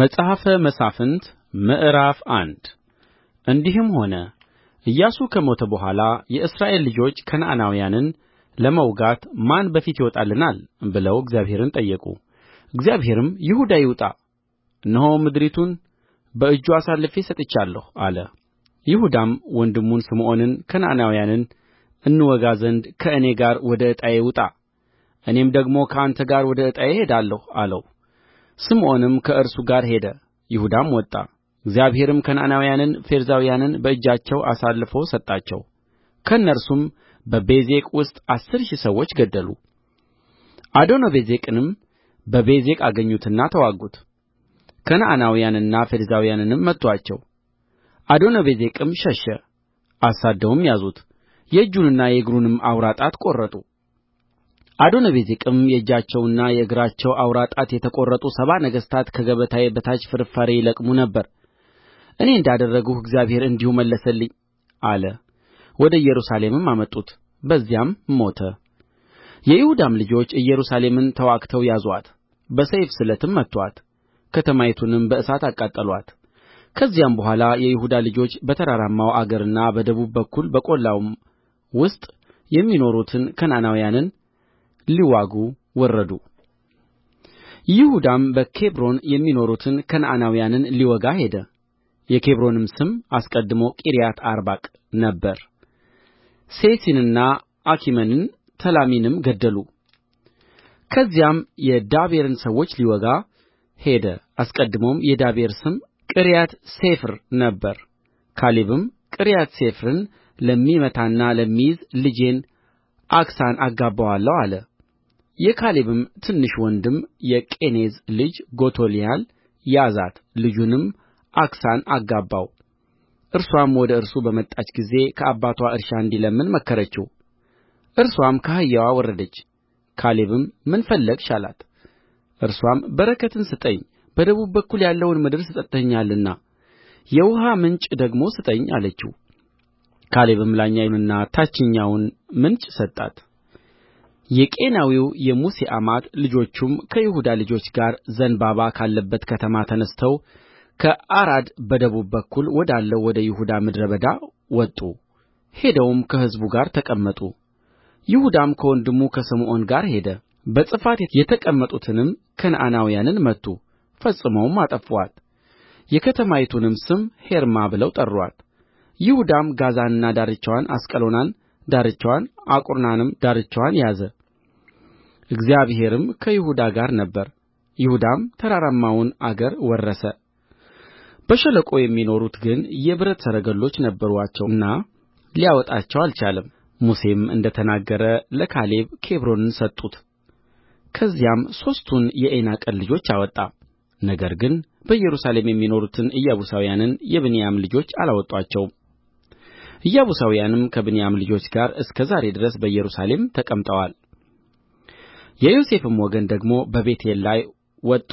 መጽሐፈ መሣፍንት ምዕራፍ አንድ እንዲህም ሆነ ኢያሱ ከሞተ በኋላ የእስራኤል ልጆች ከነዓናውያንን ለመውጋት ማን በፊት ይወጣልናል ብለው እግዚአብሔርን ጠየቁ። እግዚአብሔርም ይሁዳ ይውጣ፣ እነሆ ምድሪቱን በእጁ አሳልፌ ሰጥቻለሁ አለ። ይሁዳም ወንድሙን ስምዖንን ከነዓናውያንን እንወጋ ዘንድ ከእኔ ጋር ወደ ዕጣዬ ውጣ፣ እኔም ደግሞ ከአንተ ጋር ወደ ዕጣዬ እሄዳለሁ አለው። ስምዖንም ከእርሱ ጋር ሄደ ይሁዳም ወጣ እግዚአብሔርም ከነዓናውያንን ፌርዛውያንን በእጃቸው አሳልፎ ሰጣቸው ከእነርሱም በቤዜቅ ውስጥ አሥር ሺህ ሰዎች ገደሉ አዶኒቤዜቅንም በቤዜቅ አገኙትና ተዋጉት ከነዓናውያንና ፌርዛውያንንም መቱአቸው አዶኒቤዜቅም ሸሸ አሳድደውም ያዙት የእጁንና የእግሩንም አውራ ጣት ቈረጡ አዶኒቤዜቅም የእጃቸውና የእግራቸው አውራ ጣት የተቈረጡ ሰባ ነገሥታት ከገበታዬ በታች ፍርፋሪ ይለቅሙ ነበር እኔ እንዳደረግሁ እግዚአብሔር እንዲሁ መለሰልኝ አለ ወደ ኢየሩሳሌምም አመጡት በዚያም ሞተ የይሁዳም ልጆች ኢየሩሳሌምን ተዋግተው ያዙአት በሰይፍ ስለትም መቱአት ከተማይቱንም በእሳት አቃጠሉአት ከዚያም በኋላ የይሁዳ ልጆች በተራራማው አገርና በደቡብ በኩል በቈላውም ውስጥ የሚኖሩትን ከነዓናውያንን ሊዋጉ ወረዱ ይሁዳም በኬብሮን የሚኖሩትን ከነዓናውያንን ሊወጋ ሄደ የኬብሮንም ስም አስቀድሞ ቂርያትአርባቅ ነበረ ሴሲንና አኪመንን ተላሚንም ገደሉ ከዚያም የዳቤርን ሰዎች ሊወጋ ሄደ አስቀድሞም የዳቤር ስም ቅርያት ሴፍር ነበር ካሌብም ቅርያት ሴፍርን ለሚመታና ለሚይዝ ልጄን አክሳን አጋባዋለሁ አለ የካሌብም ትንሽ ወንድም የቄኔዝ ልጅ ጎቶልያል ያዛት ልጁንም ዓክሳን አጋባው እርስዋም ወደ እርሱ በመጣች ጊዜ ከአባትዋ እርሻ እንዲለምን መከረችው እርስዋም ከአህያዋ ወረደች ካሌብም ምን ፈለግሽ አላት እርስዋም በረከትን ስጠኝ በደቡብ በኩል ያለውን ምድር ሰጥተኸኛልና የውኃ ምንጭ ደግሞ ስጠኝ አለችው ካሌብም ላይኛውንና ታችኛውን ምንጭ ሰጣት የቄናዊው የሙሴ አማት ልጆቹም ከይሁዳ ልጆች ጋር ዘንባባ ካለባት ከተማ ተነሥተው ከአራድ በደቡብ በኩል ወዳለው ወደ ይሁዳ ምድረ በዳ ወጡ ሄደውም ከሕዝቡ ጋር ተቀመጡ ይሁዳም ከወንድሙ ከስምዖን ጋር ሄደ በጽፋት የተቀመጡትንም ከነዓናውያንን መቱ ፈጽመውም አጠፉአት የከተማይቱንም ስም ሔርማ ብለው ጠሩአት ይሁዳም ጋዛንና ዳርቻዋን አስቀሎናን ዳርቻዋን አቁርናንም ዳርቻዋን ያዘ እግዚአብሔርም ከይሁዳ ጋር ነበረ ይሁዳም ተራራማውን አገር ወረሰ በሸለቆው የሚኖሩት ግን የብረት ሰረገሎች ነበሩአቸውና ሊያወጣቸው አልቻለም ሙሴም እንደ ተናገረ ለካሌብ ኬብሮንን ሰጡት ከዚያም ሦስቱን የዔናቀን ልጆች አወጣ ነገር ግን በኢየሩሳሌም የሚኖሩትን ኢያቡሳውያንን የብንያም ልጆች አላወጧቸውም። ኢያቡሳውያንም ከብንያም ልጆች ጋር እስከ ዛሬ ድረስ በኢየሩሳሌም ተቀምጠዋል የዮሴፍም ወገን ደግሞ በቤቴል ላይ ወጡ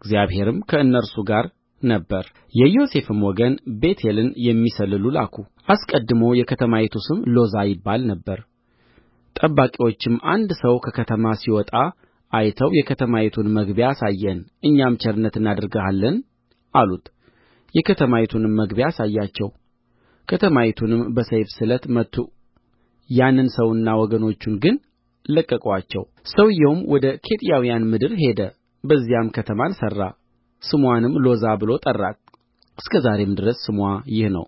እግዚአብሔርም ከእነርሱ ጋር ነበረ የዮሴፍም ወገን ቤቴልን የሚሰልሉ ላኩ አስቀድሞ የከተማይቱ ስም ሎዛ ይባል ነበር ጠባቂዎችም አንድ ሰው ከከተማ ሲወጣ አይተው የከተማይቱን መግቢያ አሳየን እኛም ቸርነት እናደርግልሃለን አሉት የከተማይቱንም መግቢያ አሳያቸው ከተማይቱንም በሰይፍ ስለት መቱ ያንን ሰውና ወገኖቹን ግን ለቀቁአቸው ሰውዮውም ወደ ኬጢያውያን ምድር ሄደ በዚያም ከተማን ሠራ ስምዋንም ሎዛ ብሎ ጠራት እስከ ዛሬም ድረስ ስምዋ ይህ ነው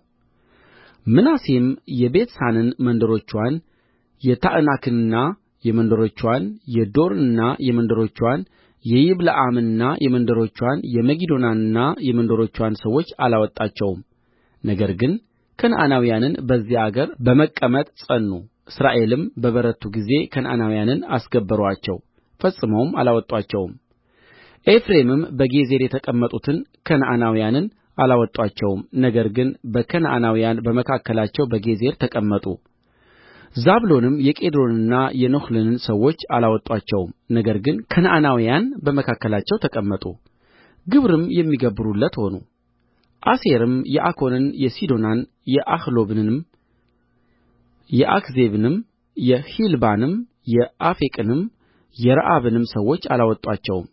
ምናሴም የቤትሳንን መንደሮችዋን የታዕናክንና የመንደሮችዋን የዶርንና የመንደሮችዋን የይብለዓምንና የመንደሮችዋን የመጊዶንና የመንደሮችዋን ሰዎች አላወጣቸውም ነገር ግን ከነዓናውያንን በዚያ አገር በመቀመጥ ጸኑ እስራኤልም በበረቱ ጊዜ ከነዓናውያንን አስገበሩአቸው ፈጽመውም አላወጡአቸውም ኤፍሬምም በጌዝር የተቀመጡትን ከነዓናውያንን አላወጡአቸውም ነገር ግን ከነዓናውያን በመካከላቸው በጌዝር ተቀመጡ ዛብሎንም የቄድሮንና የነህሎልን ሰዎች አላወጡአቸውም ነገር ግን ከነዓናውያን በመካከላቸው ተቀመጡ ግብርም የሚገብሩለት ሆኑ አሴርም የአኮንን የሲዶናን የአሕላብንም የአክዚብንም የሒልባንም የአፌቅንም የረአብንም ሰዎች አላወጣቸውም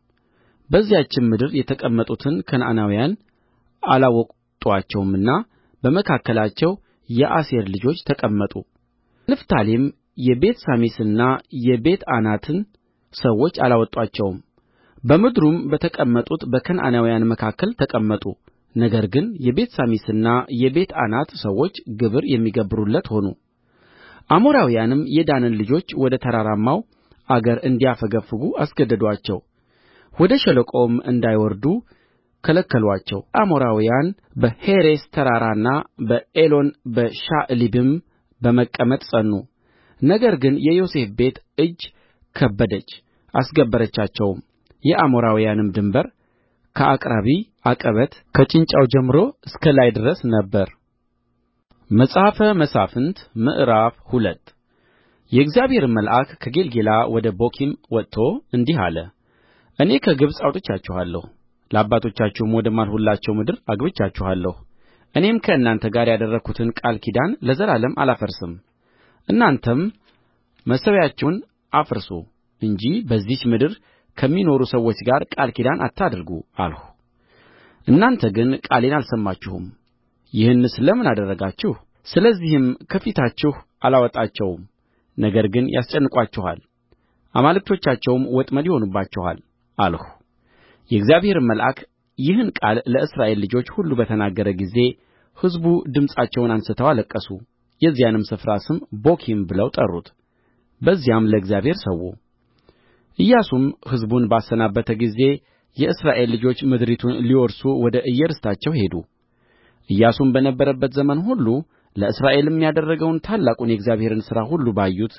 በዚያችም ምድር የተቀመጡትን ከነዓናውያን አላወጡአቸውምና በመካከላቸው የአሴር ልጆች ተቀመጡ ንፍታሌም የቤትሳሚስንና የቤትዓናትን ሰዎች አላወጣቸውም በምድሩም በተቀመጡት በከነዓናውያን መካከል ተቀመጡ ነገር ግን የቤትሳሚስና የቤትዓናት ሰዎች ግብር የሚገብሩለት ሆኑ አሞራውያንም የዳንን ልጆች ወደ ተራራማው አገር እንዲያፈገፍጉ አስገደዱአቸው ወደ ሸለቆውም እንዳይወርዱ ከለከሉአቸው አሞራውያን በሔሬስ ተራራና በኤሎን በሸዓልቢም በመቀመጥ ጸኑ ነገር ግን የዮሴፍ ቤት እጅ ከበደች አስገበረቻቸውም የአሞራውያንም ድንበር ከአቅረቢም አቀበት ከጭንጫው ጀምሮ እስከ ላይ ድረስ ነበረ መጽሐፈ መሣፍንት ምዕራፍ ሁለት የእግዚአብሔርም መልአክ ከጌልገላ ወደ ቦኪም ወጥቶ እንዲህ አለ እኔ ከግብፅ አውጥቻችኋለሁ ለአባቶቻችሁም ወደ ማልሁላቸው ምድር አግብቻችኋለሁ እኔም ከእናንተ ጋር ያደረግሁትን ቃል ኪዳን ለዘላለም አላፈርስም እናንተም መሠዊያችሁን አፍርሱ እንጂ በዚህች ምድር ከሚኖሩ ሰዎች ጋር ቃል ኪዳን አታድርጉ አልሁ እናንተ ግን ቃሌን አልሰማችሁም ይህንስ ለምን አደረጋችሁ ስለዚህም ከፊታችሁ አላወጣቸውም ነገር ግን ያስጨንቋችኋል አማልክቶቻቸውም ወጥመድ ይሆኑባችኋል አልሁ የእግዚአብሔርም መልአክ ይህን ቃል ለእስራኤል ልጆች ሁሉ በተናገረ ጊዜ ሕዝቡ ድምፃቸውን አንሥተው አለቀሱ የዚያንም ስፍራ ስም ቦኪም ብለው ጠሩት በዚያም ለእግዚአብሔር ሠዉ ኢያሱም ሕዝቡን ባሰናበተ ጊዜ የእስራኤል ልጆች ምድሪቱን ሊወርሱ ወደ እየርስታቸው ሄዱ ኢያሱም በነበረበት ዘመን ሁሉ ለእስራኤልም ያደረገውን ታላቁን የእግዚአብሔርን ሥራ ሁሉ ባዩት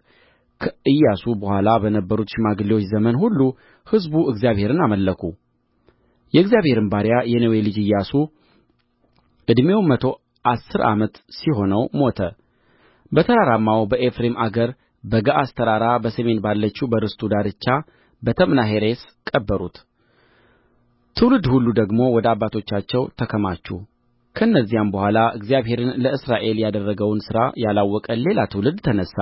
ከኢያሱ በኋላ በነበሩት ሽማግሌዎች ዘመን ሁሉ ሕዝቡ እግዚአብሔርን አመለኩ የእግዚአብሔርም ባሪያ የነዌ ልጅ ኢያሱ ዕድሜው መቶ አሥር ዓመት ሲሆነው ሞተ በተራራማው በኤፍሬም አገር በገዓስ ተራራ በሰሜን ባለችው በርስቱ ዳርቻ በተምናሔሬስ ቀበሩት ትውልድ ሁሉ ደግሞ ወደ አባቶቻቸው ተከማቹ ከእነዚያም በኋላ እግዚአብሔርን ለእስራኤል ያደረገውን ሥራ ያላወቀ ሌላ ትውልድ ተነሣ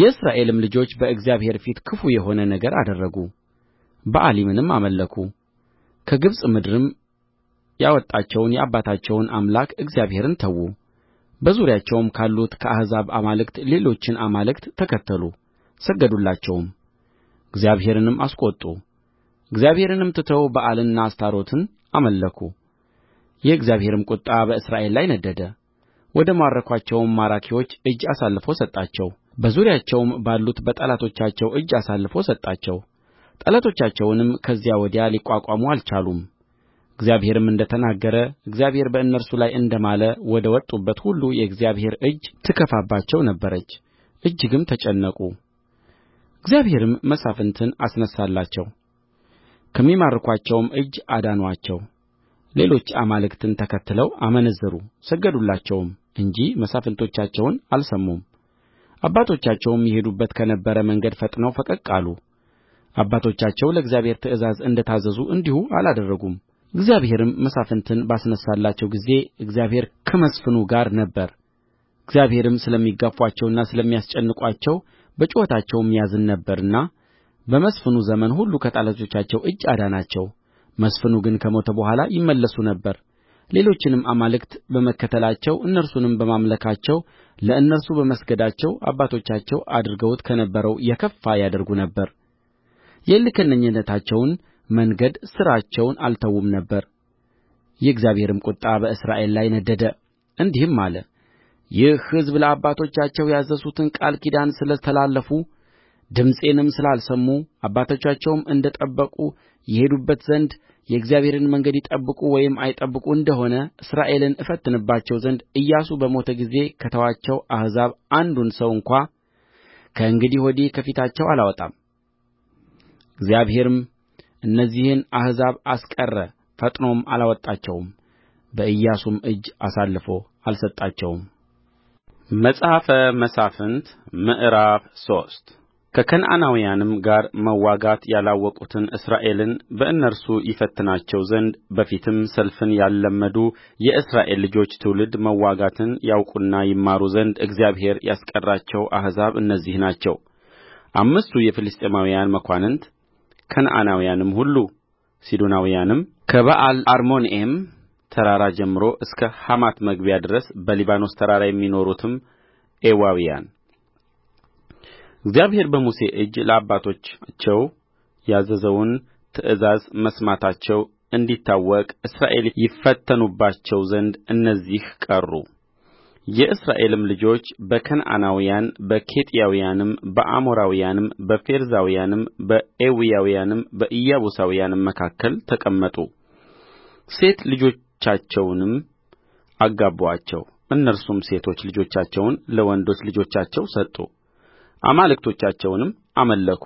የእስራኤልም ልጆች በእግዚአብሔር ፊት ክፉ የሆነ ነገር አደረጉ በኣሊምንም አመለኩ ከግብፅ ምድርም ያወጣቸውን የአባታቸውን አምላክ እግዚአብሔርን ተዉ በዙሪያቸውም ካሉት ከአሕዛብ አማልክት ሌሎችን አማልክት ተከተሉ ሰገዱላቸውም እግዚአብሔርንም አስቈጡ እግዚአብሔርንም ትተው በኣልንና አስታሮትን አመለኩ የእግዚአብሔርም ቍጣ በእስራኤል ላይ ነደደ ወደ ማረኩአቸውም ማራኪዎች እጅ አሳልፎ ሰጣቸው በዙሪያቸውም ባሉት በጠላቶቻቸው እጅ አሳልፎ ሰጣቸው ጠላቶቻቸውንም ከዚያ ወዲያ ሊቋቋሙ አልቻሉም እግዚአብሔርም እንደ ተናገረ እግዚአብሔር በእነርሱ ላይ እንደ ማለ ወደ ወጡበት ሁሉ የእግዚአብሔር እጅ ትከፋባቸው ነበረች እጅግም ተጨነቁ እግዚአብሔርም መሳፍንትን አስነሣላቸው ከሚማርኩአቸውም እጅ አዳኑአቸው ሌሎች አማልክትን ተከትለው አመነዘሩ ሰገዱላቸውም እንጂ መሳፍንቶቻቸውን አልሰሙም አባቶቻቸውም ይሄዱበት ከነበረ መንገድ ፈጥነው ፈቀቅ አሉ አባቶቻቸው ለእግዚአብሔር ትእዛዝ እንደ ታዘዙ እንዲሁ አላደረጉም እግዚአብሔርም መሳፍንትን ባስነሣላቸው ጊዜ እግዚአብሔር ከመስፍኑ ጋር ነበረ እግዚአብሔርም ስለሚጋፉአቸውና ስለሚያስጨንቋቸው በጩኸታቸውም ያዝን ነበርና በመስፍኑ ዘመን ሁሉ ከጠላቶቻቸው እጅ አዳናቸው መስፍኑ ግን ከሞተ በኋላ ይመለሱ ነበር ሌሎችንም አማልክት በመከተላቸው እነርሱንም በማምለካቸው ለእነርሱ በመስገዳቸው አባቶቻቸው አድርገውት ከነበረው የከፋ ያደርጉ ነበር የእልከኝነታቸውን መንገድ ሥራቸውን አልተዉም ነበር የእግዚአብሔርም ቍጣ በእስራኤል ላይ ነደደ እንዲህም አለ ይህ ሕዝብ ለአባቶቻቸው ያዘዝሁትን ቃል ኪዳን ስለ ተላለፉ ድምፄንም ስላልሰሙ አባቶቻቸውም እንደ ጠበቁ ይሄዱባት ዘንድ የእግዚአብሔርን መንገድ ይጠብቁ ወይም አይጠብቁ እንደ ሆነ እስራኤልን እፈትንባቸው ዘንድ ኢያሱ በሞተ ጊዜ ከተዋቸው አሕዛብ አንዱን ሰው እንኳ ከእንግዲህ ወዲህ ከፊታቸው አላወጣም እግዚአብሔርም እነዚህን አሕዛብ አስቀረ ፈጥኖም አላወጣቸውም በኢያሱም እጅ አሳልፎ አልሰጣቸውም መጽሐፈ መሣፍንት ምዕራፍ ሶስት ከከነዓናውያንም ጋር መዋጋት ያላወቁትን እስራኤልን በእነርሱ ይፈትናቸው ዘንድ በፊትም ሰልፍን ያልለመዱ የእስራኤል ልጆች ትውልድ መዋጋትን ያውቁና ይማሩ ዘንድ እግዚአብሔር ያስቀራቸው አሕዛብ እነዚህ ናቸው አምስቱ የፍልስጥኤማውያን መኳንንት ከነዓናውያንም ሁሉ ሲዶናውያንም ከበዓል አርሞንዔም ተራራ ጀምሮ እስከ ሐማት መግቢያ ድረስ በሊባኖስ ተራራ የሚኖሩትም ኤዊያውያን እግዚአብሔር በሙሴ እጅ ለአባቶቻቸው ያዘዘውን ትእዛዝ መስማታቸው እንዲታወቅ እስራኤል ይፈተኑባቸው ዘንድ እነዚህ ቀሩ የእስራኤልም ልጆች በከነዓናውያን በኬጢያውያንም በአሞራውያንም በፌርዛውያንም በኤዊያውያንም በኢያቡሳውያንም መካከል ተቀመጡ ሴት ልጆቻቸውንም አጋቡአቸው እነርሱም ሴቶች ልጆቻቸውን ለወንዶች ልጆቻቸው ሰጡ አማልክቶቻቸውንም አመለኩ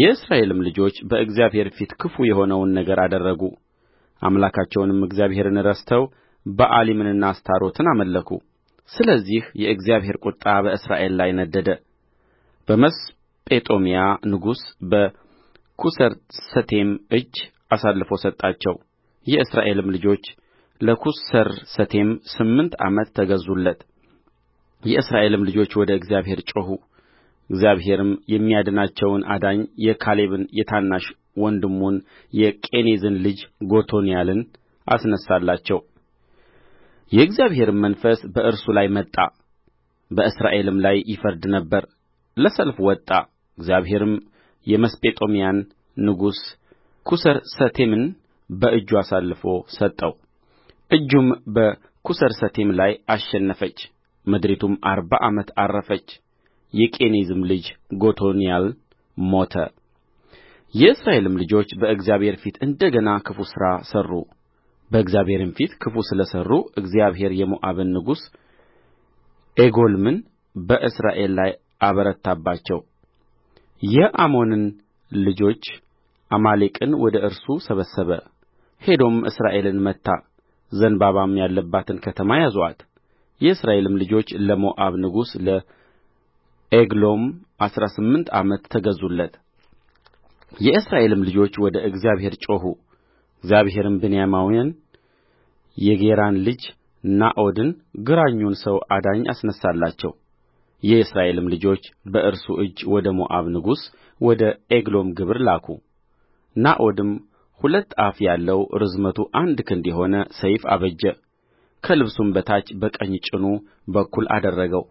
የእስራኤልም ልጆች በእግዚአብሔር ፊት ክፉ የሆነውን ነገር አደረጉ አምላካቸውንም እግዚአብሔርን ረስተው በኣሊምንና አስታሮትን አመለኩ ስለዚህ የእግዚአብሔር ቍጣ በእስራኤል ላይ ነደደ በመስጴጦምያ ንጉሥ በኵሰርሰቴም እጅ አሳልፎ ሰጣቸው የእስራኤልም ልጆች ለኵሰርሰቴም ስምንት ዓመት ተገዙለት የእስራኤልም ልጆች ወደ እግዚአብሔር ጮኹ እግዚአብሔርም የሚያድናቸውን አዳኝ የካሌብን የታናሽ ወንድሙን የቄኔዝን ልጅ ጎቶንያልን አስነሣላቸው የእግዚአብሔርም መንፈስ በእርሱ ላይ መጣ በእስራኤልም ላይ ይፈርድ ነበር ለሰልፍ ወጣ እግዚአብሔርም የመስጴጦምያን ንጉሥ ሰቴምን በእጁ አሳልፎ ሰጠው እጁም ሰቴም ላይ አሸነፈች ምድሪቱም አርባ ዓመት ዐረፈች የቄኔዝም ልጅ ጎቶንያል ሞተ የእስራኤልም ልጆች በእግዚአብሔር ፊት እንደ ገና ክፉ ሥራ ሠሩ በእግዚአብሔርም ፊት ክፉ ስለ ሠሩ እግዚአብሔር የሞዓብን ንጉሥ ዔግሎምን በእስራኤል ላይ አበረታባቸው የአሞንን ልጆች አማሌቅን ወደ እርሱ ሰበሰበ ሄዶም እስራኤልን መታ ዘንባባም ያለባትን ከተማ ያዙአት የእስራኤልም ልጆች ለሞዓብ ንጉሥ ለዔግሎም አሥራ ስምንት ዓመት ተገዙለት የእስራኤልም ልጆች ወደ እግዚአብሔር ጮኹ እግዚአብሔርም ብንያማዊውን የጌራን ልጅ ናዖድን ግራኙን ሰው አዳኝ አስነሣላቸው የእስራኤልም ልጆች በእርሱ እጅ ወደ ሞዓብ ንጉሥ ወደ ዔግሎም ግብር ላኩ ናዖድም ሁለት አፍ ያለው ርዝመቱ አንድ ክንድ የሆነ ሰይፍ አበጀ ከልብሱም በታች በቀኝ ጭኑ በኩል አደረገው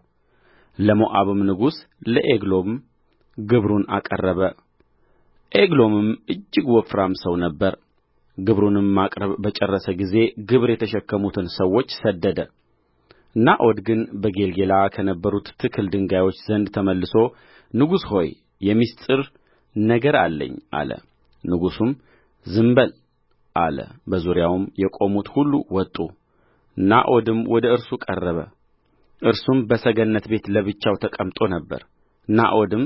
ለሞዓብም ንጉሥ ለዔግሎም ግብሩን አቀረበ ዔግሎምም እጅግ ወፍራም ሰው ነበረ ግብሩንም ማቅረብ በጨረሰ ጊዜ ግብር የተሸከሙትን ሰዎች ሰደደ ናዖድ ግን በጌልገላ ከነበሩት ትክል ድንጋዮች ዘንድ ተመልሶ ንጉሥ ሆይ የምሥጢር ነገር አለኝ አለ ንጉሡም ዝም በል አለ በዙሪያውም የቆሙት ሁሉ ወጡ ናዖድም ወደ እርሱ ቀረበ እርሱም በሰገነት ቤት ለብቻው ተቀምጦ ነበር ናዖድም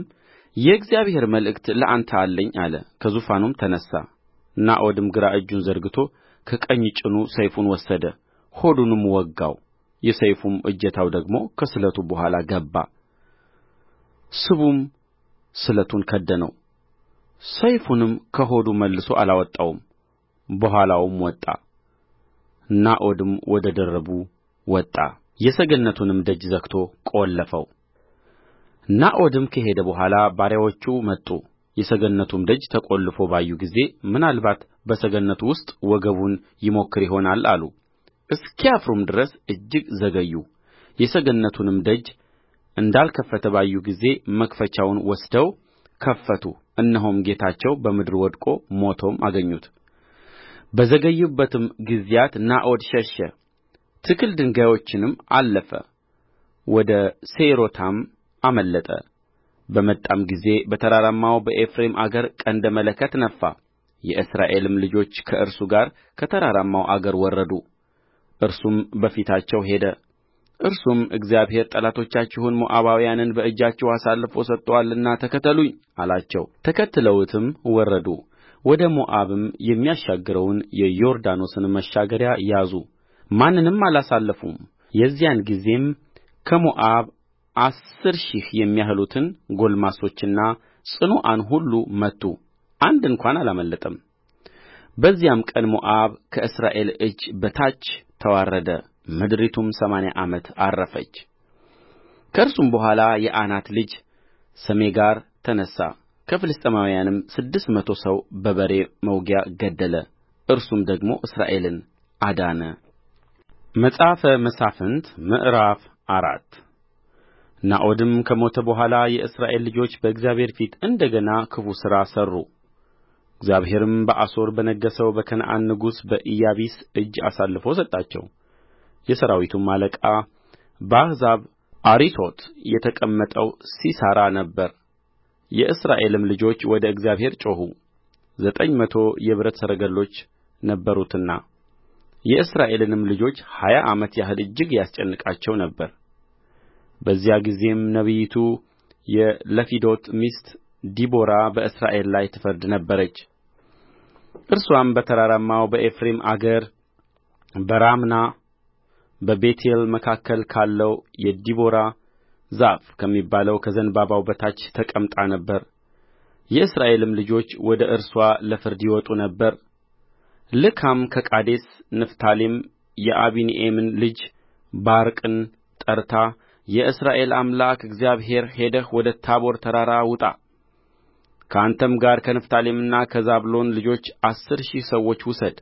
የእግዚአብሔር መልእክት ለአንተ አለኝ አለ ከዙፋኑም ተነሣ ናዖድም ግራ እጁን ዘርግቶ ከቀኝ ጭኑ ሰይፉን ወሰደ ሆዱንም ወጋው የሰይፉም እጀታው ደግሞ ከስለቱ በኋላ ገባ ስቡም ስለቱን ከደነው ሰይፉንም ከሆዱ መልሶ አላወጣውም በኋላውም ወጣ ናዖድም ወደ ደርቡ ወጣ የሰገነቱንም ደጅ ዘግቶ ቈለፈው ናዖድም ከሄደ በኋላ ባሪያዎቹ መጡ የሰገነቱም ደጅ ተቈልፎ ባዩ ጊዜ ምናልባት በሰገነቱ ውስጥ ወገቡን ይሞክር ይሆናል አሉ እስኪያፍሩም ድረስ እጅግ ዘገዩ የሰገነቱንም ደጅ እንዳልከፈተ ባዩ ጊዜ መክፈቻውን ወስደው ከፈቱ እነሆም ጌታቸው በምድር ወድቆ ሞቶም አገኙት በዘገዩበትም ጊዜያት ናዖድ ሸሸ ትክል ድንጋዮችንም አለፈ ወደ ሴይሮታም አመለጠ በመጣም ጊዜ በተራራማው በኤፍሬም አገር ቀንደ መለከት ነፋ የእስራኤልም ልጆች ከእርሱ ጋር ከተራራማው አገር ወረዱ እርሱም በፊታቸው ሄደ እርሱም እግዚአብሔር ጠላቶቻችሁን ሞዓባውያንን በእጃችሁ አሳልፎ ሰጥቶአልና ተከተሉኝ አላቸው ተከትለውትም ወረዱ ወደ ሞዓብም የሚያሻግረውን የዮርዳኖስን መሻገሪያ ያዙ ማንንም አላሳለፉም የዚያን ጊዜም ከሞዓብ አሥር ሺህ የሚያህሉትን ጕልማሶችና ጽኑዓን ሁሉ መቱ አንድ እንኳ አላመለጠም በዚያም ቀን ሞዓብ ከእስራኤል እጅ በታች ተዋረደ ምድሪቱም ሰማንያ ዓመት ዐረፈች ከእርሱም በኋላ የዓናት ልጅ ሰሜጋር ተነሣ ከፍልስጥኤማውያንም ስድስት መቶ ሰው በበሬ መውጊያ ገደለ እርሱም ደግሞ እስራኤልን አዳነ መጽሐፈ መሣፍንት ምዕራፍ አራት ናዖድም ከሞተ በኋላ የእስራኤል ልጆች በእግዚአብሔር ፊት እንደ ገና ክፉ ሥራ ሠሩ። እግዚአብሔርም በአሦር በነገሠው በከነዓን ንጉሥ በኢያቢስ እጅ አሳልፎ ሰጣቸው። የሠራዊቱም አለቃ በአሕዛብ አሪሶት የተቀመጠው ሲሣራ ነበር። የእስራኤልም ልጆች ወደ እግዚአብሔር ጮኹ ዘጠኝ መቶ የብረት ሰረገሎች ነበሩትና የእስራኤልንም ልጆች ሀያ ዓመት ያህል እጅግ ያስጨንቃቸው ነበር በዚያ ጊዜም ነቢይቱ የለፊዶት ሚስት ዲቦራ በእስራኤል ላይ ትፈርድ ነበረች እርሷም በተራራማው በኤፍሬም አገር በራማና በቤቴል መካከል ካለው የዲቦራ ዛፍ ከሚባለው ከዘንባባው በታች ተቀምጣ ነበር የእስራኤልም ልጆች ወደ እርስዋ ለፍርድ ይወጡ ነበር ልካም ከቃዴስ ንፍታሌም የአቢኒኤምን ልጅ ባርቅን ጠርታ የእስራኤል አምላክ እግዚአብሔር ሄደህ ወደ ታቦር ተራራ ውጣ ከአንተም ጋር ከንፍታሌምና ከዛብሎን ልጆች አሥር ሺህ ሰዎች ውሰድ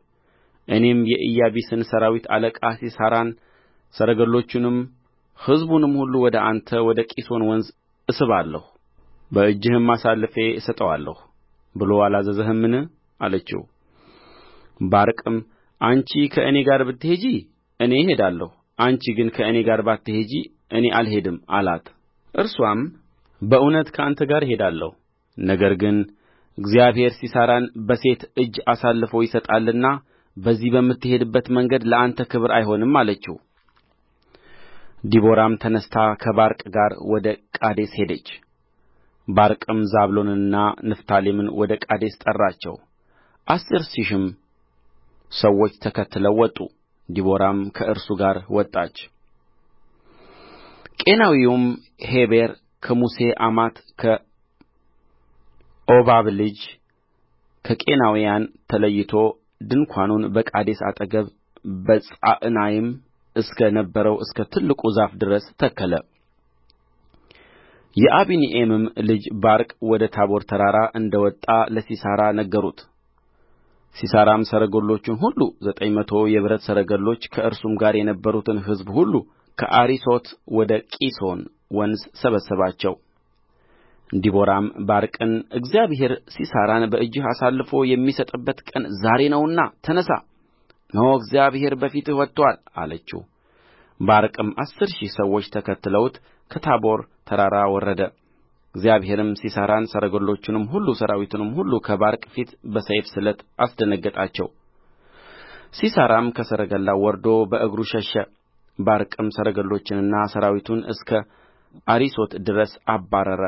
እኔም የኢያቢስን ሠራዊት አለቃ ሲሣራን ሰረገሎቹንም ሕዝቡንም ሁሉ ወደ አንተ ወደ ቂሶን ወንዝ እስባለሁ በእጅህም አሳልፌ እሰጠዋለሁ ብሎ አላዘዘህምን አለችው ባርቅም አንቺ ከእኔ ጋር ብትሄጂ እኔ እሄዳለሁ አንቺ ግን ከእኔ ጋር ባትሄጂ እኔ አልሄድም አላት እርስዋም በእውነት ከአንተ ጋር እሄዳለሁ ነገር ግን እግዚአብሔር ሲሣራን በሴት እጅ አሳልፎ ይሰጣልና በዚህ በምትሄድበት መንገድ ለአንተ ክብር አይሆንም አለችው ዲቦራም ተነሥታ ከባርቅ ጋር ወደ ቃዴስ ሄደች ባርቅም ዛብሎንንና ንፍታሌምን ወደ ቃዴስ ጠራቸው አሥር ሺህም ሰዎች ተከትለው ወጡ ዲቦራም ከእርሱ ጋር ወጣች ቄናዊውም ሔቤር ከሙሴ አማት ከኦባብ ልጅ ከቄናውያን ተለይቶ ድንኳኑን በቃዴስ አጠገብ በጻዕናይም እስከ ነበረው እስከ ትልቁ ዛፍ ድረስ ተከለ የአቢኒኤምም ልጅ ባርቅ ወደ ታቦር ተራራ እንደ ወጣ ለሲሳራ ነገሩት። ሲሳራም ሰረገሎቹን ሁሉ ዘጠኝ መቶ የብረት ሰረገሎች ከእርሱም ጋር የነበሩትን ሕዝብ ሁሉ ከአሪሶት ወደ ቂሶን ወንዝ ሰበሰባቸው። ዲቦራም ባርቅን፣ እግዚአብሔር ሲሳራን በእጅህ አሳልፎ የሚሰጥበት ቀን ዛሬ ነውና ተነሣ እነሆ እግዚአብሔር በፊትህ ወጥቶአል አለችው ባርቅም አሥር ሺህ ሰዎች ተከትለውት ከታቦር ተራራ ወረደ እግዚአብሔርም ሲሣራን ሰረገሎቹንም ሁሉ ሠራዊቱንም ሁሉ ከባርቅ ፊት በሰይፍ ስለት አስደነገጣቸው ሲሣራም ከሰረገላው ወርዶ በእግሩ ሸሸ ባርቅም ሰረገሎቹንና ሠራዊቱን እስከ አሪሶት ድረስ አባረረ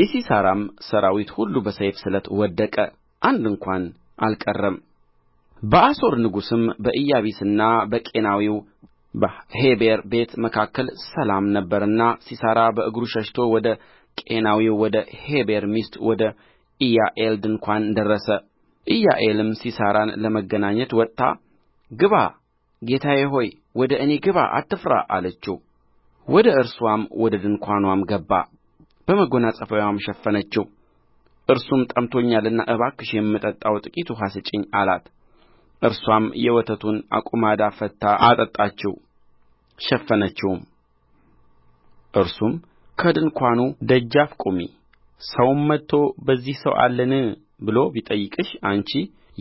የሲሣራም ሠራዊት ሁሉ በሰይፍ ስለት ወደቀ አንድ እንኳ አልቀረም በአሦር ንጉሥም በኢያቢስና በቄናዊው በሔቤር ቤት መካከል ሰላም ነበረና ሲሣራ በእግሩ ሸሽቶ ወደ ቄናዊው ወደ ሔቤር ሚስት ወደ ኢያዔል ድንኳን ደረሰ ኢያዔልም ሲሣራን ለመገናኘት ወጥታ ግባ ጌታዬ ሆይ ወደ እኔ ግባ አትፍራ አለችው ወደ እርስዋም ወደ ድንኳኗም ገባ በመጐናጸፊያዋም ሸፈነችው እርሱም ጠምቶኛልና እባክሽ የምጠጣው ጥቂት ውኃ ስጭኝ አላት እርስዋም የወተቱን አቁማዳ ፈትታ አጠጣችው ሸፈነችውም እርሱም ከድንኳኑ ደጃፍ ቁሚ ሰውም መጥቶ በዚህ ሰው አለን ብሎ ቢጠይቅሽ አንቺ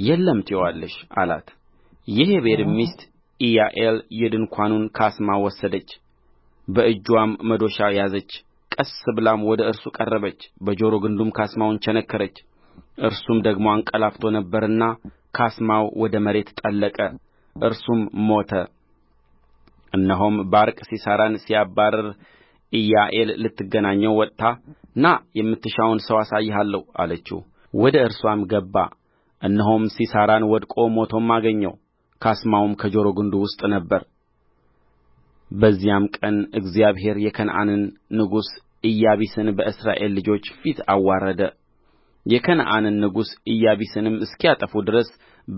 የለም ትዪዋለሽ አላት የሔቤር ሚስት ኢያዔል የድንኳኑን ካስማ ወሰደች በእጇም መዶሻ ያዘች ቀስ ብላም ወደ እርሱ ቀረበች በጆሮ ግንዱም ካስማውን ቸነከረች እርሱም ደግሞ አንቀላፍቶ ነበርና ካስማው ወደ መሬት ጠለቀ እርሱም ሞተ እነሆም ባርቅ ሲሣራን ሲያባርር ኢያዔል ልትገናኘው ወጥታ ና የምትሻውን ሰው አሳይሃለሁ አለችው ወደ እርሷም ገባ እነሆም ሲሣራን ወድቆ ሞቶም አገኘው ካስማውም ከጆሮ ግንዱ ውስጥ ነበር በዚያም ቀን እግዚአብሔር የከነዓንን ንጉሥ ኢያቢስን በእስራኤል ልጆች ፊት አዋረደ የከነዓንን ንጉሥ ኢያቢስንም እስኪያጠፉ ድረስ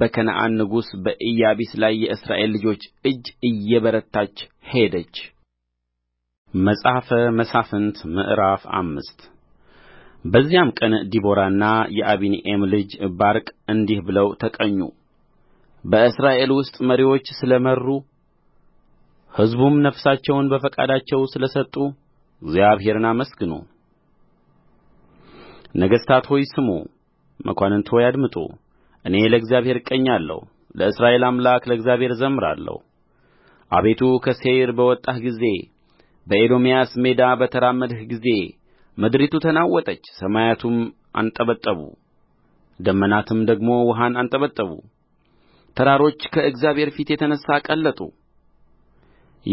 በከነዓን ንጉሥ በኢያቢስ ላይ የእስራኤል ልጆች እጅ እየበረታች ሄደች መጽሐፈ መሣፍንት ምዕራፍ አምስት በዚያም ቀን ዲቦራና የአቢኒኤም ልጅ ባርቅ እንዲህ ብለው ተቀኙ በእስራኤል ውስጥ መሪዎች ስለ መሩ ሕዝቡም ነፍሳቸውን በፈቃዳቸው ስለ ሰጡ እግዚአብሔርን አመስግኑ ነገሥታት ሆይ ስሙ መኳንንት ሆይ አድምጡ እኔ ለእግዚአብሔር እቀኛለሁ ለእስራኤል አምላክ ለእግዚአብሔር እዘምራለሁ አቤቱ ከሴይር በወጣህ ጊዜ በኤዶምያስ ሜዳ በተራመድህ ጊዜ ምድሪቱ ተናወጠች ሰማያቱም አንጠበጠቡ ደመናትም ደግሞ ውኃን አንጠበጠቡ ተራሮች ከእግዚአብሔር ፊት የተነሣ ቀለጡ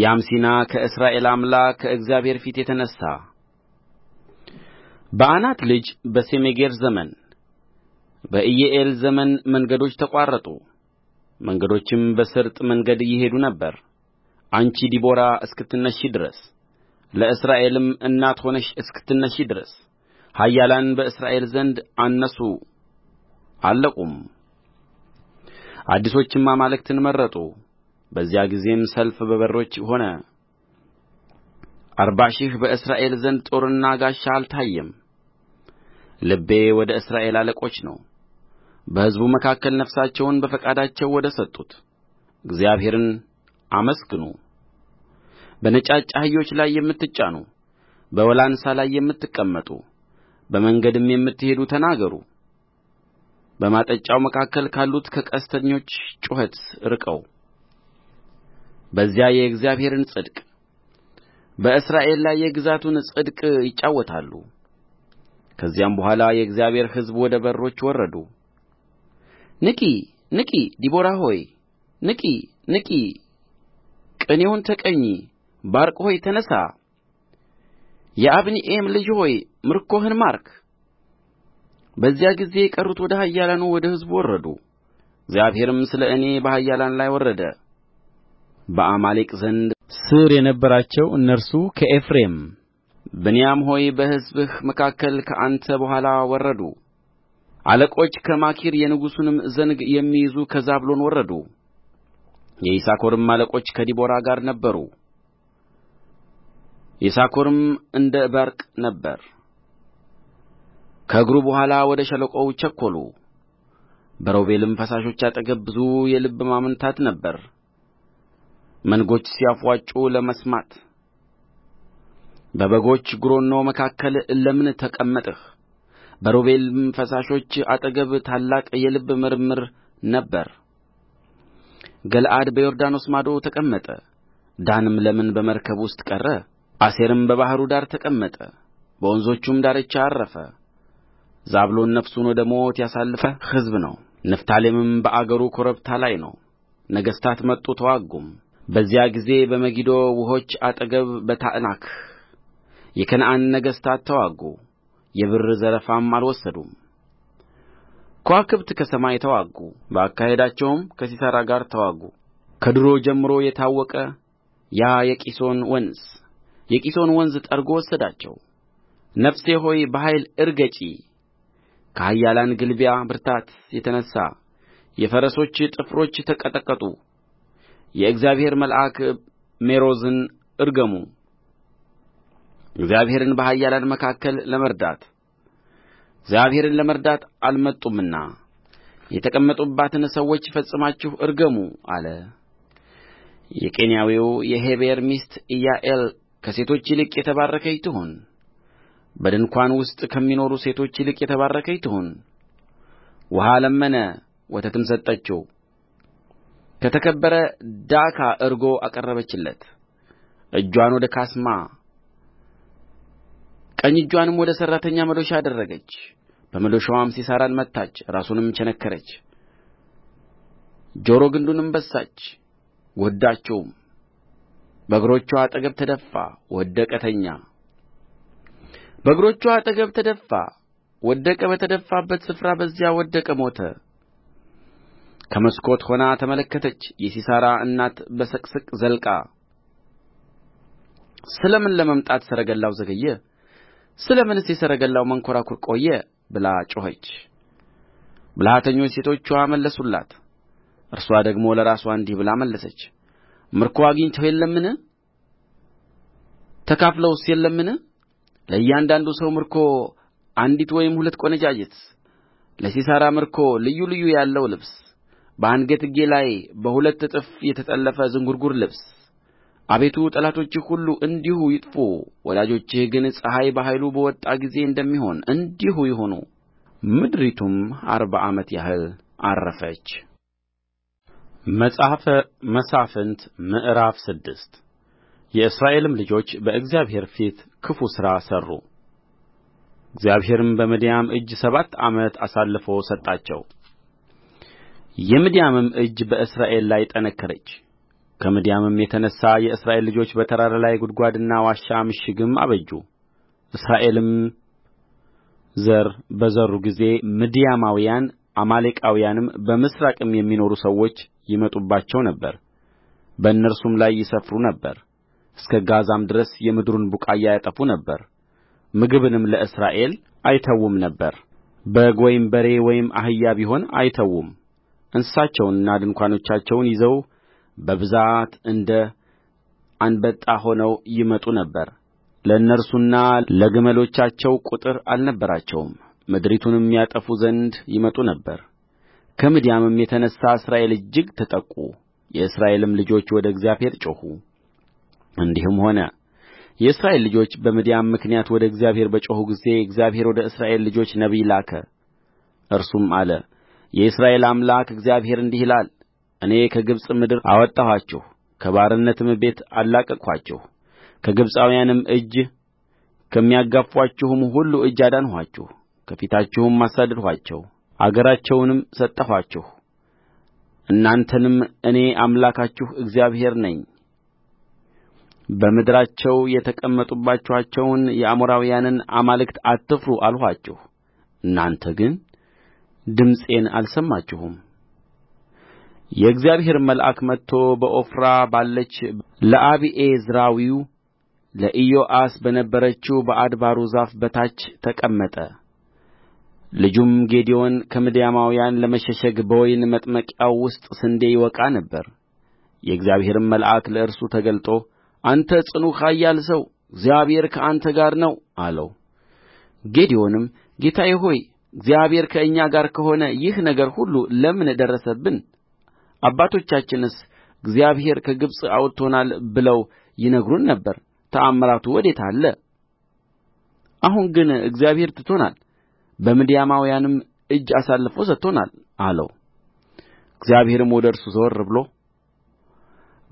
ያም ሲና ከእስራኤል አምላክ ከእግዚአብሔር ፊት የተነሣ በዓናት ልጅ በሰሜጋር ዘመን በኢየኤል ዘመን መንገዶች ተቋረጡ መንገዶችም በስርጥ መንገድ ይሄዱ ነበር አንቺ ዲቦራ እስክትነሺ ድረስ ለእስራኤልም እናት ሆነሽ እስክትነሺ ድረስ ኃያላን በእስራኤል ዘንድ አነሱ አለቁም። አዲሶችም አማልክትን መረጡ። በዚያ ጊዜም ሰልፍ በበሮች ሆነ፣ አርባ ሺህ በእስራኤል ዘንድ ጦርና ጋሻ አልታየም ልቤ ወደ እስራኤል አለቆች ነው በሕዝቡ መካከል ነፍሳቸውን በፈቃዳቸው ወደ ሰጡት እግዚአብሔርን አመስግኑ በነጫጭ አህዮች ላይ የምትጫኑ በወላንሳ ላይ የምትቀመጡ በመንገድም የምትሄዱ ተናገሩ በማጠጫው መካከል ካሉት ከቀስተኞች ጩኸት ርቀው በዚያ የእግዚአብሔርን ጽድቅ በእስራኤል ላይ የግዛቱን ጽድቅ ይጫወታሉ ከዚያም በኋላ የእግዚአብሔር ሕዝብ ወደ በሮች ወረዱ ንቂ ንቂ ዲቦራ ሆይ ንቂ ንቂ ቅኔውን ተቀኚ ባርቅ ሆይ ተነሣ የአብኒኤም ልጅ ሆይ ምርኮህን ማርክ በዚያ ጊዜ የቀሩት ወደ ኃያላኑ ወደ ሕዝቡ ወረዱ እግዚአብሔርም ስለ እኔ በኃያላን ላይ ወረደ በአማሌቅ ዘንድ ሥር የነበራቸው እነርሱ ከኤፍሬም ብንያም ሆይ በሕዝብህ መካከል ከአንተ በኋላ ወረዱ አለቆች ከማኪር የንጉሡንም ዘንግ የሚይዙ ከዛብሎን ወረዱ የይሳኮርም አለቆች ከዲቦራ ጋር ነበሩ ይሳኮርም እንደ ባርቅ ነበረ ከእግሩ በኋላ ወደ ሸለቆው ቸኰሉ በሮቤልም ፈሳሾች አጠገብ ብዙ የልብ ማመንታት ነበረ መንጎች ሲያፍዋጩ ለመስማት በበጎች ጕረኖ መካከል ለምን ተቀመጥህ በሮቤልም ፈሳሾች አጠገብ ታላቅ የልብ ምርምር ነበረ ገለዓድ በዮርዳኖስ ማዶ ተቀመጠ ዳንም ለምን በመርከብ ውስጥ ቀረ አሴርም በባሕሩ ዳር ተቀመጠ በወንዞቹም ዳርቻ ዐረፈ ዛብሎን ነፍሱን ወደ ሞት ያሳለፈ ሕዝብ ነው ንፍታሌምም በአገሩ ኮረብታ ላይ ነው ነገሥታት መጡ ተዋጉም በዚያ ጊዜ በመጊዶ ውኆች አጠገብ በታዕናክ የከነዓን ነገሥታት ተዋጉ፣ የብር ዘረፋም አልወሰዱም። ከዋክብት ከሰማይ ተዋጉ፣ በአካሄዳቸውም ከሲሣራ ጋር ተዋጉ። ከድሮ ጀምሮ የታወቀ ያ የቂሶን ወንዝ የቂሶን ወንዝ ጠርጎ ወሰዳቸው። ነፍሴ ሆይ በኃይል እርገጪ። ከኃያላን ግልቢያ ብርታት የተነሣ የፈረሶች ጥፍሮች ተቀጠቀጡ። የእግዚአብሔር መልአክ ሜሮዝን እርገሙ እግዚአብሔርን በኃያላን መካከል ለመርዳት እግዚአብሔርን ለመርዳት አልመጡምና የተቀመጡባትን ሰዎች ፈጽማችሁ እርገሙ አለ። የቄንያዊው የሔቤር ሚስት ኢያዔል ከሴቶች ይልቅ የተባረከች ትሁን፣ በድንኳን ውስጥ ከሚኖሩ ሴቶች ይልቅ የተባረከች ትሁን። ውኃ ለመነ፣ ወተትም ሰጠችው። ከተከበረ ዳካ እርጎ አቀረበችለት እጅዋን ወደ ካስማ ቀኝ እጅዋንም ወደ ሠራተኛ መዶሻ አደረገች በመዶሻዋም ሲሣራን መታች ራሱንም ቸነከረች ጆሮ ግንዱንም በሳች ጎዳችውም በእግሮችዋ አጠገብ ተደፋ ወደቀ ተኛ በእግሮችዋ አጠገብ ተደፋ ወደቀ በተደፋበት ስፍራ በዚያ ወደቀ ሞተ ከመስኮት ሆና ተመለከተች የሲሣራ እናት በሰቅሰቅ ዘልቃ ስለ ምን ለመምጣት ሰረገላው ዘገየ ስለ ምንስ የሰረገላው መንኰራኵር ቈየ ብላ ጮኸች ብልሃተኞች ሴቶችዋ መለሱላት እርስዋ ደግሞ ለራስዋ እንዲህ ብላ መለሰች ምርኮ አግኝተው የለምን ተካፍለውስ የለምን ለእያንዳንዱ ሰው ምርኮ አንዲት ወይም ሁለት ቈነጃጅት ለሲሣራ ምርኮ ልዩ ልዩ ያለው ልብስ በአንገትጌ ላይ በሁለት እጥፍ የተጠለፈ ዝንጕርጕር ልብስ አቤቱ ጠላቶችህ ሁሉ እንዲሁ ይጥፉ ወዳጆችህ ግን ፀሐይ በኃይሉ በወጣ ጊዜ እንደሚሆን እንዲሁ ይሁኑ ምድሪቱም አርባ ዓመት ያህል ዐረፈች መጽሐፈ መሣፍንት ምዕራፍ ስድስት የእስራኤልም ልጆች በእግዚአብሔር ፊት ክፉ ሥራ ሠሩ እግዚአብሔርም በምድያም እጅ ሰባት ዓመት አሳልፎ ሰጣቸው የምድያምም እጅ በእስራኤል ላይ ጠነከረች ከምድያምም የተነሣ የእስራኤል ልጆች በተራራ ላይ ጕድጓድና ዋሻ ምሽግም አበጁ እስራኤልም ዘር በዘሩ ጊዜ ምድያማውያን አማሌቃውያንም በምሥራቅም የሚኖሩ ሰዎች ይመጡባቸው ነበር በእነርሱም ላይ ይሰፍሩ ነበር እስከ ጋዛም ድረስ የምድሩን ቡቃያ ያጠፉ ነበር ምግብንም ለእስራኤል አይተዉም ነበር በግ ወይም በሬ ወይም አህያ ቢሆን አይተዉም እንስሶቻቸውንና ድንኳኖቻቸውን ይዘው በብዛት እንደ አንበጣ ሆነው ይመጡ ነበር ለእነርሱና ለግመሎቻቸው ቍጥር አልነበራቸውም ምድሪቱንም ያጠፉ ዘንድ ይመጡ ነበር ከምድያምም የተነሣ እስራኤል እጅግ ተጠቁ የእስራኤልም ልጆች ወደ እግዚአብሔር ጮኹ እንዲህም ሆነ የእስራኤል ልጆች በምድያም ምክንያት ወደ እግዚአብሔር በጮኹ ጊዜ እግዚአብሔር ወደ እስራኤል ልጆች ነቢይ ላከ እርሱም አለ የእስራኤል አምላክ እግዚአብሔር እንዲህ ይላል እኔ ከግብጽ ምድር አወጣኋችሁ ከባርነትም ቤት አላቀቅኋችሁ ከግብጻውያንም እጅ ከሚያጋፉአችሁም ሁሉ እጅ አዳንኋችሁ ከፊታችሁም አሳደድኋቸው አገራቸውንም ሰጠኋችሁ እናንተንም እኔ አምላካችሁ እግዚአብሔር ነኝ በምድራቸው የተቀመጡባችኋቸውን የአሞራውያንን አማልክት አትፍሩ አልኋችሁ እናንተ ግን ድምፄን አልሰማችሁም የእግዚአብሔርም መልአክ መጥቶ በዖፍራ ባለች ለአቢዔዝራዊው ለኢዮአስ በነበረችው በአድባሩ ዛፍ በታች ተቀመጠ። ልጁም ጌዴዎን ከምድያማውያን ለመሸሸግ በወይን መጥመቂያው ውስጥ ስንዴ ይወቃ ነበር። የእግዚአብሔርም መልአክ ለእርሱ ተገልጦ አንተ ጽኑ ኃያል ሰው፣ እግዚአብሔር ከአንተ ጋር ነው አለው። ጌዴዎንም ጌታዬ ሆይ እግዚአብሔር ከእኛ ጋር ከሆነ ይህ ነገር ሁሉ ለምን ደረሰብን አባቶቻችንስ እግዚአብሔር ከግብፅ አውጥቶናል ብለው ይነግሩን ነበር ተአምራቱ ወዴት አለ አሁን ግን እግዚአብሔር ትቶናል በምድያማውያንም እጅ አሳልፎ ሰጥቶናል አለው እግዚአብሔርም ወደ እርሱ ዘወር ብሎ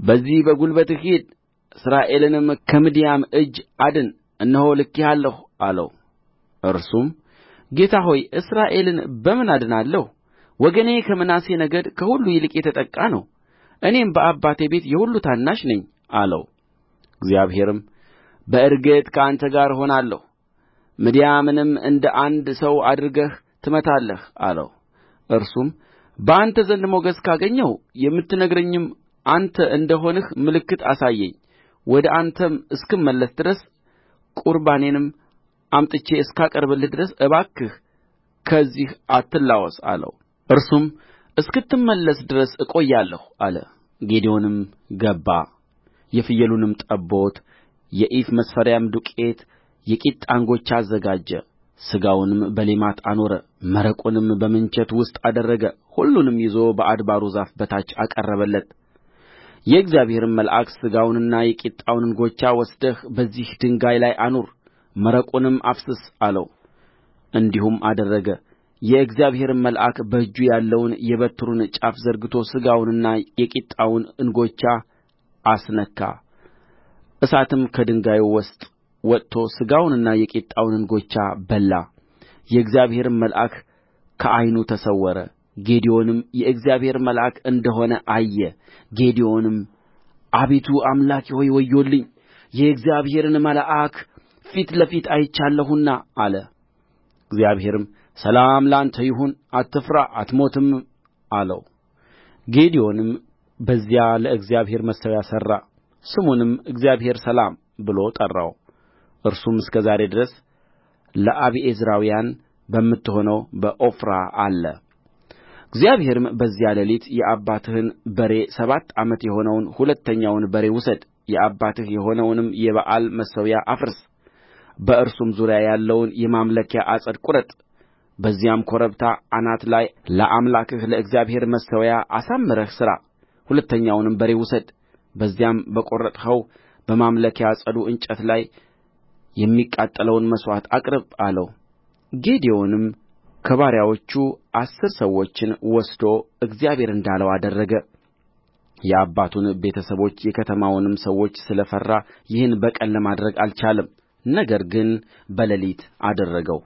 በዚህ በጕልበትህ ሂድ እስራኤልንም ከምድያም እጅ አድን እነሆ ልኬሃለሁ አለው እርሱም ጌታ ሆይ እስራኤልን በምን አድናለሁ ወገኔ ከምናሴ ነገድ ከሁሉ ይልቅ የተጠቃ ነው እኔም በአባቴ ቤት የሁሉ ታናሽ ነኝ አለው እግዚአብሔርም በእርግጥ ከአንተ ጋር እሆናለሁ ምድያምንም እንደ አንድ ሰው አድርገህ ትመታለህ አለው እርሱም በአንተ ዘንድ ሞገስ ካገኘሁ የምትነግረኝም አንተ እንደሆንህ ምልክት አሳየኝ ወደ አንተም እስክመለስ ድረስ ቍርባኔንም አምጥቼ እስካቀርብልህ ድረስ እባክህ ከዚህ አትላወስ አለው እርሱም እስክትመለስ ድረስ እቆያለሁ አለ ጌዴዎንም ገባ የፍየሉንም ጠቦት የኢፍ መስፈሪያም ዱቄት የቂጣ እንጎቻ አዘጋጀ ሥጋውንም በሌማት አኖረ መረቁንም በምንቸት ውስጥ አደረገ ሁሉንም ይዞ በአድባሩ ዛፍ በታች አቀረበለት የእግዚአብሔርም መልአክ ሥጋውንና የቂጣውን እንጎቻ ወስደህ በዚህ ድንጋይ ላይ አኑር መረቁንም አፍስስ አለው እንዲሁም አደረገ የእግዚአብሔርም መልአክ በእጁ ያለውን የበትሩን ጫፍ ዘርግቶ ሥጋውንና የቂጣውን እንጎቻ አስነካ እሳትም ከድንጋዩ ውስጥ ወጥቶ ሥጋውንና የቂጣውን እንጎቻ በላ የእግዚአብሔርም መልአክ ከዓይኑ ተሰወረ ጌዴዎንም የእግዚአብሔር መልአክ እንደሆነ አየ ጌዴዎንም አቤቱ አምላኬ ሆይ ወዮልኝ የእግዚአብሔርን መልአክ ፊት ለፊት አይቻለሁና አለ። እግዚአብሔርም ሰላም ለአንተ ይሁን፣ አትፍራ፣ አትሞትም አለው። ጌዴዎንም በዚያ ለእግዚአብሔር መሠዊያ ሠራ፣ ስሙንም እግዚአብሔር ሰላም ብሎ ጠራው። እርሱም እስከ ዛሬ ድረስ ለአቢዔዝራውያን በምትሆነው በዖፍራ አለ። እግዚአብሔርም በዚያ ሌሊት የአባትህን በሬ ሰባት ዓመት የሆነውን ሁለተኛውን በሬ ውሰድ፣ የአባትህ የሆነውንም የበዓል መሠዊያ አፍርስ በእርሱም ዙሪያ ያለውን የማምለኪያ ዐፀድ ቍረጥ በዚያም ኮረብታ አናት ላይ ለአምላክህ ለእግዚአብሔር መሠዊያ አሳምረህ ሥራ ሁለተኛውንም በሬ ውሰድ በዚያም በቈረጥኸው በማምለኪያ ዐፀዱ እንጨት ላይ የሚቃጠለውን መሥዋዕት አቅርብ አለው ጌዴዎንም ከባሪያዎቹ አሥር ሰዎችን ወስዶ እግዚአብሔር እንዳለው አደረገ የአባቱን ቤተ ሰቦች የከተማውንም ሰዎች ስለ ፈራ ይህን በቀን ለማድረግ አልቻለም ነገር ግን በሌሊት አደረገው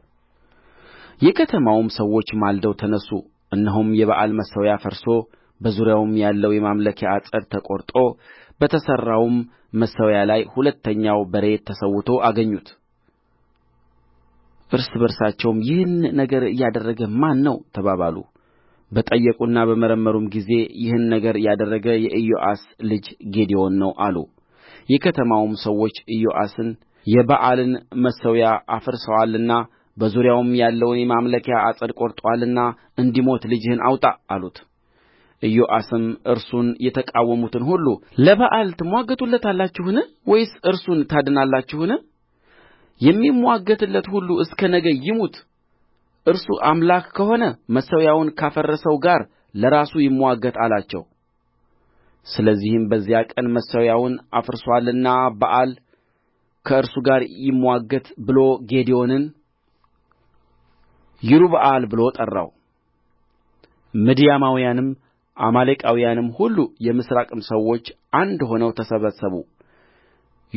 የከተማውም ሰዎች ማልደው ተነሡ እነሆም የበኣል መሠዊያ ፈርሶ በዙሪያውም ያለው የማምለኪያ ዐፀድ ተቈርጦ በተሠራውም መሠዊያ ላይ ሁለተኛው በሬ ተሠውቶ አገኙት እርስ በርሳቸውም ይህን ነገር ያደረገ ማን ነው ተባባሉ በጠየቁና በመረመሩም ጊዜ ይህን ነገር ያደረገ የኢዮአስ ልጅ ጌዴዎን ነው አሉ የከተማውም ሰዎች ኢዮአስን የበኣልን መሠዊያ አፍርሶአልና በዙሪያውም ያለውን የማምለኪያ ዐፀድ ቈርጦአልና እንዲሞት ልጅህን አውጣ አሉት ኢዮአስም እርሱን የተቃወሙትን ሁሉ ለበኣል ትምዋገቱለታላችሁን ወይስ እርሱን ታድናላችሁን የሚምዋገትለት ሁሉ እስከ ነገ ይሙት እርሱ አምላክ ከሆነ መሠዊያውን ካፈረሰው ጋር ለራሱ ይምዋገት አላቸው ስለዚህም በዚያ ቀን መሠዊያውን አፍርሶአልና በኣል ከእርሱ ጋር ይምዋገት ብሎ ጌዴዎንን ይሩበኣል ብሎ ጠራው ምድያማውያንም አማሌቃውያንም ሁሉ የምሥራቅም ሰዎች አንድ ሆነው ተሰበሰቡ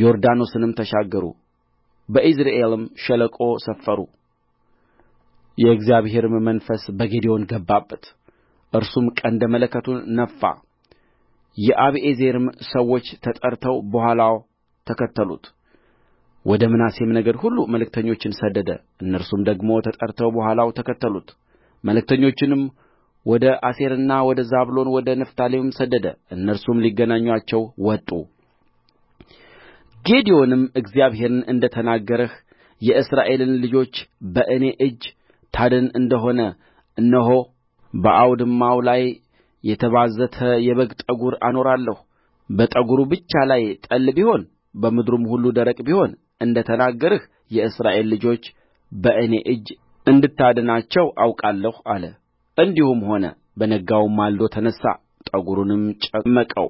ዮርዳኖስንም ተሻገሩ በኢይዝራኤልም ሸለቆ ሰፈሩ የእግዚአብሔርም መንፈስ በጌዴዎን ገባበት እርሱም ቀንደ መለከቱን ነፋ የአቢዔዝርም ሰዎች ተጠርተው በኋላው ተከተሉት ወደ ምናሴም ነገድ ሁሉ መልእክተኞችን ሰደደ እነርሱም ደግሞ ተጠርተው በኋላው ተከተሉት መልእክተኞችንም ወደ አሴርና ወደ ዛብሎን ወደ ንፍታሌምም ሰደደ እነርሱም ሊገናኙአቸው ወጡ ጌዴዎንም እግዚአብሔርን እንደ ተናገርህ የእስራኤልን ልጆች በእኔ እጅ ታድን እንደሆነ እነሆ በአውድማው ላይ የተባዘተ የበግ ጠጉር አኖራለሁ በጠጉሩ ብቻ ላይ ጠል ቢሆን በምድሩም ሁሉ ደረቅ ቢሆን እንደ ተናገርህ የእስራኤል ልጆች በእኔ እጅ እንድታድናቸው አውቃለሁ አለ እንዲሁም ሆነ በነጋውም ማልዶ ተነሣ ጠጕሩንም ጨመቀው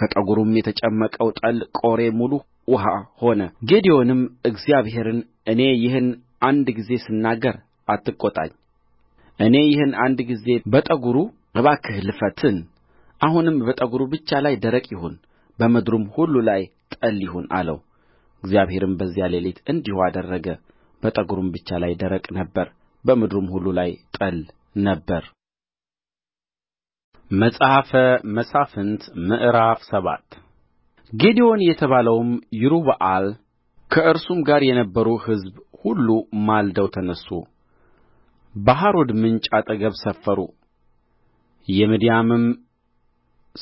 ከጠጕሩም የተጨመቀው ጠል ቆሬ ሙሉ ውኃ ሆነ ጌዴዎንም እግዚአብሔርን እኔ ይህን አንድ ጊዜ ስናገር አትቈጣኝ እኔ ይህን አንድ ጊዜ በጠጕሩ እባክህ ልፈትን አሁንም በጠጕሩ ብቻ ላይ ደረቅ ይሁን በምድሩም ሁሉ ላይ ጠል ይሁን አለው እግዚአብሔርም በዚያ ሌሊት እንዲሁ አደረገ በጠጕሩም ብቻ ላይ ደረቅ ነበረ በምድሩም ሁሉ ላይ ጠል ነበረ መጽሐፈ መሣፍንት ምዕራፍ ሰባት ጌዴዎን የተባለውም ይሩበኣል ከእርሱም ጋር የነበሩ ሕዝብ ሁሉ ማልደው ተነሡ በሐሮድ ምንጭ አጠገብ ሰፈሩ የምድያምም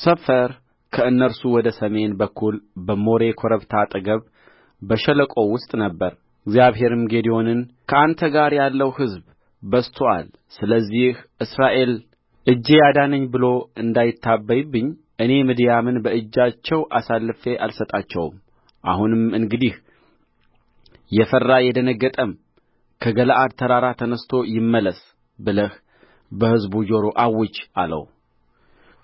ሰፈር ከእነርሱ ወደ ሰሜን በኩል በሞሬ ኮረብታ አጠገብ በሸለቆው ውስጥ ነበረ እግዚአብሔርም ጌዴዎንን ከአንተ ጋር ያለው ሕዝብ በዝቶአል ስለዚህ እስራኤል እጄ ያዳነኝ ብሎ እንዳይታበይብኝ እኔ ምድያምን በእጃቸው አሳልፌ አልሰጣቸውም አሁንም እንግዲህ የፈራ የደነገጠም ከገለዓድ ተራራ ተነሥቶ ይመለስ ብለህ በሕዝቡ ጆሮ አውጅ አለው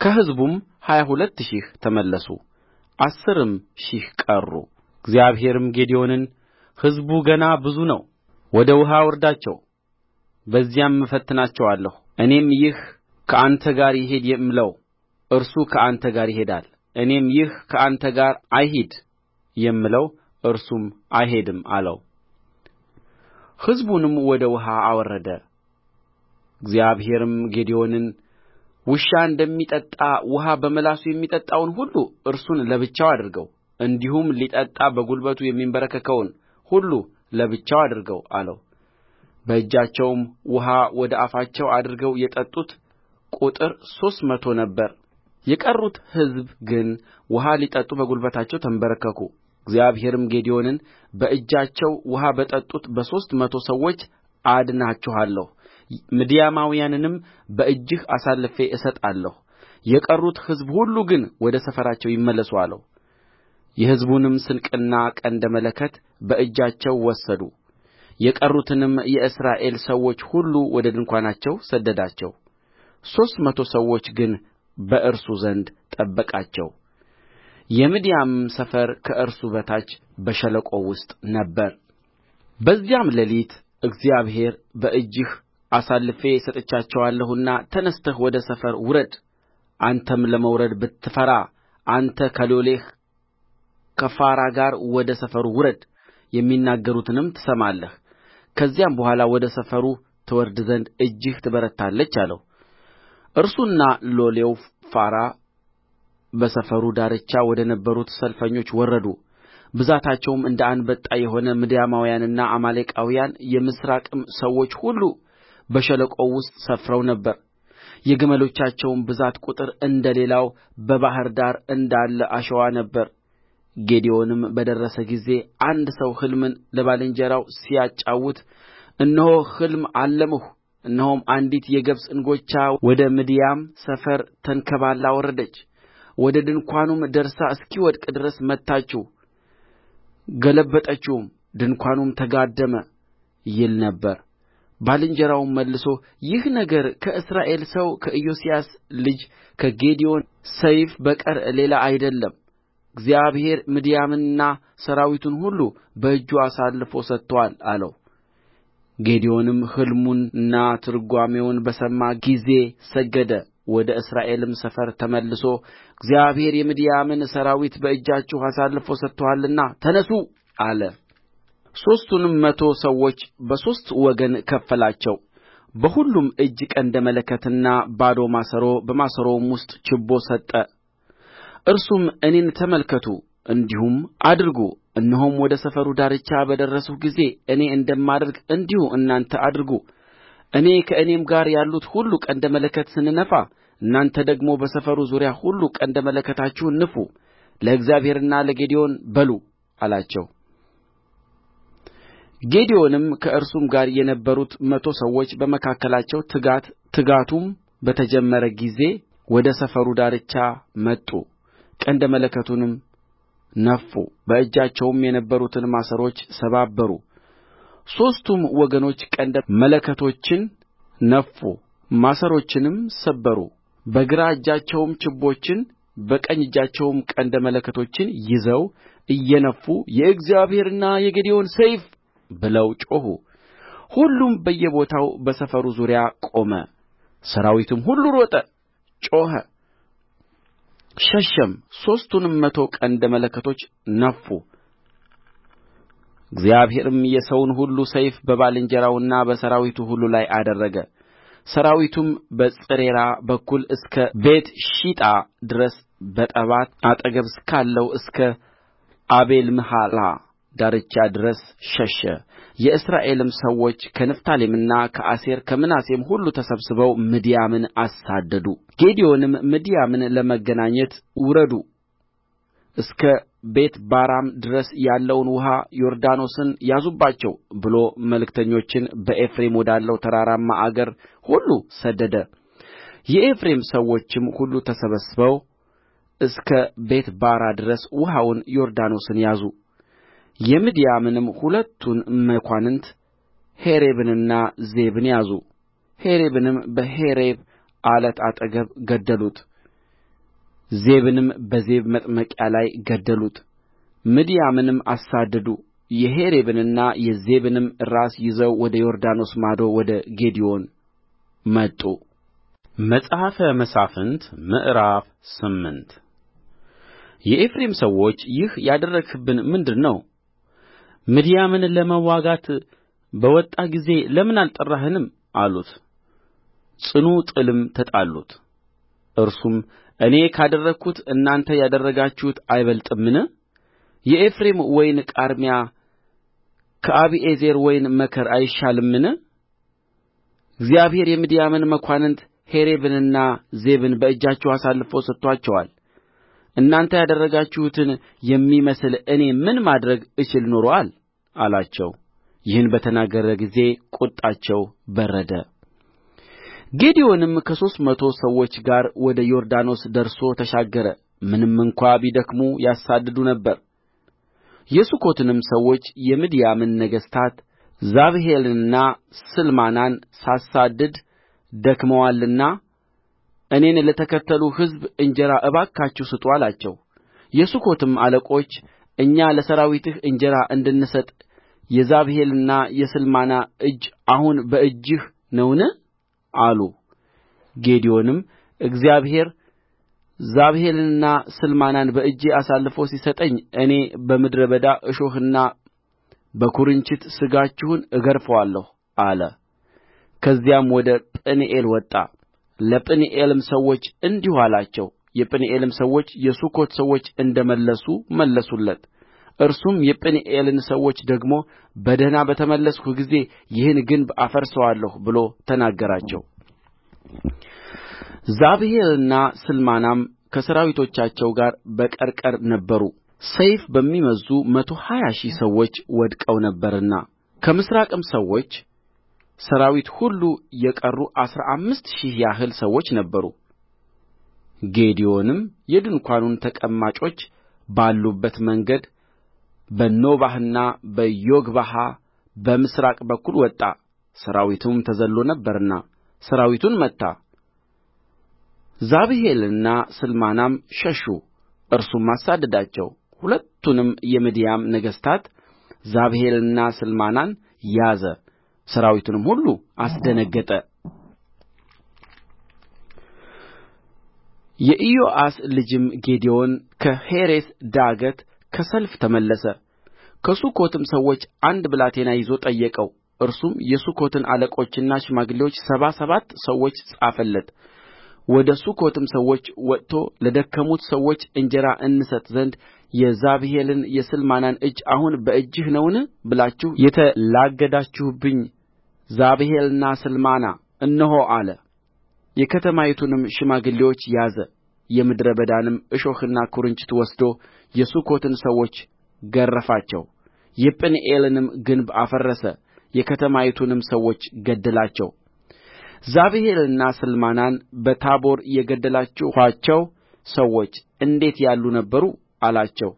ከሕዝቡም ሀያ ሁለት ሺህ ተመለሱ አሥርም ሺህ ቀሩ እግዚአብሔርም ጌዴዎንን ሕዝቡ ገና ብዙ ነው ወደ ውኃ አውርዳቸው በዚያም እፈትናቸዋለሁ እኔም ይህ ከአንተ ጋር ይሂድ የምለው እርሱ ከአንተ ጋር ይሄዳል እኔም ይህ ከአንተ ጋር አይሂድ የምለው እርሱም አይሄድም አለው ሕዝቡንም ወደ ውኃ አወረደ እግዚአብሔርም ጌዴዎንን ውሻ እንደሚጠጣ ውኃ በምላሱ የሚጠጣውን ሁሉ እርሱን ለብቻው አድርገው እንዲሁም ሊጠጣ በጕልበቱ የሚንበረከከውን ሁሉ ለብቻው አድርገው አለው በእጃቸውም ውኃ ወደ አፋቸው አድርገው የጠጡት ቍጥር ሦስት መቶ ነበረ የቀሩት ሕዝብ ግን ውኃ ሊጠጡ በጕልበታቸው ተንበረከኩ እግዚአብሔርም ጌዴዎንን በእጃቸው ውኃ በጠጡት በሦስት መቶ ሰዎች አድናችኋለሁ ምድያማውያንንም በእጅህ አሳልፌ እሰጣለሁ የቀሩት ሕዝብ ሁሉ ግን ወደ ሰፈራቸው ይመለሱ አለው የሕዝቡንም ስንቅና ቀንደ መለከት በእጃቸው ወሰዱ። የቀሩትንም የእስራኤል ሰዎች ሁሉ ወደ ድንኳናቸው ሰደዳቸው። ሦስት መቶ ሰዎች ግን በእርሱ ዘንድ ጠበቃቸው። የምድያምም ሰፈር ከእርሱ በታች በሸለቆው ውስጥ ነበር። በዚያም ሌሊት እግዚአብሔር በእጅህ አሳልፌ ሰጥቻቸዋለሁና ተነሥተህ ወደ ሰፈር ውረድ። አንተም ለመውረድ ብትፈራ አንተ ከሎሌህ ከፋራ ጋር ወደ ሰፈሩ ውረድ የሚናገሩትንም ትሰማለህ ከዚያም በኋላ ወደ ሰፈሩ ትወርድ ዘንድ እጅህ ትበረታለች አለው እርሱና ሎሌው ፋራ በሰፈሩ ዳርቻ ወደ ነበሩት ሰልፈኞች ወረዱ ብዛታቸውም እንደ አንበጣ የሆነ ምድያማውያንና አማሌቃውያን የምሥራቅም ሰዎች ሁሉ በሸለቆው ውስጥ ሰፍረው ነበር የግመሎቻቸውም ብዛት ቍጥር እንደ ሌላው በባሕር ዳር እንዳለ አሸዋ ነበረ ጌዴዎንም በደረሰ ጊዜ አንድ ሰው ሕልምን ለባልንጀራው ሲያጫውት እነሆ ሕልም አለምሁ እነሆም አንዲት የገብስ እንጎቻ ወደ ምድያም ሰፈር ተንከባልላ ወረደች ወደ ድንኳኑም ደርሳ እስኪወድቅ ድረስ መታችው ገለበጠችውም ድንኳኑም ተጋደመ ይል ነበር ባልንጀራውም መልሶ ይህ ነገር ከእስራኤል ሰው ከኢዮስያስ ልጅ ከጌዴዎን ሰይፍ በቀር ሌላ አይደለም እግዚአብሔር ምድያምንና ሠራዊቱን ሁሉ በእጁ አሳልፎ ሰጥቶአል አለው ጌዴዎንም ሕልሙንና ትርጓሜውን በሰማ ጊዜ ሰገደ ወደ እስራኤልም ሰፈር ተመልሶ እግዚአብሔር የምድያምን ሠራዊት በእጃችሁ አሳልፎ ሰጥቶአልና ተነሡ አለ ሦስቱንም መቶ ሰዎች በሦስት ወገን ከፈላቸው በሁሉም እጅ ቀንደ መለከትና ባዶ ማሰሮ በማሰሮውም ውስጥ ችቦ ሰጠ እርሱም እኔን ተመልከቱ እንዲሁም አድርጉ እነሆም ወደ ሰፈሩ ዳርቻ በደረስሁ ጊዜ እኔ እንደማደርግ እንዲሁ እናንተ አድርጉ እኔ ከእኔም ጋር ያሉት ሁሉ ቀንደ መለከት ስንነፋ እናንተ ደግሞ በሰፈሩ ዙሪያ ሁሉ ቀንደ መለከታችሁን ንፉ ለእግዚአብሔርና ለጌዴዎን በሉ አላቸው ጌዴዎንም ከእርሱም ጋር የነበሩት መቶ ሰዎች በመካከላቸው ትጋት ትጋቱም በተጀመረ ጊዜ ወደ ሰፈሩ ዳርቻ መጡ ቀንደ መለከቱንም ነፉ በእጃቸውም የነበሩትን ማሰሮች ሰባበሩ ሦስቱም ወገኖች ቀንደ መለከቶችን ነፉ ማሰሮችንም ሰበሩ በግራ እጃቸውም ችቦችን በቀኝ እጃቸውም ቀንደ መለከቶችን ይዘው እየነፉ የእግዚአብሔርና የጌዴዎን ሰይፍ ብለው ጮኹ ሁሉም በየቦታው በሰፈሩ ዙሪያ ቆመ ሠራዊቱም ሁሉ ሮጠ ጮኸ ሸሸም ሦስቱንም መቶ ቀንደ መለከቶች ነፉ እግዚአብሔርም የሰውን ሁሉ ሰይፍ በባልንጀራውና በሠራዊቱ ሁሉ ላይ አደረገ ሠራዊቱም በጽሬራ በኩል እስከ ቤትሺጣ ድረስ በጠባት አጠገብ እስካለው እስከ አቤልምሖላ ዳርቻ ድረስ ሸሸ የእስራኤልም ሰዎች ከንፍታሌምና ከአሴር ከምናሴም ሁሉ ተሰብስበው ምድያምን አሳደዱ ጌዴዎንም ምድያምን ለመገናኘት ውረዱ እስከ ቤትባራም ድረስ ያለውን ውኃ ዮርዳኖስን ያዙባቸው ብሎ መልእክተኞችን በኤፍሬም ወዳለው ተራራማ አገር ሁሉ ሰደደ። የኤፍሬም ሰዎችም ሁሉ ተሰብስበው እስከ ቤትባራ ድረስ ውኃውን ዮርዳኖስን ያዙ። የምድያምንም ሁለቱን መኳንንት ሔሬብንና ዜብን ያዙ ሔሬብንም በሔሬብ ዓለት አጠገብ ገደሉት ዜብንም በዜብ መጥመቂያ ላይ ገደሉት ምድያምንም አሳደዱ የሔሬብንና የዜብንም ራስ ይዘው ወደ ዮርዳኖስ ማዶ ወደ ጌዴዎን መጡ መጽሐፈ መሣፍንት ምዕራፍ ስምንት የኤፍሬም ሰዎች ይህ ያደረግህብን ምንድር ነው ምድያምን ለመዋጋት በወጣህ ጊዜ ለምን አልጠራኸንም አሉት ጽኑ ጥልም ተጣሉት እርሱም እኔ ካደረግሁት እናንተ ያደረጋችሁት አይበልጥምን የኤፍሬም ወይን ቃርሚያ ከአቢዔዜር ወይን መከር አይሻልምን እግዚአብሔር የምድያምን መኳንንት ሔሬብንና ዜብን በእጃችሁ አሳልፎ ሰጥቶአቸዋል እናንተ ያደረጋችሁትን የሚመስል እኔ ምን ማድረግ እችል ኖሮአል አላቸው ይህን በተናገረ ጊዜ ቍጣቸው በረደ ጌዴዎንም ከሦስት መቶ ሰዎች ጋር ወደ ዮርዳኖስ ደርሶ ተሻገረ ምንም እንኳ ቢደክሙ ያሳድዱ ነበር የሱኮትንም ሰዎች የምድያምን ነገሥታት ዛብሄልንና ስልማናን ሳሳድድ ደክመዋልና እኔን ለተከተሉ ሕዝብ እንጀራ እባካችሁ ስጡ አላቸው። የሱኮትም አለቆች እኛ ለሠራዊትህ እንጀራ እንድንሰጥ የዛብሄልና የስልማና እጅ አሁን በእጅህ ነውን? አሉ። ጌዴዎንም እግዚአብሔር ዛብሄልንና ስልማናን በእጄ አሳልፎ ሲሰጠኝ እኔ በምድረ በዳ እሾህና በኵርንችት ሥጋችሁን እገርፋለሁ አለ። ከዚያም ወደ ጵኒኤል ወጣ። ለጵኒኤልም ሰዎች እንዲሁ አላቸው የጵኒኤልም ሰዎች የሱኮት ሰዎች እንደ መለሱ መለሱለት እርሱም የጵኒኤልን ሰዎች ደግሞ በደኅና በተመለስሁ ጊዜ ይህን ግንብ አፈርሰዋለሁ ብሎ ተናገራቸው ዛብሄልና ስልማናም ከሠራዊቶቻቸው ጋር በቀርቀር ነበሩ ሰይፍ በሚመዝዙ መቶ ሀያ ሺህ ሰዎች ወድቀው ነበርና ከምሥራቅም ሰዎች ሠራዊት ሁሉ የቀሩ አሥራ አምስት ሺህ ያህል ሰዎች ነበሩ ጌዴዎንም የድንኳኑን ተቀማጮች ባሉበት መንገድ በኖባህና በዮግብሃ በምሥራቅ በኩል ወጣ ሠራዊቱም ተዘልሎ ነበርና ሠራዊቱን መታ ዛብሄልና ስልማናም ሸሹ እርሱም አሳደዳቸው ሁለቱንም የምድያም ነገሥታት ዛብሄልንና ስልማናን ያዘ ሠራዊቱንም ሁሉ አስደነገጠ የኢዮአስ ልጅም ጌዴዎን ከሔሬስ ዳገት ከሰልፍ ተመለሰ ከሱኮትም ሰዎች አንድ ብላቴና ይዞ ጠየቀው እርሱም የሱኮትን አለቆችና ሽማግሌዎች ሰባ ሰባት ሰዎች ጻፈለት ወደ ሱኮትም ሰዎች ወጥቶ ለደከሙት ሰዎች እንጀራ እንሰጥ ዘንድ የዛብሄልን የስልማናን እጅ አሁን በእጅህ ነውን ብላችሁ የተላገዳችሁብኝ ዛብሄልና ስልማና እነሆ አለ። የከተማይቱንም ሽማግሌዎች ያዘ። የምድረ በዳንም እሾህና ኵርንችት ወስዶ የሱኮትን ሰዎች ገረፋቸው። የጵኒኤልንም ግንብ አፈረሰ። የከተማይቱንም ሰዎች ገደላቸው። ዛብሄልንና ስልማናን በታቦር የገደላችኋቸው ሰዎች እንዴት ያሉ ነበሩ አላቸው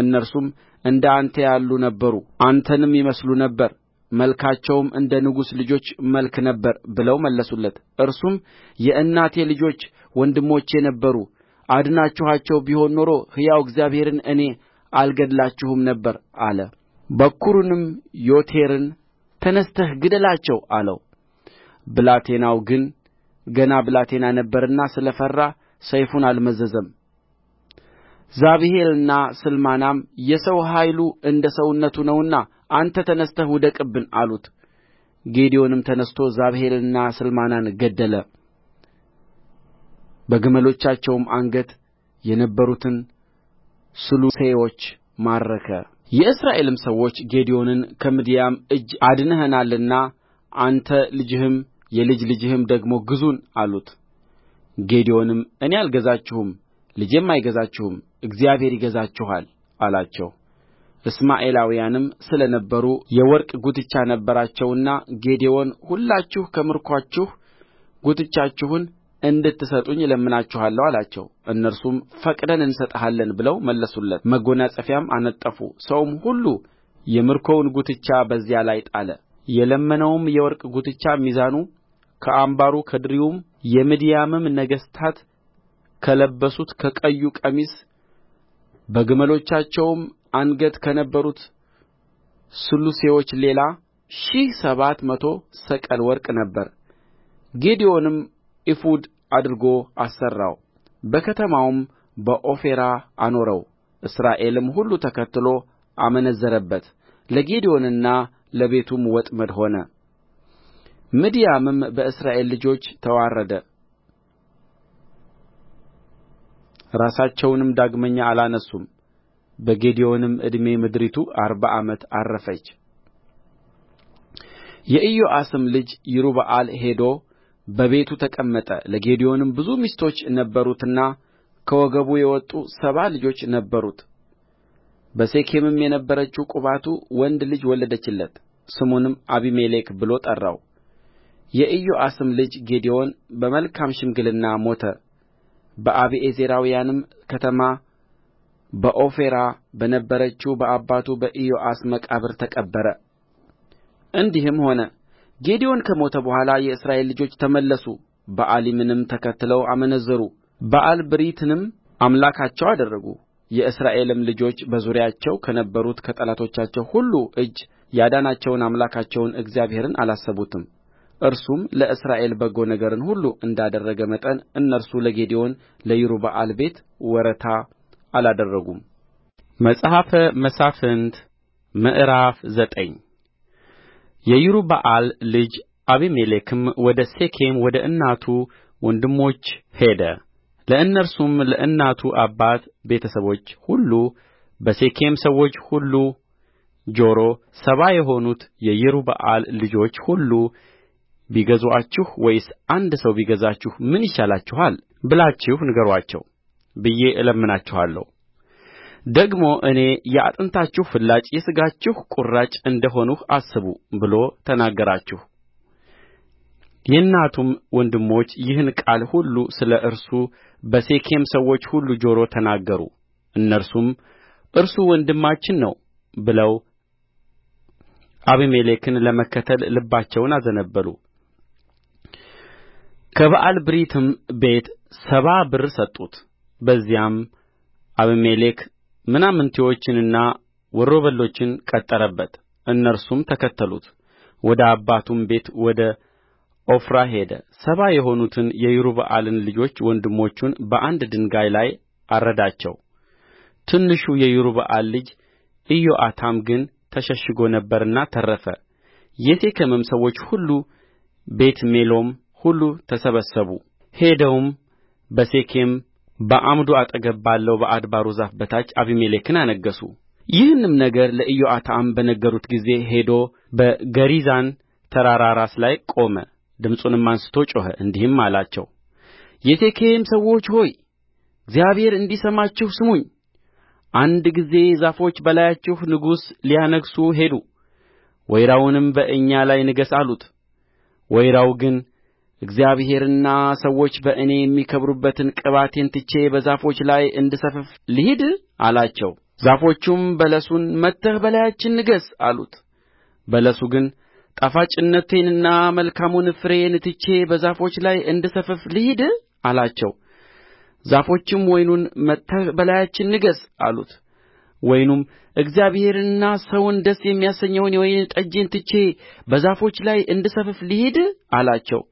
እነርሱም እንደ አንተ ያሉ ነበሩ አንተንም ይመስሉ ነበር መልካቸውም እንደ ንጉሥ ልጆች መልክ ነበር ብለው መለሱለት እርሱም የእናቴ ልጆች ወንድሞቼ ነበሩ አድናችኋቸው ቢሆን ኖሮ ሕያው እግዚአብሔርን እኔ አልገድላችሁም ነበር አለ በኵሩንም ዬቴርን ተነሥተህ ግደላቸው አለው ብላቴናው ግን ገና ብላቴና ነበርና ስለ ፈራ ሰይፉን አልመዘዘም ዛብሄልና ስልማናም የሰው ኃይሉ እንደ ሰውነቱ ነውና አንተ ተነሥተህ ውደቅብን አሉት ጌዴዎንም ተነሥቶ ዛብሄልንና ስልማናን ገደለ በግመሎቻቸውም አንገት የነበሩትን ስሉሴዎች ማረከ የእስራኤልም ሰዎች ጌዴዎንን ከምድያም እጅ አድነኸናልና አንተ ልጅህም የልጅ ልጅህም ደግሞ ግዙን አሉት ጌዴዎንም እኔ አልገዛችሁም ልጄም አይገዛችሁም እግዚአብሔር ይገዛችኋል አላቸው እስማኤላውያንም ስለ ነበሩ የወርቅ ጕትቻ ነበራቸውና ጌዴዎን ሁላችሁ ከምርኮአችሁ ጕትቻችሁን እንድትሰጡኝ እለምናችኋለሁ አላቸው እነርሱም ፈቅደን እንሰጥሃለን ብለው መለሱለት መጐናጸፊያም አነጠፉ ሰውም ሁሉ የምርኮውን ጕትቻ በዚያ ላይ ጣለ የለመነውም የወርቅ ጕትቻ ሚዛኑ ከአምባሩ ከድሪውም የምድያምም ነገሥታት ከለበሱት ከቀዩ ቀሚስ በግመሎቻቸውም አንገት ከነበሩት ስሉሴዎች ሌላ ሺህ ሰባት መቶ ሰቅል ወርቅ ነበረ ጌዴዎንም ኤፉድ አድርጎ አሠራው በከተማውም በዖፍራ አኖረው እስራኤልም ሁሉ ተከትሎ አመነዘረበት ለጌዴዎንና ለቤቱም ወጥመድ ሆነ ምድያምም በእስራኤል ልጆች ተዋረደ ራሳቸውንም ዳግመኛ አላነሡም በጌዴዎንም ዕድሜ ምድሪቱ አርባ ዓመት ዐረፈች የኢዮአስም ልጅ ይሩበኣል ሄዶ በቤቱ ተቀመጠ ለጌዴዎንም ብዙ ሚስቶች ነበሩትና ከወገቡ የወጡ ሰባ ልጆች ነበሩት በሴኬምም የነበረችው ቁባቱ ወንድ ልጅ ወለደችለት ስሙንም አቢሜሌክ ብሎ ጠራው የኢዮአስም ልጅ ጌዴዎን በመልካም ሽምግልና ሞተ በአቢዔዝራውያንም ከተማ በዖፍራ በነበረችው በአባቱ በኢዮአስ መቃብር ተቀበረ እንዲህም ሆነ ጌዴዎን ከሞተ በኋላ የእስራኤል ልጆች ተመለሱ በኣሊምንም ተከትለው አመነዘሩ በኣልብሪትንም አምላካቸው አደረጉ የእስራኤልም ልጆች በዙሪያቸው ከነበሩት ከጠላቶቻቸው ሁሉ እጅ ያዳናቸውን አምላካቸውን እግዚአብሔርን አላሰቡትም እርሱም ለእስራኤል በጎ ነገርን ሁሉ እንዳደረገ መጠን እነርሱ ለጌዴዎን ለይሩበኣል ቤት ወረታ አላደረጉም መጽሐፈ መሣፍንት ምዕራፍ ዘጠኝ የይሩበኣል ልጅ አቤሜሌክም ወደ ሴኬም ወደ እናቱ ወንድሞች ሄደ ለእነርሱም ለእናቱ አባት ቤተሰቦች ሁሉ በሴኬም ሰዎች ሁሉ ጆሮ ሰባ የሆኑት የይሩበኣል ልጆች ሁሉ ቢገዙአችሁ ወይስ አንድ ሰው ቢገዛችሁ ምን ይሻላችኋል ብላችሁ ንገሩአቸው ብዬ እለምናችኋለሁ ደግሞ እኔ የአጥንታችሁ ፍላጭ የሥጋችሁ ቍራጭ እንደ ሆንሁ አስቡ ብሎ ተናገራችሁ የእናቱም ወንድሞች ይህን ቃል ሁሉ ስለ እርሱ በሴኬም ሰዎች ሁሉ ጆሮ ተናገሩ እነርሱም እርሱ ወንድማችን ነው ብለው አቤሜሌክን ለመከተል ልባቸውን አዘነበሉ ከበኣልብሪትም ቤት ሰባ ብር ሰጡት በዚያም አቤሜሌክ ምናምንቴዎችንና ወሮበሎችን ቀጠረበት እነርሱም ተከተሉት ወደ አባቱም ቤት ወደ ዖፍራ ሄደ ሰባ የሆኑትን የይሩበኣልን ልጆች ወንድሞቹን በአንድ ድንጋይ ላይ አረዳቸው ትንሹ የይሩበኣል ልጅ ኢዮአታም ግን ተሸሽጎ ነበርና ተረፈ የሴኬምም ሰዎች ሁሉ ቤትሚሎም ሁሉ ተሰበሰቡ ሄደውም በሴኬም በዓምዱ አጠገብ ባለው በአድባሩ ዛፍ በታች አቢሜሌክን አነገሡ ይህንም ነገር ለኢዮአታም በነገሩት ጊዜ ሄዶ በገሪዛን ተራራ ራስ ላይ ቆመ ድምፁንም አንሥቶ ጮኸ እንዲህም አላቸው የሴኬም ሰዎች ሆይ እግዚአብሔር እንዲሰማችሁ ስሙኝ አንድ ጊዜ ዛፎች በላያችሁ ንጉሥ ሊያነግሡ ሄዱ ወይራውንም በእኛ ላይ ንገሥ አሉት ወይራው ግን እግዚአብሔርና ሰዎች በእኔ የሚከብሩበትን ቅባቴን ትቼ በዛፎች ላይ እንድሰፍፍ ልሂድ አላቸው ዛፎቹም በለሱን መጥተህ በላያችን ንገሥ አሉት በለሱ ግን ጣፋጭነቴንና መልካሙን ፍሬዬን ትቼ በዛፎች ላይ እንድሰፍፍ ልሂድ አላቸው ዛፎችም ወይኑን መጥተህ በላያችን ንገሥ አሉት ወይኑም እግዚአብሔርንና ሰውን ደስ የሚያሰኘውን የወይን ጠጄን ትቼ በዛፎች ላይ እንድሰፍፍ ልሂድ አላቸው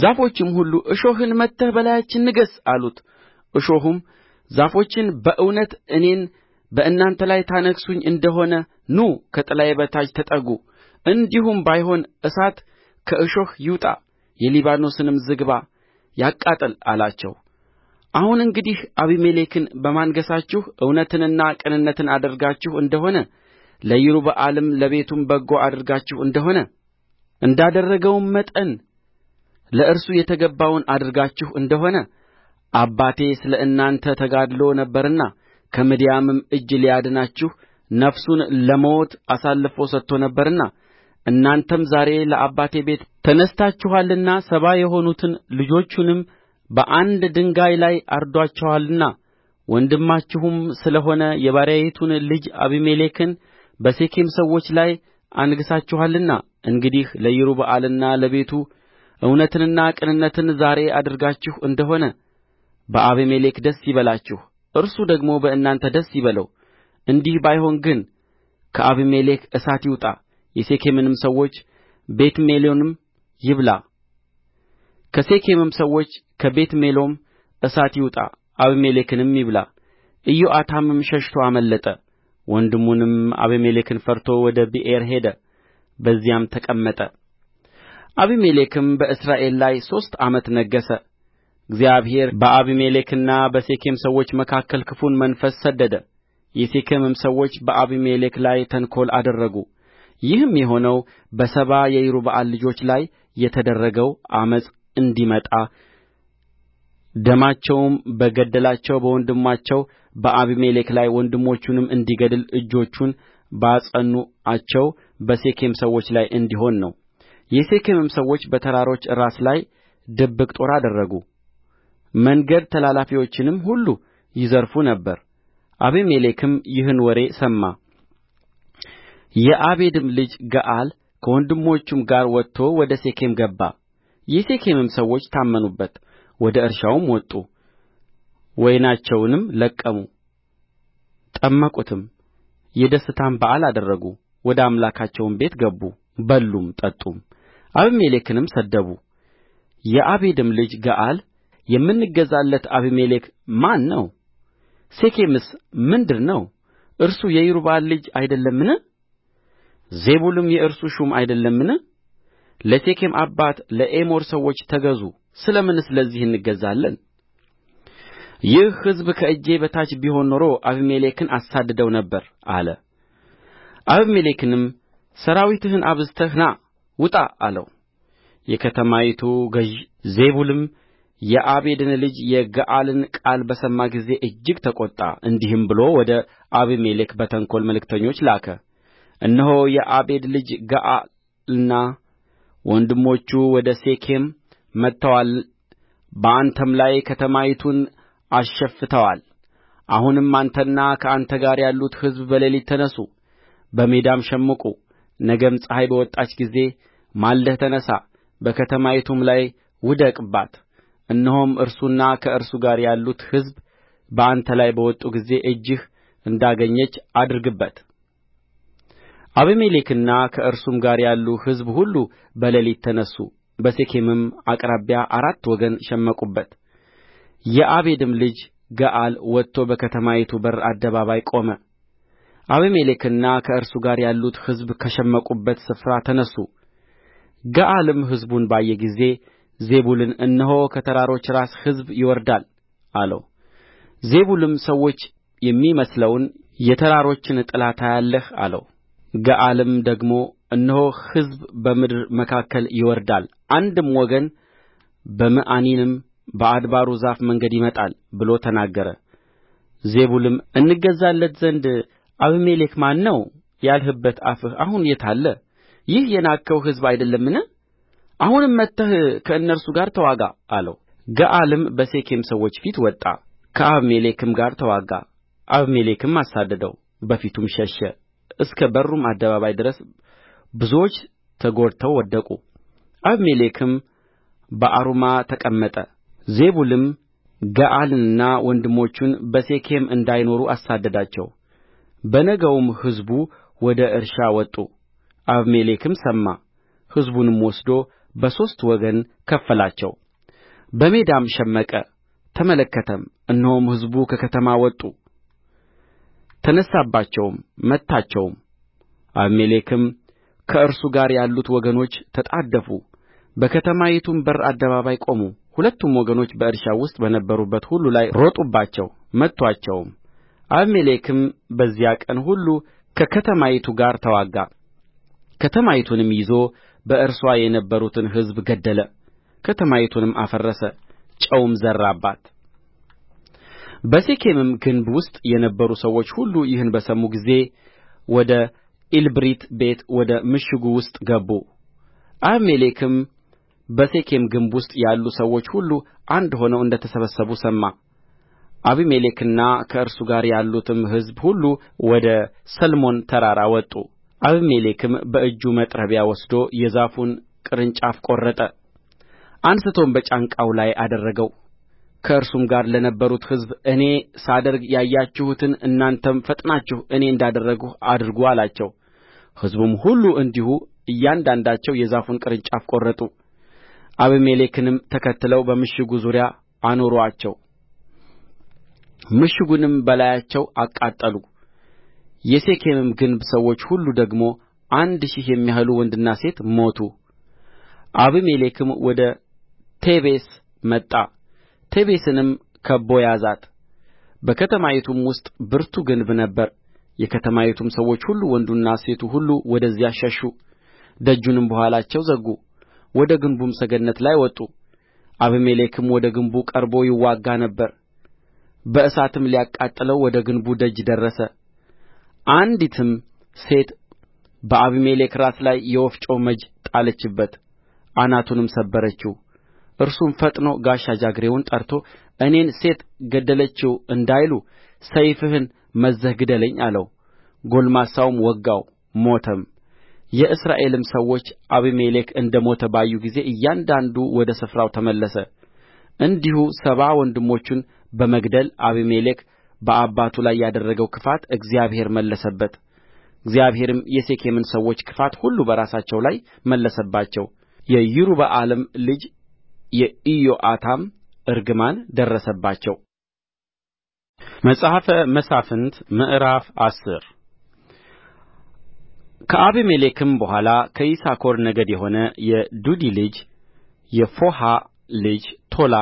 ዛፎችም ሁሉ እሾህን መጥተህ በላያችን ንገሥ አሉት እሾሁም ዛፎችን በእውነት እኔን በእናንተ ላይ ታነግሡኝ እንደሆነ ኑ ከጥላዬ በታች ተጠጉ እንዲሁም ባይሆን እሳት ከእሾህ ይውጣ የሊባኖስንም ዝግባ ያቃጥል አላቸው። አሁን እንግዲህ አቢሜሌክን በማንገሣችሁ እውነትንና ቅንነትን አድርጋችሁ እንደሆነ ለይሩበኣልም ለቤቱም በጎ አድርጋችሁ እንደሆነ እንዳደረገውም መጠን ለእርሱ የተገባውን አድርጋችሁ እንደ ሆነ አባቴ ስለ እናንተ ተጋድሎ ነበርና ከምድያምም እጅ ሊያድናችሁ ነፍሱን ለሞት አሳልፎ ሰጥቶ ነበርና እናንተም ዛሬ ለአባቴ ቤት ተነሥታችኋልና ሰባ የሆኑትን ልጆቹንም በአንድ ድንጋይ ላይ አርዳችኋልና ወንድማችሁም ስለ ሆነ የባሪያይቱን ልጅ አቤሜሌክን በሴኬም ሰዎች ላይ አንግሣችኋልና እንግዲህ ለይሩበኣልና ለቤቱ እውነትንና ቅንነትን ዛሬ አድርጋችሁ እንደ ሆነ በአቤሜሌክ ደስ ይበላችሁ እርሱ ደግሞ በእናንተ ደስ ይበለው እንዲህ ባይሆን ግን ከአቤሜሌክ እሳት ይውጣ የሴኬምንም ሰዎች ቤትሜሎንም ይብላ ከሴኬምም ሰዎች ከቤትሜሎም እሳት ይውጣ አቤሜሌክንም ይብላ ኢዮአታምም ሸሽቶ አመለጠ ወንድሙንም አቤሜሌክን ፈርቶ ወደ ብኤር ሄደ በዚያም ተቀመጠ አቢሜሌክም በእስራኤል ላይ ሦስት ዓመት ነገሠ እግዚአብሔር በአቢሜሌክና በሴኬም ሰዎች መካከል ክፉን መንፈስ ሰደደ የሴኬምም ሰዎች በአቢሜሌክ ላይ ተንኰል አደረጉ ይህም የሆነው በሰባ የይሩበኣል ልጆች ላይ የተደረገው ዓመፅ እንዲመጣ ደማቸውም በገደላቸው በወንድማቸው በአቢሜሌክ ላይ ወንድሞቹንም እንዲገድል እጆቹን ባጸኑአቸው በሴኬም ሰዎች ላይ እንዲሆን ነው የሴኬምም ሰዎች በተራሮች ራስ ላይ ድብቅ ጦር አደረጉ መንገድ ተላላፊዎችንም ሁሉ ይዘርፉ ነበር አቤሜሌክም ይህን ወሬ ሰማ የአቤድም ልጅ ገዓል ከወንድሞቹም ጋር ወጥቶ ወደ ሴኬም ገባ የሴኬምም ሰዎች ታመኑበት ወደ እርሻውም ወጡ ወይናቸውንም ለቀሙ ጠመቁትም የደስታም በዓል አደረጉ ወደ አምላካቸውም ቤት ገቡ በሉም ጠጡም አቤሜሌክንም ሰደቡ የአቤድም ልጅ ገዓል የምንገዛለት አቤሜሌክ ማን ነው ሴኬምስ ምንድር ነው እርሱ የይሩበኣል ልጅ አይደለምን ዜቡልም የእርሱ ሹም አይደለምን ለሴኬም አባት ለኤሞር ሰዎች ተገዙ ስለ ምንስ ለዚህ እንገዛለን ይህ ሕዝብ ከእጄ በታች ቢሆን ኖሮ አቤሜሌክን አሳድደው ነበር አለ አቤሜሌክንም ሠራዊትህን አብዝተህ ና ውጣ አለው የከተማይቱ ገዥ ዜቡልም የአቤድን ልጅ የገዓልን ቃል በሰማ ጊዜ እጅግ ተቈጣ እንዲህም ብሎ ወደ አቤሜሌክ በተንኰል መልእክተኞች ላከ እነሆ የአቤድ ልጅ ገዓልና ወንድሞቹ ወደ ሴኬም መጥተዋል በአንተም ላይ ከተማይቱን አሸፍተዋል አሁንም አንተና ከአንተ ጋር ያሉት ሕዝብ በሌሊት ተነሡ በሜዳም ሸምቁ ነገም ፀሐይ በወጣች ጊዜ ማልደህ ተነሣ በከተማይቱም ላይ ውደቅባት እነሆም እርሱና ከእርሱ ጋር ያሉት ሕዝብ በአንተ ላይ በወጡ ጊዜ እጅህ እንዳገኘች አድርግበት አቤሜሌክና ከእርሱም ጋር ያሉ ሕዝብ ሁሉ በሌሊት ተነሡ በሴኬምም አቅራቢያ አራት ወገን ሸመቁበት የአቤድም ልጅ ገዓል ወጥቶ በከተማይቱ በር አደባባይ ቆመ አቤሜሌክና ከእርሱ ጋር ያሉት ሕዝብ ከሸመቁበት ስፍራ ተነሡ ገዓልም ሕዝቡን ባየ ጊዜ ዜቡልን እነሆ ከተራሮች ራስ ሕዝብ ይወርዳል አለው። ዜቡልም ሰዎች የሚመስለውን የተራሮችን ጥላ ታያለህ አለው። ገዓልም ደግሞ እነሆ ሕዝብ በምድር መካከል ይወርዳል፣ አንድም ወገን በምዖንኒም በአድባሩ ዛፍ መንገድ ይመጣል ብሎ ተናገረ። ዜቡልም እንገዛለት ዘንድ አቤሜሌክ ማን ነው ያልህበት አፍህ አሁን የት አለ? ይህ የናቅኸው ሕዝብ አይደለምን አሁንም መጥተህ ከእነርሱ ጋር ተዋጋ አለው ገዓልም በሴኬም ሰዎች ፊት ወጣ ከአቤሜሌክም ጋር ተዋጋ አቤሜሌክም አሳደደው በፊቱም ሸሸ እስከ በሩም አደባባይ ድረስ ብዙዎች ተጐድተው ወደቁ አቤሜሌክም በአሩማ ተቀመጠ ዜቡልም ገዓልንና ወንድሞቹን በሴኬም እንዳይኖሩ አሳደዳቸው በነጋውም ሕዝቡ ወደ እርሻ ወጡ አቤሜሌክም ሰማ ሕዝቡንም ወስዶ በሦስት ወገን ከፈላቸው በሜዳም ሸመቀ ተመለከተም እነሆም ሕዝቡ ከከተማ ወጡ ተነሣባቸውም መታቸውም አቤሜሌክም ከእርሱ ጋር ያሉት ወገኖች ተጣደፉ በከተማይቱም በር አደባባይ ቆሙ ሁለቱም ወገኖች በእርሻው ውስጥ በነበሩበት ሁሉ ላይ ሮጡባቸው መቱአቸውም አቤሜሌክም በዚያ ቀን ሁሉ ከከተማይቱ ጋር ተዋጋ ከተማይቱንም ይዞ በእርስዋ የነበሩትን ሕዝብ ገደለ ከተማይቱንም አፈረሰ ጨውም ዘራባት በሴኬምም ግንብ ውስጥ የነበሩ ሰዎች ሁሉ ይህን በሰሙ ጊዜ ወደ ኤልብሪት ቤት ወደ ምሽጉ ውስጥ ገቡ አቤሜሌክም በሴኬም ግንብ ውስጥ ያሉ ሰዎች ሁሉ አንድ ሆነው እንደ ተሰበሰቡ ሰማ አቤሜሌክና ከእርሱ ጋር ያሉትም ሕዝብ ሁሉ ወደ ሰልሞን ተራራ ወጡ አቤሜሌክም በእጁ መጥረቢያ ወስዶ የዛፉን ቅርንጫፍ ቈረጠ አንሥቶም በጫንቃው ላይ አደረገው ከእርሱም ጋር ለነበሩት ሕዝብ እኔ ሳደርግ ያያችሁትን እናንተም ፈጥናችሁ እኔ እንዳደረግሁ አድርጉ አላቸው ሕዝቡም ሁሉ እንዲሁ እያንዳንዳቸው የዛፉን ቅርንጫፍ ቈረጡ አቤሜሌክንም ተከትለው በምሽጉ ዙሪያ አኖሩአቸው ምሽጉንም በላያቸው አቃጠሉ የሴኬምም ግንብ ሰዎች ሁሉ ደግሞ አንድ ሺህ የሚያህሉ ወንድና ሴት ሞቱ አቤሜሌክም ወደ ቴቤስ መጣ ቴቤስንም ከብቦ ያዛት በከተማይቱም ውስጥ ብርቱ ግንብ ነበረ የከተማይቱም ሰዎች ሁሉ ወንዱና ሴቱ ሁሉ ወደዚያ ሸሹ ደጁንም በኋላቸው ዘጉ ወደ ግንቡም ሰገነት ላይ ወጡ አቤሜሌክም ወደ ግንቡ ቀርቦ ይዋጋ ነበር በእሳትም ሊያቃጥለው ወደ ግንቡ ደጅ ደረሰ አንዲትም ሴት በአቢሜሌክ ራስ ላይ የወፍጮ መጅ ጣለችበት አናቱንም ሰበረችው እርሱም ፈጥኖ ጋሻ ጃግሬውን ጠርቶ እኔን ሴት ገደለችው እንዳይሉ ሰይፍህን መዝዘህ ግደለኝ አለው ጎልማሳውም ወጋው ሞተም የእስራኤልም ሰዎች አቢሜሌክ እንደ ሞተ ባዩ ጊዜ እያንዳንዱ ወደ ስፍራው ተመለሰ እንዲሁ ሰባ ወንድሞቹን በመግደል አቢሜሌክ በአባቱ ላይ ያደረገው ክፋት እግዚአብሔር መለሰበት እግዚአብሔርም የሴኬምን ሰዎች ክፋት ሁሉ በራሳቸው ላይ መለሰባቸው የይሩበኣልም ልጅ የኢዮአታም እርግማን ደረሰባቸው መጽሐፈ መሳፍንት ምዕራፍ አስር ከአቤሜሌክም በኋላ ከይሳኮር ነገድ የሆነ የዱዲ ልጅ የፎሖ ልጅ ቶላ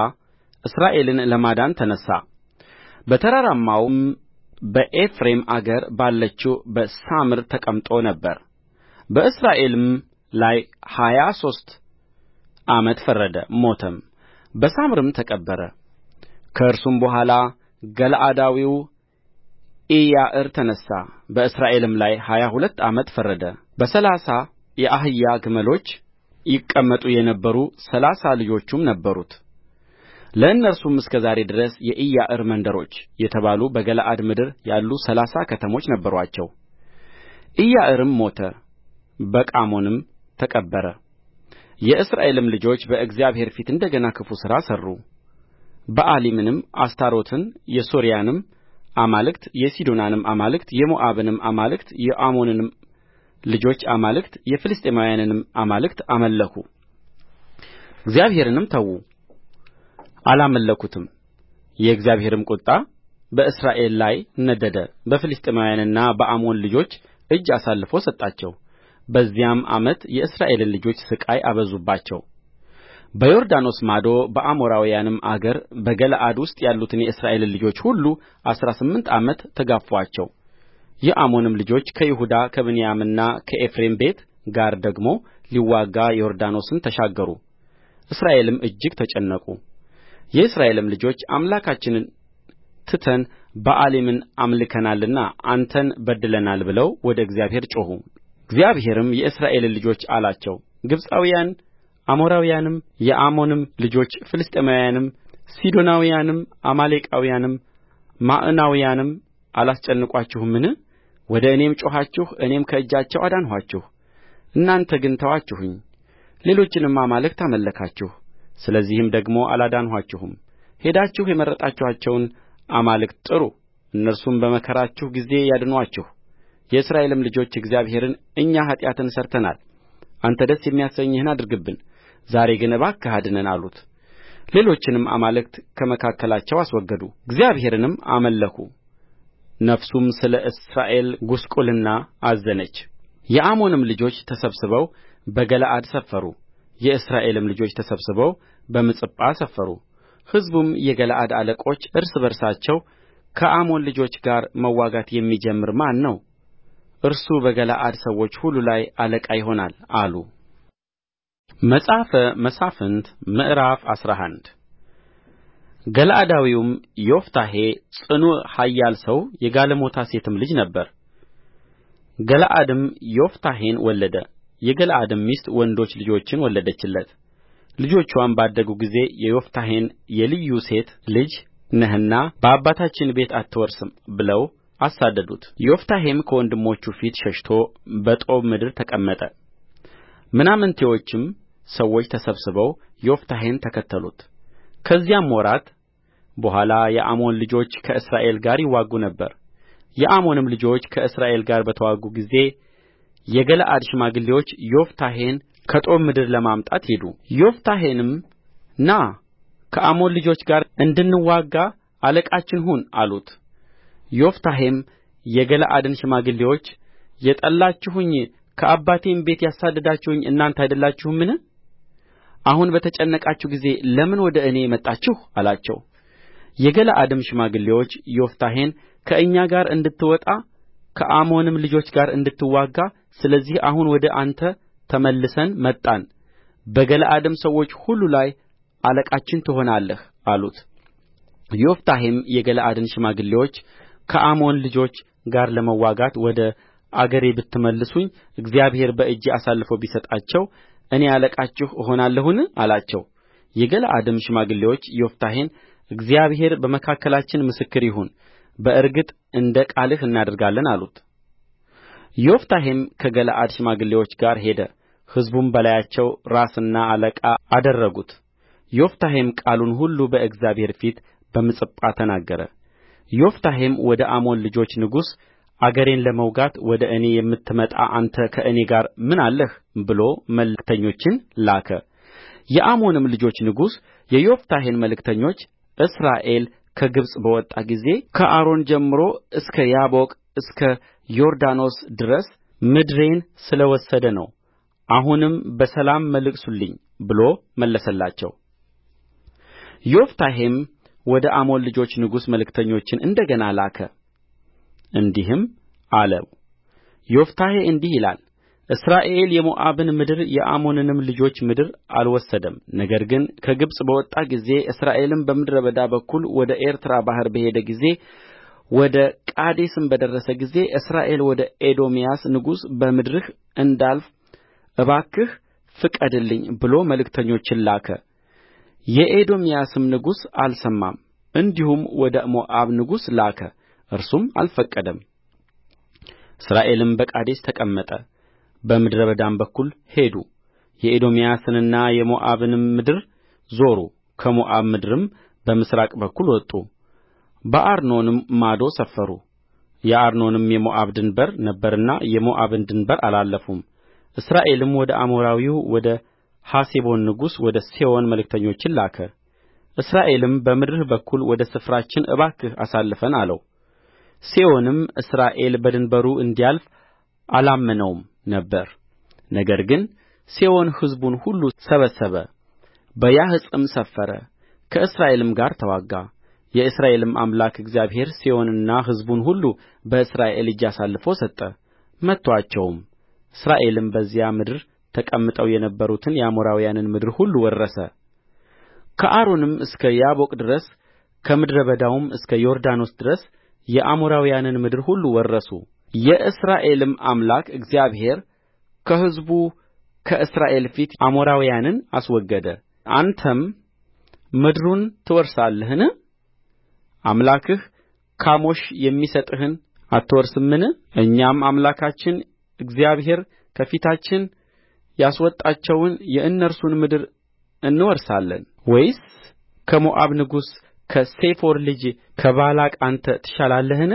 እስራኤልን ለማዳን ተነሣ በተራራማውም በኤፍሬም አገር ባለችው በሳምር ተቀምጦ ነበር በእስራኤልም ላይ ሀያ ሦስት ዓመት ፈረደ ሞተም በሳምርም ተቀበረ ከእርሱም በኋላ ገለዓዳዊው ኢያዕር ተነሣ በእስራኤልም ላይ ሀያ ሁለት ዓመት ፈረደ በሠላሳ የአህያ ግመሎች ይቀመጡ የነበሩ ሠላሳ ልጆቹም ነበሩት ለእነርሱም እስከ ዛሬ ድረስ የኢያዕር መንደሮች የተባሉ በገለዓድ ምድር ያሉ ሠላሳ ከተሞች ነበሩአቸው ኢያዕርም ሞተ በቃሞንም ተቀበረ የእስራኤልም ልጆች በእግዚአብሔር ፊት እንደ ገና ክፉ ሥራ ሠሩ በኣሊምንም አስታሮትን የሶርያንም አማልክት የሲዶናንም አማልክት የሞዓብንም አማልክት የአሞንንም ልጆች አማልክት የፍልስጥኤማውያንንም አማልክት አመለኩ እግዚአብሔርንም ተዉ አላመለኩትም የእግዚአብሔርም ቍጣ በእስራኤል ላይ ነደደ በፍልስጥኤማውያንና በአሞን ልጆች እጅ አሳልፎ ሰጣቸው በዚያም ዓመት የእስራኤልን ልጆች ሥቃይ አበዙባቸው በዮርዳኖስ ማዶ በአሞራውያንም አገር በገለዓድ ውስጥ ያሉትን የእስራኤልን ልጆች ሁሉ አሥራ ስምንት ዓመት ተጋፉአቸው የአሞንም ልጆች ከይሁዳ ከብንያምና ከኤፍሬም ቤት ጋር ደግሞ ሊዋጋ ዮርዳኖስን ተሻገሩ እስራኤልም እጅግ ተጨነቁ የእስራኤልም ልጆች አምላካችንን ትተን በኣሊምን አምልከናልና አንተን በድለናል ብለው ወደ እግዚአብሔር ጮኹ እግዚአብሔርም የእስራኤልን ልጆች አላቸው ግብፃውያን አሞራውያንም የአሞንም ልጆች ፍልስጥኤማውያንም ሲዶናውያንም አማሌቃውያንም ማዖናውያንም አላስጨነቋችሁምን ወደ እኔም ጮኻችሁ እኔም ከእጃቸው አዳንኋችሁ እናንተ ግን ተዋችሁኝ ሌሎችንም አማልክት አመለካችሁ ስለዚህም ደግሞ አላድናችሁም ሄዳችሁ የመረጣችኋቸውን አማልክት ጥሩ እነርሱም በመከራችሁ ጊዜ ያድኑአችሁ የእስራኤልም ልጆች እግዚአብሔርን እኛ ኃጢአትን ሠርተናል አንተ ደስ የሚያሰኝህን አድርግብን ዛሬ ግን እባክህ አድነን አሉት ሌሎችንም አማልክት ከመካከላቸው አስወገዱ እግዚአብሔርንም አመለኩ ነፍሱም ስለ እስራኤል ጕስቍልና አዘነች የአሞንም ልጆች ተሰብስበው በገለዓድ ሰፈሩ የእስራኤልም ልጆች ተሰብስበው በምጽጳ ሰፈሩ ሕዝቡም የገለዓድ አለቆች እርስ በርሳቸው ከአሞን ልጆች ጋር መዋጋት የሚጀምር ማን ነው? እርሱ በገለዓድ ሰዎች ሁሉ ላይ አለቃ ይሆናል አሉ። መጽሐፈ መሣፍንት ምዕራፍ አስራ አንድ ገለዓዳዊውም ዮፍታሔ ጽኑዕ ኃያል ሰው የጋለሞታ ሴትም ልጅ ነበር። ገለዓድም ዮፍታሔን ወለደ። የገለዓድም ሚስት ወንዶች ልጆችን ወለደችለት ልጆችዋም ባደጉ ጊዜ የዮፍታሔን የልዩ ሴት ልጅ ነህና በአባታችን ቤት አትወርስም ብለው አሳደዱት ዮፍታሔም ከወንድሞቹ ፊት ሸሽቶ በጦብ ምድር ተቀመጠ ምናምንቴዎችም ሰዎች ተሰብስበው ዮፍታሔን ተከተሉት ከዚያም ወራት በኋላ የአሞን ልጆች ከእስራኤል ጋር ይዋጉ ነበር የአሞንም ልጆች ከእስራኤል ጋር በተዋጉ ጊዜ የገለዓድ ሽማግሌዎች ዮፍታሔን ከጦብ ምድር ለማምጣት ሄዱ ዮፍታሔንም ና ከአሞን ልጆች ጋር እንድንዋጋ አለቃችን ሁን አሉት ዮፍታሔም የገለዓድን ሽማግሌዎች የጠላችሁኝ ከአባቴም ቤት ያሳደዳችሁኝ እናንተ አይደላችሁምን አሁን በተጨነቃችሁ ጊዜ ለምን ወደ እኔ መጣችሁ አላቸው የገለዓድም ሽማግሌዎች ዮፍታሔን ከእኛ ጋር እንድትወጣ ከአሞንም ልጆች ጋር እንድትዋጋ ስለዚህ አሁን ወደ አንተ ተመልሰን መጣን በገለዓድም ሰዎች ሁሉ ላይ አለቃችን ትሆናለህ አሉት ዮፍታሔም የገለዓድን ሽማግሌዎች ከአሞን ልጆች ጋር ለመዋጋት ወደ አገሬ ብትመልሱኝ እግዚአብሔር በእጄ አሳልፎ ቢሰጣቸው እኔ አለቃችሁ እሆናለሁን አላቸው የገለዓድም ሽማግሌዎች ዮፍታሔን እግዚአብሔር በመካከላችን ምስክር ይሁን በእርግጥ እንደ ቃልህ እናደርጋለን አሉት ዮፍታሔም ከገለዓድ ሽማግሌዎች ጋር ሄደ ሕዝቡም በላያቸው ራስና አለቃ አደረጉት ዮፍታሔም ቃሉን ሁሉ በእግዚአብሔር ፊት በምጽጳ ተናገረ ዮፍታሔም ወደ አሞን ልጆች ንጉሥ አገሬን ለመውጋት ወደ እኔ የምትመጣ አንተ ከእኔ ጋር ምን አለህ ብሎ መልእክተኞችን ላከ የአሞንም ልጆች ንጉሥ የዮፍታሔን መልእክተኞች እስራኤል ከግብፅ በወጣ ጊዜ ከአርኖን ጀምሮ እስከ ያቦቅ እስከ ዮርዳኖስ ድረስ ምድሬን ስለ ወሰደ ነው አሁንም በሰላም መልሱልኝ ብሎ መለሰላቸው ዮፍታሔም ወደ አሞን ልጆች ንጉሥ መልእክተኞችን እንደ ገና ላከ እንዲህም አለው ዮፍታሔ እንዲህ ይላል እስራኤል የሞዓብን ምድር የአሞንንም ልጆች ምድር አልወሰደም ነገር ግን ከግብፅ በወጣ ጊዜ እስራኤልም በምድረ በዳ በኩል ወደ ኤርትራ ባሕር በሄደ ጊዜ ወደ ቃዴስም በደረሰ ጊዜ እስራኤል ወደ ኤዶምያስ ንጉሥ በምድርህ እንዳልፍ እባክህ ፍቀድልኝ ብሎ መልእክተኞችን ላከ። የኤዶምያስም ንጉሥ አልሰማም፣ እንዲሁም ወደ ሞዓብ ንጉሥ ላከ፣ እርሱም አልፈቀደም። እስራኤልም በቃዴስ ተቀመጠ። በምድረ በዳም በኩል ሄዱ የኤዶምያስንና የሞዓብንም ምድር ዞሩ ከሞዓብ ምድርም በምሥራቅ በኩል ወጡ በአርኖንም ማዶ ሰፈሩ የአርኖንም የሞዓብ ድንበር ነበረና የሞዓብን ድንበር አላለፉም እስራኤልም ወደ አሞራዊው ወደ ሐሴቦን ንጉሥ ወደ ሴዎን መልእክተኞችን ላከ እስራኤልም በምድርህ በኩል ወደ ስፍራችን እባክህ አሳልፈን አለው ሴዎንም እስራኤል በድንበሩ እንዲያልፍ አላመነውም ነበር ነገር ግን ሴዎን ሕዝቡን ሁሉ ሰበሰበ በያሀጽም ሰፈረ ከእስራኤልም ጋር ተዋጋ የእስራኤልም አምላክ እግዚአብሔር ሴዎንንና ሕዝቡን ሁሉ በእስራኤል እጅ አሳልፎ ሰጠ መቱአቸውም እስራኤልም በዚያ ምድር ተቀምጠው የነበሩትን የአሞራውያንን ምድር ሁሉ ወረሰ ከአርኖንም እስከ ያቦቅ ድረስ ከምድረ በዳውም እስከ ዮርዳኖስ ድረስ የአሞራውያንን ምድር ሁሉ ወረሱ የእስራኤልም አምላክ እግዚአብሔር ከሕዝቡ ከእስራኤል ፊት አሞራውያንን አስወገደ አንተም ምድሩን ትወርሳለህን አምላክህ ካሞሽ የሚሰጥህን አትወርስምን እኛም አምላካችን እግዚአብሔር ከፊታችን ያስወጣቸውን የእነርሱን ምድር እንወርሳለን ወይስ ከሞዓብ ንጉሥ ከሴፎር ልጅ ከባላቅ አንተ ትሻላለህን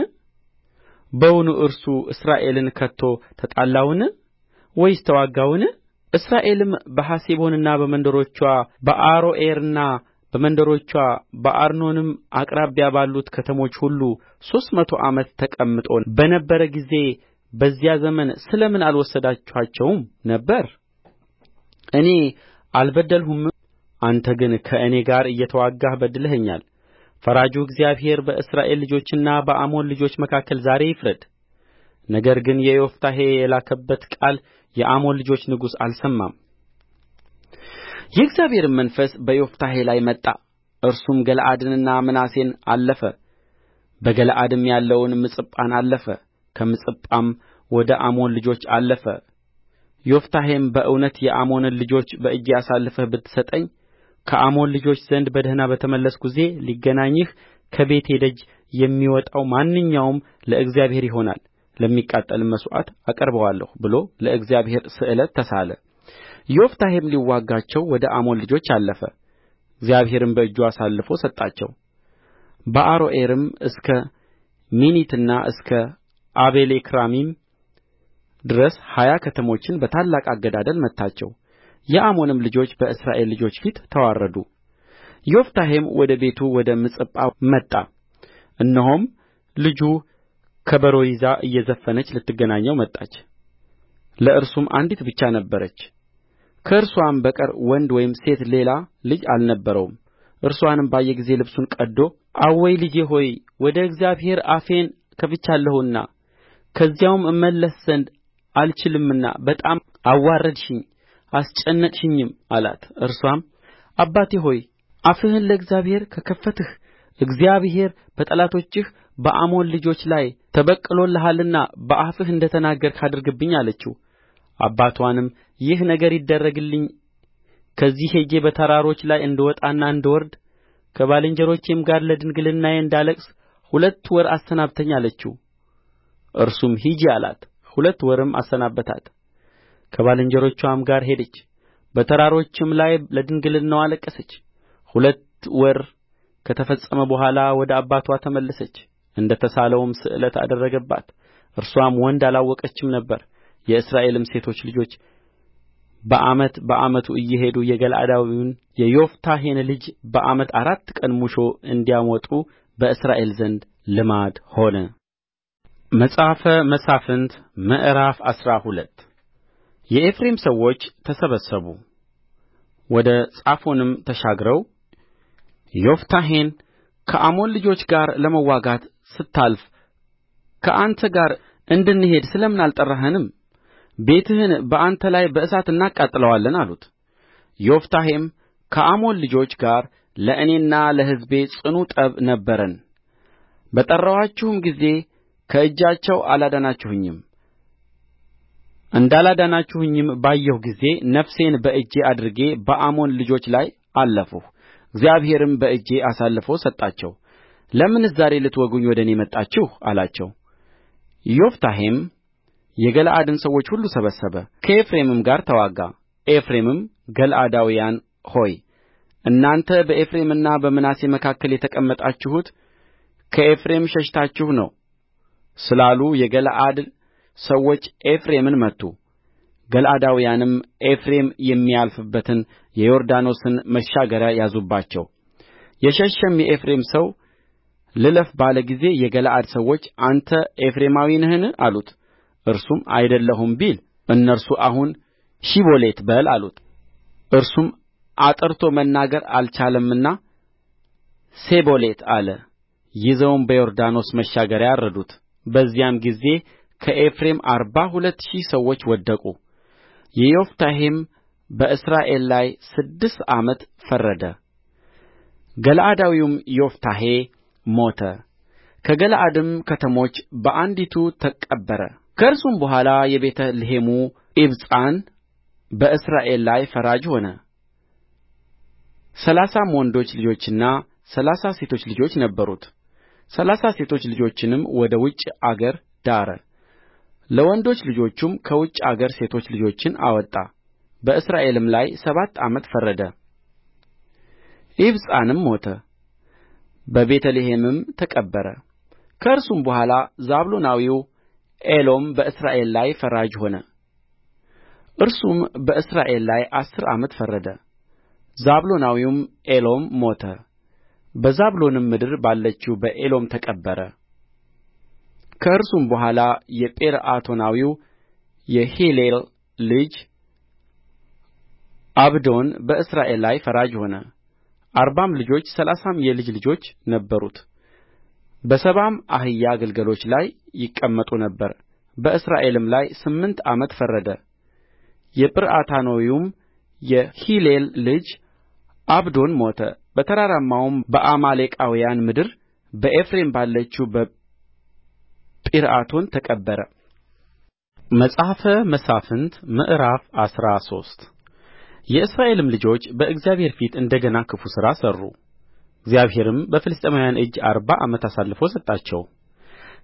በውኑ እርሱ እስራኤልን ከቶ ተጣላውን ወይስ ተዋጋውን እስራኤልም በሐሴቦንና በመንደሮችዋ በአሮዔርና በመንደሮችዋ በአርኖንም አቅራቢያ ባሉት ከተሞች ሁሉ ሦስት መቶ ዓመት ተቀምጦ በነበረ ጊዜ በዚያ ዘመን ስለ ምን አልወሰዳችኋቸውም ነበር? እኔ አልበደልሁም አንተ ግን ከእኔ ጋር እየተዋጋህ በድለኸኛል ፈራጁ እግዚአብሔር በእስራኤል ልጆችና በአሞን ልጆች መካከል ዛሬ ይፍረድ ነገር ግን ዮፍታሔ የላከበት ቃል የአሞን ልጆች ንጉሥ አልሰማም የእግዚአብሔርም መንፈስ በዮፍታሔ ላይ መጣ እርሱም ገለዓድንና ምናሴን አለፈ በገለዓድም ያለውን ምጽጳን አለፈ ከምጽጳም ወደ አሞን ልጆች አለፈ ዮፍታሔም በእውነት የአሞንን ልጆች በእጄ አሳልፈህ ብትሰጠኝ ከአሞን ልጆች ዘንድ በደኅና በተመለስሁ ጊዜ ሊገናኝህ ከቤቴ ደጅ የሚወጣው ማንኛውም ለእግዚአብሔር ይሆናል ለሚቃጠልም መሥዋዕት አቀርበዋለሁ ብሎ ለእግዚአብሔር ስእለት ተሳለ ዮፍታሔም ሊዋጋቸው ወደ አሞን ልጆች አለፈ እግዚአብሔርም በእጁ አሳልፎ ሰጣቸው በአሮዔርም እስከ ሚኒትና እስከ አቤልክራሚም ድረስ ሀያ ከተሞችን በታላቅ አገዳደል መታቸው የአሞንም ልጆች በእስራኤል ልጆች ፊት ተዋረዱ ዮፍታሔም ወደ ቤቱ ወደ ምጽጳ መጣ እነሆም ልጁ ከበሮ ይዛ እየዘፈነች ልትገናኘው መጣች ለእርሱም አንዲት ብቻ ነበረች ከእርስዋም በቀር ወንድ ወይም ሴት ሌላ ልጅ አልነበረውም እርስዋንም ባየ ጊዜ ልብሱን ቀድዶ አወይ ልጄ ሆይ ወደ እግዚአብሔር አፌን ከፍቻለሁና ከዚያውም እመለስ ዘንድ አልችልምና በጣም አዋረድሽኝ አስጨነቅሽኝም አላት እርስዋም አባቴ ሆይ አፍህን ለእግዚአብሔር ከከፈትህ እግዚአብሔር በጠላቶችህ በአሞን ልጆች ላይ ተበቅሎልሃልና በአፍህ እንደ ተናገርህ አድርግብኝ አለችው አባትዋንም ይህ ነገር ይደረግልኝ ከዚህ ሄጄ በተራሮች ላይ እንድወጣና እንድወርድ ከባልንጀሮቼም ጋር ለድንግልናዬ እንዳለቅስ ሁለት ወር አሰናብተኝ አለችው እርሱም ሂጂ አላት ሁለት ወርም አሰናበታት ከባልንጀሮችዋም ጋር ሄደች በተራሮችም ላይ ለድንግልናዋ አለቀሰች ሁለት ወር ከተፈጸመ በኋላ ወደ አባትዋ ተመለሰች እንደ ተሳለውም ስእለት አደረገባት እርስዋም ወንድ አላወቀችም ነበር የእስራኤልም ሴቶች ልጆች በዓመት በዓመቱ እየሄዱ የገለዓዳዊውን የዮፍታሔን ልጅ በዓመት አራት ቀን ሙሾ እንዲያወጡ በእስራኤል ዘንድ ልማድ ሆነ መጽሐፈ መሣፍንት ምዕራፍ አስራ ሁለት የኤፍሬም ሰዎች ተሰበሰቡ ወደ ጻፎንም ተሻግረው ዮፍታሔን ከአሞን ልጆች ጋር ለመዋጋት ስታልፍ ከአንተ ጋር እንድንሄድ ስለ ምን አልጠራኸንም ቤትህን በአንተ ላይ በእሳት እናቃጥለዋለን አሉት ዮፍታሔም ከአሞን ልጆች ጋር ለእኔና ለሕዝቤ ጽኑ ጠብ ነበረን በጠራኋችሁም ጊዜ ከእጃቸው አላዳናችሁኝም እንዳላዳናችሁኝም ባየሁ ጊዜ ነፍሴን በእጄ አድርጌ በአሞን ልጆች ላይ አለፍሁ፣ እግዚአብሔርም በእጄ አሳልፎ ሰጣቸው። ለምንስ ዛሬ ልትወጉኝ ወደ እኔ መጣችሁ? አላቸው። ዮፍታሔም የገለዓድን ሰዎች ሁሉ ሰበሰበ፣ ከኤፍሬምም ጋር ተዋጋ። ኤፍሬምም ገለዓዳውያን ሆይ እናንተ በኤፍሬምና በምናሴ መካከል የተቀመጣችሁት ከኤፍሬም ሸሽታችሁ ነው ስላሉ የገለዓድ ሰዎች ኤፍሬምን መቱ ገለዓዳውያንም ኤፍሬም የሚያልፍበትን የዮርዳኖስን መሻገሪያ ያዙባቸው የሸሸም የኤፍሬም ሰው ልለፍ ባለ ጊዜ የገለዓድ ሰዎች አንተ ኤፍሬማዊ ነህን አሉት እርሱም አይደለሁም ቢል እነርሱ አሁን ሺቦሌት በል አሉት እርሱም አጥርቶ መናገር አልቻለምና ሴቦሌት አለ ይዘውም በዮርዳኖስ መሻገሪያ አረዱት በዚያም ጊዜ ከኤፍሬም አርባ ሁለት ሺህ ሰዎች ወደቁ። ዮፍታሔም በእስራኤል ላይ ስድስት ዓመት ፈረደ። ገለዓዳዊውም ዮፍታሔ ሞተ፣ ከገለዓድም ከተሞች በአንዲቱ ተቀበረ። ከእርሱም በኋላ የቤተ ልሔሙ ኢብጻን በእስራኤል ላይ ፈራጅ ሆነ። ሰላሳም ወንዶች ልጆችና ሰላሳ ሴቶች ልጆች ነበሩት። ሰላሳ ሴቶች ልጆችንም ወደ ውጭ አገር ዳረ። ለወንዶች ልጆቹም ከውጭ አገር ሴቶች ልጆችን አወጣ በእስራኤልም ላይ ሰባት ዓመት ፈረደ ኢብጻንም ሞተ በቤተ ልሔምም ተቀበረ ከእርሱም በኋላ ዛብሎናዊው ኤሎም በእስራኤል ላይ ፈራጅ ሆነ እርሱም በእስራኤል ላይ አሥር ዓመት ፈረደ ዛብሎናዊውም ኤሎም ሞተ በዛብሎንም ምድር ባለችው በኤሎም ተቀበረ ከእርሱም በኋላ የጲርዓቶናዊው የሂሌል ልጅ ዓብዶን በእስራኤል ላይ ፈራጅ ሆነ። አርባም ልጆች ሠላሳም የልጅ ልጆች ነበሩት። በሰባም አህያ ግልገሎች ላይ ይቀመጡ ነበር። በእስራኤልም ላይ ስምንት ዓመት ፈረደ። የጲርዓቶናዊውም የሂሌል ልጅ ዓብዶን ሞተ። በተራራማውም በአማሌቃውያን ምድር በኤፍሬም ባለችው ጲርዓቶን ተቀበረ። መጽሐፈ መሣፍንት ምዕራፍ አስራ ሶስት የእስራኤልም ልጆች በእግዚአብሔር ፊት እንደ ገና ክፉ ሥራ ሠሩ። እግዚአብሔርም በፍልስጥኤማውያን እጅ አርባ ዓመት አሳልፎ ሰጣቸው።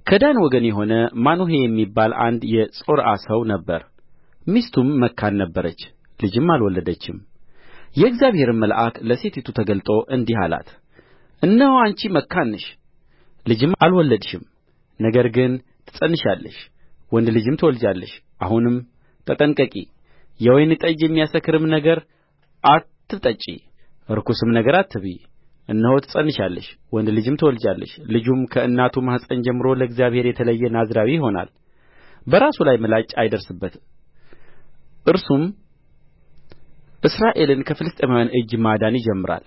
ከዳን ወገን የሆነ ማኑሄ የሚባል አንድ የጾርዓ ሰው ነበር። ሚስቱም መካን ነበረች፣ ልጅም አልወለደችም። የእግዚአብሔርም መልአክ ለሴቲቱ ተገልጦ እንዲህ አላት፣ እነሆ አንቺ መካን ነሽ፣ ልጅም አልወለድሽም ነገር ግን ትፀንሻለሽ ወንድ ልጅም ትወልጃለሽ አሁንም ተጠንቀቂ የወይን ጠጅ የሚያሰክርም ነገር አትጠጪ ርኩስም ነገር አትብዪ እነሆ ትፀንሻለሽ ወንድ ልጅም ትወልጃለሽ ልጁም ከእናቱ ማኅፀን ጀምሮ ለእግዚአብሔር የተለየ ናዝራዊ ይሆናል በራሱ ላይ ምላጭ አይደርስበትም እርሱም እስራኤልን ከፍልስጥኤማውያን እጅ ማዳን ይጀምራል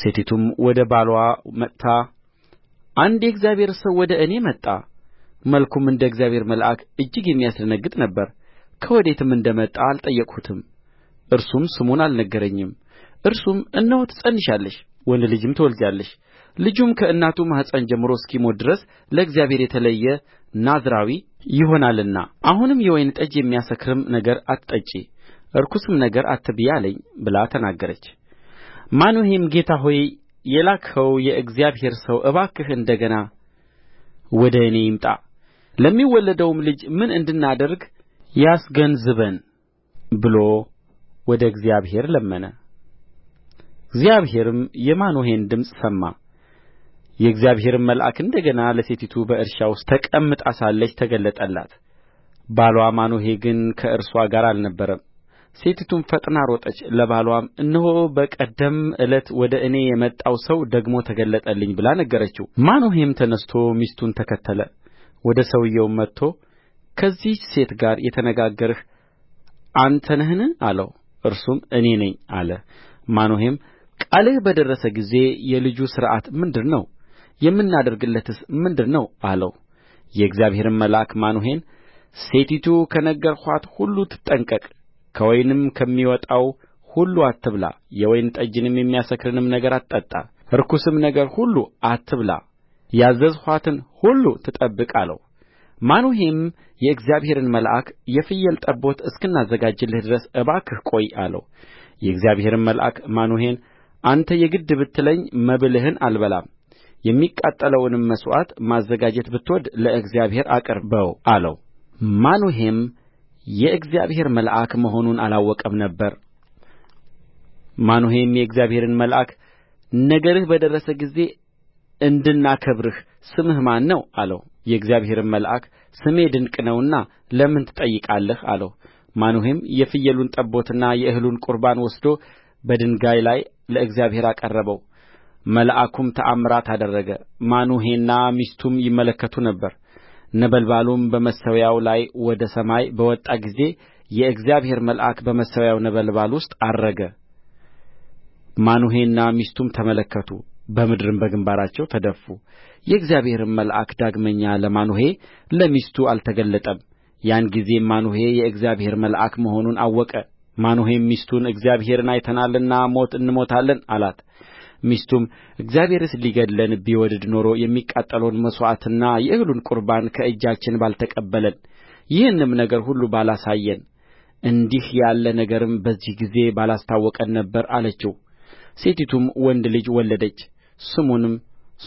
ሴቲቱም ወደ ባልዋ መጥታ አንድ የእግዚአብሔር ሰው ወደ እኔ መጣ መልኩም እንደ እግዚአብሔር መልአክ እጅግ የሚያስደነግጥ ነበረ ከወዴትም እንደ መጣ አልጠየቅሁትም እርሱም ስሙን አልነገረኝም እርሱም እነሆ ትፀንሻለሽ ወንድ ልጅም ትወልጃለሽ ልጁም ከእናቱ ማኅፀን ጀምሮ እስኪሞት ድረስ ለእግዚአብሔር የተለየ ናዝራዊ ይሆናልና አሁንም የወይን ጠጅ የሚያሰክርም ነገር አትጠጪ ርኩስም ነገር አትብዪ አለኝ ብላ ተናገረች ማኑሄም ጌታ ሆይ የላክኸው የእግዚአብሔር ሰው እባክህ እንደ ገና ወደ እኔ ይምጣ ለሚወለደውም ልጅ ምን እንድናደርግ ያስገንዝበን ብሎ ወደ እግዚአብሔር ለመነ። እግዚአብሔርም የማኑሄን ድምፅ ሰማ። የእግዚአብሔርም መልአክ እንደ ገና ለሴቲቱ በእርሻ ውስጥ ተቀምጣ ሳለች ተገለጠላት። ባልዋ ማኑሄ ግን ከእርሷ ጋር አልነበረም። ሴቲቱም ፈጥና ሮጠች ለባልዋም እነሆ በቀደም ዕለት ወደ እኔ የመጣው ሰው ደግሞ ተገለጠልኝ ብላ ነገረችው ማኑሄም ተነሥቶ ሚስቱን ተከተለ ወደ ሰውዮውም መጥቶ ከዚህች ሴት ጋር የተነጋገርህ አንተ ነህን አለው እርሱም እኔ ነኝ አለ ማኑሄም ቃልህ በደረሰ ጊዜ የልጁ ሥርዓት ምንድር ነው የምናደርግለትስ ምንድር ነው አለው የእግዚአብሔርም መልአክ ማኑሄን ሴቲቱ ከነገርኋት ሁሉ ትጠንቀቅ ከወይንም ከሚወጣው ሁሉ አትብላ የወይን ጠጅንም የሚያሰክርንም ነገር አትጠጣ ርኩስም ነገር ሁሉ አትብላ ያዘዝኋትን ሁሉ ትጠብቅ አለው ማኑሄም የእግዚአብሔርን መልአክ የፍየል ጠቦት እስክናዘጋጅልህ ድረስ እባክህ ቆይ አለው የእግዚአብሔርም መልአክ ማኑሄን አንተ የግድ ብትለኝ መብልህን አልበላም የሚቃጠለውንም መሥዋዕት ማዘጋጀት ብትወድድ ለእግዚአብሔር አቅርበው አለው ማኑሄም የእግዚአብሔር መልአክ መሆኑን አላወቀም ነበር ማኑሄም የእግዚአብሔርን መልአክ ነገርህ በደረሰ ጊዜ እንድናከብርህ ስምህ ማን ነው አለው የእግዚአብሔርም መልአክ ስሜ ድንቅ ነውና ለምን ትጠይቃለህ አለው ማኑሄም የፍየሉን ጠቦትና የእህሉን ቁርባን ወስዶ በድንጋይ ላይ ለእግዚአብሔር አቀረበው መልአኩም ተአምራት አደረገ ማኑሄና ሚስቱም ይመለከቱ ነበር ነበልባሉም በመሠዊያው ላይ ወደ ሰማይ በወጣ ጊዜ የእግዚአብሔር መልአክ በመሠዊያው ነበልባል ውስጥ ዐረገ። ማኑሄና ሚስቱም ተመለከቱ፣ በምድርም በግንባራቸው ተደፉ። የእግዚአብሔርም መልአክ ዳግመኛ ለማኑሄ ለሚስቱ አልተገለጠም። ያን ጊዜም ማኑሄ የእግዚአብሔር መልአክ መሆኑን አወቀ። ማኑሄም ሚስቱን እግዚአብሔርን አይተናልና ሞት እንሞታለን አላት። ሚስቱም እግዚአብሔርስ ሊገድለን ቢወድድ ኖሮ የሚቃጠለውን መሥዋዕትና የእህሉን ቍርባን ከእጃችን ባልተቀበለን ይህንም ነገር ሁሉ ባላሳየን እንዲህ ያለ ነገርም በዚህ ጊዜ ባላስታወቀን ነበር አለችው። ሴቲቱም ወንድ ልጅ ወለደች፣ ስሙንም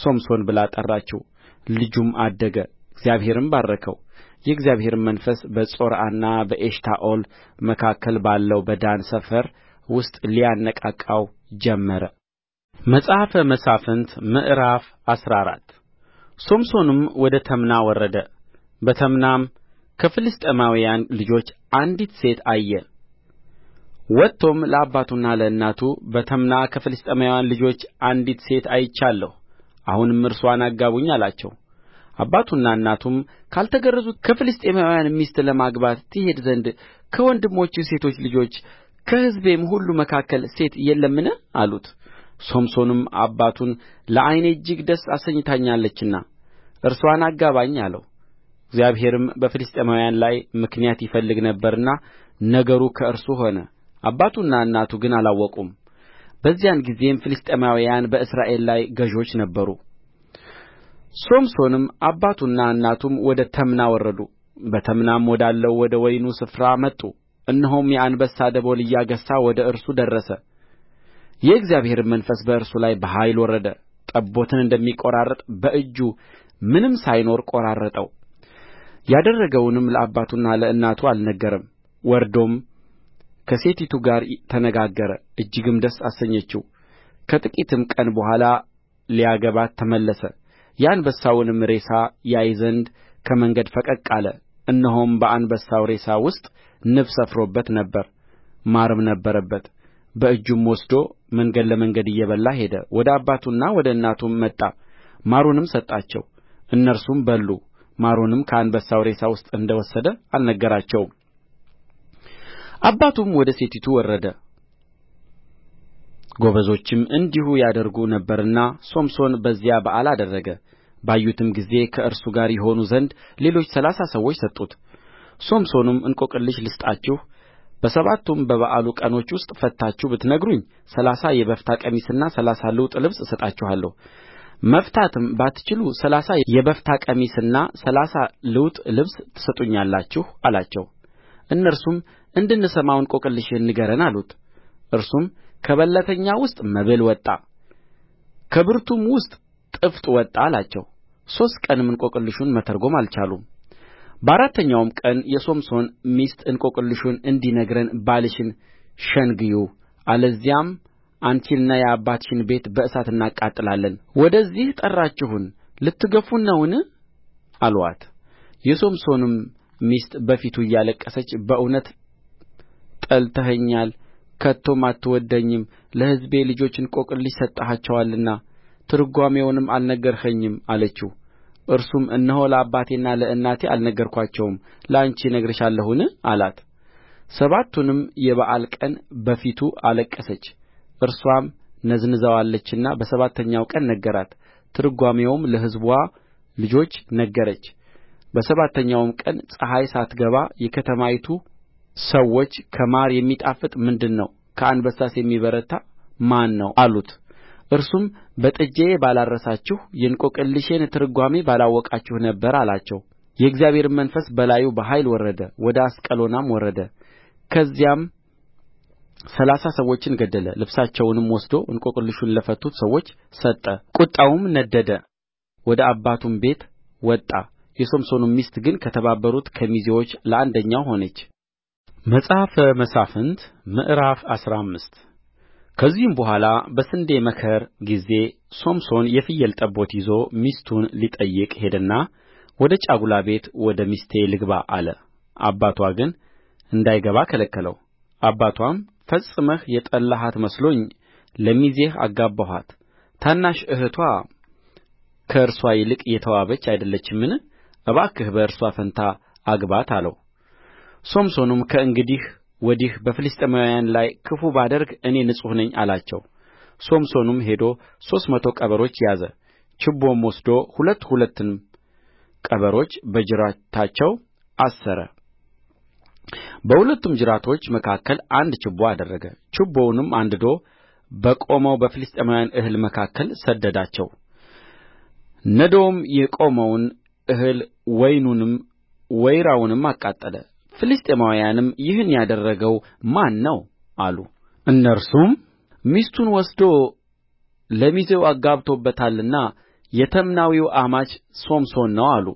ሶምሶን ብላ ጠራችው። ልጁም አደገ፣ እግዚአብሔርም ባረከው። የእግዚአብሔርም መንፈስ በጾርዓና በኤሽታኦል መካከል ባለው በዳን ሰፈር ውስጥ ሊያነቃቃው ጀመረ። መጽሐፈ መሣፍንት ምዕራፍ አስራ አራት ሶምሶንም ወደ ተምና ወረደ በተምናም ከፍልስጥኤማውያን ልጆች አንዲት ሴት አየ ወጥቶም ለአባቱና ለእናቱ በተምና ከፍልስጥኤማውያን ልጆች አንዲት ሴት አይቻለሁ አሁንም እርሷን አጋቡኝ አላቸው አባቱና እናቱም ካልተገረዙት ከፍልስጥኤማውያን ሚስት ለማግባት ትሄድ ዘንድ ከወንድሞችህ ሴቶች ልጆች ከሕዝቤም ሁሉ መካከል ሴት የለምን አሉት ሶምሶንም አባቱን ለዓይኔ እጅግ ደስ አሰኝታኛለችና እርስዋን አጋባኝ አለው እግዚአብሔርም በፍልስጥኤማውያን ላይ ምክንያት ይፈልግ ነበርና ነገሩ ከእርሱ ሆነ አባቱና እናቱ ግን አላወቁም በዚያን ጊዜም ፍልስጥኤማውያን በእስራኤል ላይ ገዦች ነበሩ ሶምሶንም አባቱና እናቱም ወደ ተምና ወረዱ በተምናም ወዳለው ወደ ወይኑ ስፍራ መጡ እነሆም የአንበሳ ደቦል እያገሣ ወደ እርሱ ደረሰ የእግዚአብሔርም መንፈስ በእርሱ ላይ በኃይል ወረደ ጠቦትን እንደሚቈራርጥ በእጁ ምንም ሳይኖር ቈራረጠው ያደረገውንም ለአባቱና ለእናቱ አልነገረም ወርዶም ከሴቲቱ ጋር ተነጋገረ እጅግም ደስ አሰኘችው ከጥቂትም ቀን በኋላ ሊያገባት ተመለሰ የአንበሳውንም ሬሳ ያይ ዘንድ ከመንገድ ፈቀቅ አለ እነሆም በአንበሳው ሬሳ ውስጥ ንብ ሰፍሮበት ነበር ማርም ነበረበት በእጁም ወስዶ መንገድ ለመንገድ እየበላ ሄደ ወደ አባቱና ወደ እናቱም መጣ ማሩንም ሰጣቸው እነርሱም በሉ ማሩንም ከአንበሳው ሬሳ ውስጥ እንደ ወሰደ አልነገራቸውም አባቱም ወደ ሴቲቱ ወረደ ጎበዞችም እንዲሁ ያደርጉ ነበርና ሶምሶን በዚያ በዓል አደረገ ባዩትም ጊዜ ከእርሱ ጋር ይሆኑ ዘንድ ሌሎች ሠላሳ ሰዎች ሰጡት ሶምሶንም እንቈቅልሽ ልስጣችሁ በሰባቱም በበዓሉ ቀኖች ውስጥ ፈትታችሁ ብትነግሩኝ ሠላሳ የበፍታ ቀሚስና ሠላሳ ልውጥ ልብስ እሰጣችኋለሁ መፍታትም ባትችሉ ሠላሳ የበፍታ ቀሚስና ሠላሳ ልውጥ ልብስ ትሰጡኛላችሁ አላቸው እነርሱም እንድንሰማው እንቆቅልሽህን ንገረን አሉት እርሱም ከበለተኛ ውስጥ መብል ወጣ ከብርቱም ውስጥ ጥፍጥ ወጣ አላቸው ሦስት ቀንም እንቈቅልሹን መተርጎም አልቻሉም በአራተኛውም ቀን የሶምሶን ሚስት እንቈቅልሹን እንዲነግረን ባልሽን ሸንግዪው አለዚያም አንቺንና የአባትሽን ቤት በእሳት እናቃጥላለን ወደዚህ ጠራችሁን ልትገፉን ነውን አሉአት የሶምሶንም ሚስት በፊቱ እያለቀሰች በእውነት ጠልተኸኛል ከቶም አትወድደኝም ለሕዝቤ ልጆች እንቈቅልሽ ሰጥተሃቸዋልና ትርጓሜውንም አልነገርኸኝም አለችው እርሱም እነሆ ለአባቴና ለእናቴ አልነገርኋቸውም ለአንቺ እነግርሻለሁን አላት ሰባቱንም የበዓል ቀን በፊቱ አለቀሰች እርስዋም ነዝንዛዋለችና በሰባተኛው ቀን ነገራት ትርጓሜውም ለሕዝቧ ልጆች ነገረች በሰባተኛውም ቀን ፀሐይ ሳትገባ የከተማይቱ ሰዎች ከማር የሚጣፍጥ ምንድር ነው ከአንበሳስ የሚበረታ ማን ነው አሉት እርሱም በጥጃዬ ባላረሳችሁ የእንቈቅልሼን ትርጓሜ ባላወቃችሁ ነበር አላቸው የእግዚአብሔርም መንፈስ በላዩ በኃይል ወረደ ወደ አስቀሎናም ወረደ ከዚያም ሠላሳ ሰዎችን ገደለ ልብሳቸውንም ወስዶ እንቈቅልሹን ለፈቱት ሰዎች ሰጠ ቍጣውም ነደደ ወደ አባቱም ቤት ወጣ የሶምሶንም ሚስት ግን ከተባበሩት ከሚዜዎች ለአንደኛው ሆነች መጽሐፈ መሣፍንት ምዕራፍ አስራ አምስት ከዚህም በኋላ በስንዴ መከር ጊዜ ሶምሶን የፍየል ጠቦት ይዞ ሚስቱን ሊጠይቅ ሄደና ወደ ጫጉላ ቤት ወደ ሚስቴ ልግባ አለ አባትዋ ግን እንዳይገባ ከለከለው አባትዋም ፈጽመህ የጠላሃት መስሎኝ ለሚዜህ አጋባኋት ታናሽ እህቷ ከእርሷ ይልቅ የተዋበች አይደለችምን? እባክህ በእርሷ ፋንታ አግባት አለው። ሶምሶንም ከእንግዲህ ወዲህ በፍልስጥኤማውያን ላይ ክፉ ባደርግ እኔ ንጹሕ ነኝ አላቸው ሶምሶንም ሄዶ ሦስት መቶ ቀበሮች ያዘ ችቦም ወስዶ ሁለት ሁለቱንም ቀበሮች በጅራታቸው አሰረ በሁለቱም ጅራቶች መካከል አንድ ችቦ አደረገ ችቦውንም አንድዶ በቆመው በፍልስጥኤማውያን እህል መካከል ሰደዳቸው ነዶውም የቆመውን እህል ወይኑንም ወይራውንም አቃጠለ ፍልስጥኤማውያንም ይህን ያደረገው ማን ነው አሉ እነርሱም ሚስቱን ወስዶ ለሚዜው አጋብቶበታልና የተምናዊው አማች ሶምሶን ነው አሉ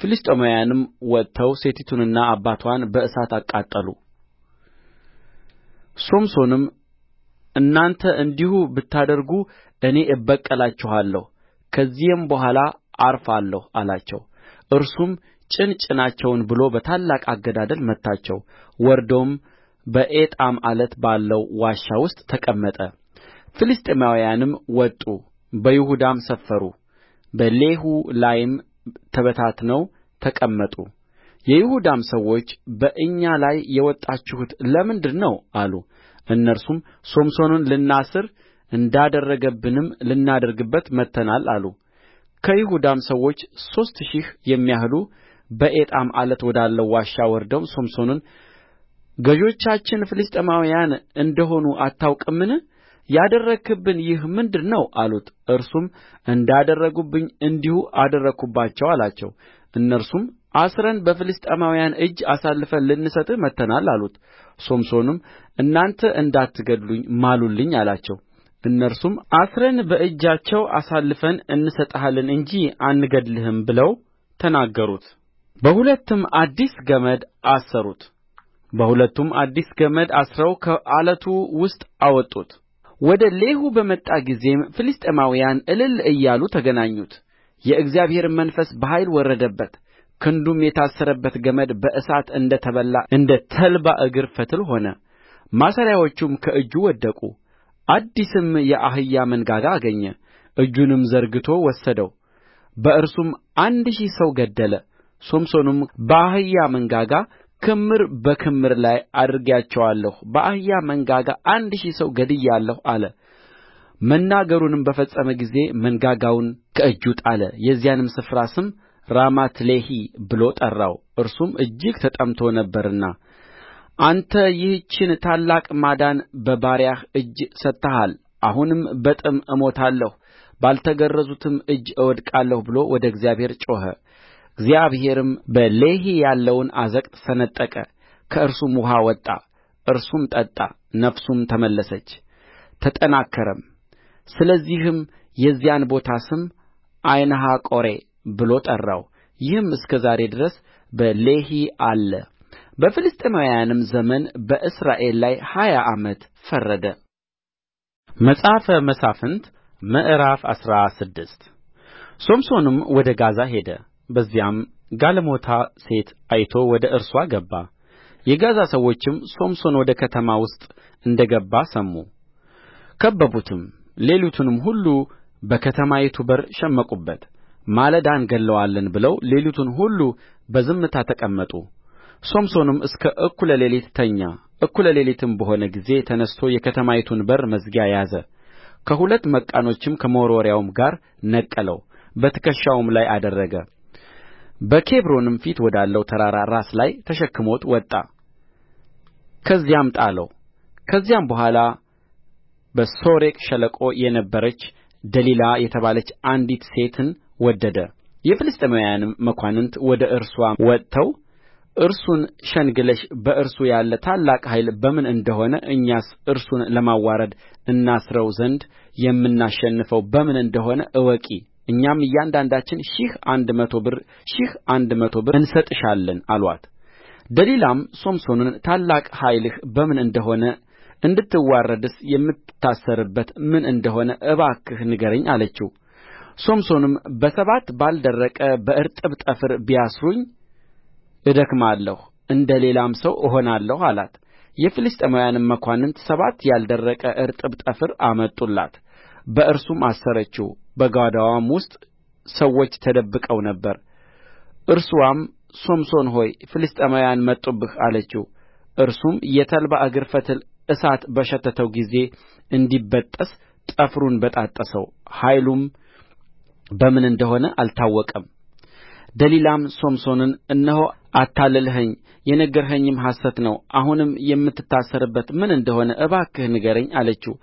ፍልስጥኤማውያንም ወጥተው ሴቲቱንና አባትዋን በእሳት አቃጠሉ ሶምሶንም እናንተ እንዲሁ ብታደርጉ እኔ እበቀላችኋለሁ ከዚያም በኋላ ዐርፋለሁ አላቸው እርሱም ጭን ጭናቸውን ብሎ በታላቅ አገዳደል መታቸው ወርዶም በኤጣም ዓለት ባለው ዋሻ ውስጥ ተቀመጠ ፍልስጥኤማውያንም ወጡ በይሁዳም ሰፈሩ በሌሒ ላይም ተበታትነው ተቀመጡ የይሁዳም ሰዎች በእኛ ላይ የወጣችሁት ለምንድር ነው አሉ እነርሱም ሶምሶንን ልናስር እንዳደረገብንም ልናደርግበት መጥተናል አሉ ከይሁዳም ሰዎች ሦስት ሺህ የሚያህሉ በኤጣም ዓለት ወዳለው ዋሻ ወርደው ሶምሶንን ገዦቻችን ፍልስጥኤማውያን እንደ ሆኑ አታውቅምን ያደረግህብን ይህ ምንድር ነው አሉት እርሱም እንዳደረጉብኝ እንዲሁ አደረግሁባቸው አላቸው እነርሱም አስረን በፍልስጥኤማውያን እጅ አሳልፈን ልንሰጥህ መጥተናል አሉት ሶምሶንም እናንተ እንዳትገድሉኝ ማሉልኝ አላቸው እነርሱም አስረን በእጃቸው አሳልፈን እንሰጥሃለን እንጂ አንገድልህም ብለው ተናገሩት በሁለትም አዲስ ገመድ አሰሩት በሁለቱም አዲስ ገመድ አስረው ከዓለቱ ውስጥ አወጡት ወደ ሌሒ በመጣ ጊዜም ፍልስጥኤማውያን እልል እያሉ ተገናኙት የእግዚአብሔርም መንፈስ በኃይል ወረደበት ክንዱም የታሰረበት ገመድ በእሳት እንደ ተበላ እንደ ተልባ እግር ፈትል ሆነ ማሰሪያዎቹም ከእጁ ወደቁ አዲስም የአህያ መንጋጋ አገኘ እጁንም ዘርግቶ ወሰደው በእርሱም አንድ ሺህ ሰው ገደለ ሶምሶንም በአህያ መንጋጋ ክምር በክምር ላይ አድርጌአቸዋለሁ በአህያ መንጋጋ አንድ ሺህ ሰው ገድያለሁ አለ መናገሩንም በፈጸመ ጊዜ መንጋጋውን ከእጁ ጣለ የዚያንም ስፍራ ስም ራማትሌሒ ብሎ ጠራው እርሱም እጅግ ተጠምቶ ነበርና አንተ ይህችን ታላቅ ማዳን በባሪያህ እጅ ሰጥተሃል አሁንም በጥም እሞታለሁ ባልተገረዙትም እጅ እወድቃለሁ ብሎ ወደ እግዚአብሔር ጮኸ እግዚአብሔርም በሌሒ ያለውን አዘቅት ሰነጠቀ ከእርሱም ውኃ ወጣ እርሱም ጠጣ ነፍሱም ተመለሰች ተጠናከረም ስለዚህም የዚያን ቦታ ስም ዓይንሀቆሬ ብሎ ጠራው ይህም እስከ ዛሬ ድረስ በሌሒ አለ በፍልስጥኤማውያንም ዘመን በእስራኤል ላይ ሀያ ዓመት ፈረደ መጽሐፈ መሣፍንት ምዕራፍ አስራ ስድስት ሶምሶንም ወደ ጋዛ ሄደ በዚያም ጋለሞታ ሴት አይቶ ወደ እርስዋ ገባ የጋዛ ሰዎችም ሶምሶን ወደ ከተማ ውስጥ እንደ ገባ ሰሙ ከበቡትም ሌሊቱንም ሁሉ በከተማይቱ በር ሸመቁበት ማለዳ እንገድለዋለን ብለው ሌሊቱን ሁሉ በዝምታ ተቀመጡ ሶምሶንም እስከ እኩለ ሌሊት ተኛ እኩለ ሌሊትም በሆነ ጊዜ ተነሥቶ የከተማይቱን በር መዝጊያ ያዘ ከሁለት መቃኖችም ከመወርወሪያውም ጋር ነቀለው በትከሻውም ላይ አደረገ በኬብሮንም ፊት ወዳለው ተራራ ራስ ላይ ተሸክሞት ወጣ ከዚያም ጣለው ከዚያም በኋላ በሶሬቅ ሸለቆ የነበረች ደሊላ የተባለች አንዲት ሴትን ወደደ የፍልስጥኤማውያንም መኳንንት ወደ እርስዋ ወጥተው እርሱን ሸንግለሽ በእርሱ ያለ ታላቅ ኃይል በምን እንደሆነ እኛስ እርሱን ለማዋረድ እናስረው ዘንድ የምናሸንፈው በምን እንደሆነ እወቂ እኛም እያንዳንዳችን ሺህ አንድ መቶ ብር ሺህ አንድ መቶ ብር እንሰጥሻለን አሉአት ደሊላም ሶምሶንን ታላቅ ኃይልህ በምን እንደ ሆነ እንድትዋረድስ የምትታሰርበት ምን እንደ ሆነ እባክህ ንገረኝ አለችው ሶምሶንም በሰባት ባልደረቀ በእርጥብ ጠፍር ቢያስሩኝ እደክማለሁ እንደ ሌላም ሰው እሆናለሁ አላት የፍልስጥኤማውያንም መኳንንት ሰባት ያልደረቀ እርጥብ ጠፍር አመጡላት በእርሱም አሰረችው በጓዳዋም ውስጥ ሰዎች ተደብቀው ነበር እርስዋም ሶምሶን ሆይ ፍልስጥኤማውያን መጡብህ አለችው እርሱም የተልባ እግር ፈትል እሳት በሸተተው ጊዜ እንዲበጠስ ጠፍሩን በጣጠሰው ኃይሉም በምን እንደሆነ አልታወቀም ደሊላም ሶምሶንን እነሆ አታለልኸኝ የነገርኸኝም ሐሰት ነው አሁንም የምትታሰርበት ምን እንደሆነ እባክህ ንገረኝ አለችው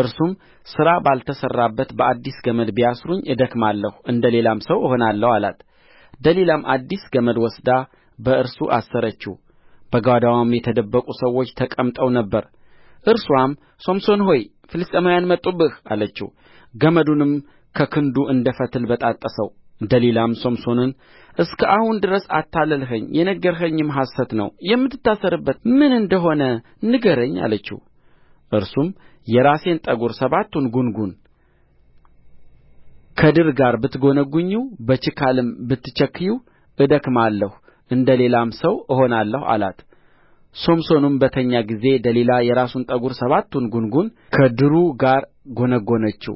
እርሱም ሥራ ባልተሠራበት በአዲስ ገመድ ቢያስሩኝ እደክማለሁ እንደ ሌላም ሰው እሆናለሁ አላት ደሊላም አዲስ ገመድ ወስዳ በእርሱ አሰረችው በጓዳዋም የተደበቁ ሰዎች ተቀምጠው ነበር እርሷም ሶምሶን ሆይ ፍልስጥኤማውያን መጡብህ አለችው ገመዱንም ከክንዱ እንደ ፈትል በጣጠሰው ደሊላም ሶምሶንን እስከ አሁን ድረስ አታለልኸኝ የነገርኸኝም ሐሰት ነው የምትታሰርበት ምን እንደሆነ ንገረኝ አለችው እርሱም የራሴን ጠጕር ሰባቱን ጕንጕን ከድር ጋር ብትጐነጕኚው በችካልም ብትቸክዪው እደክማለሁ እንደ ሌላም ሰው እሆናለሁ አላት ሶምሶንም በተኛ ጊዜ ደሊላ የራሱን ጠጕር ሰባቱን ጕንጕን ከድሩ ጋር ጐነጐነችው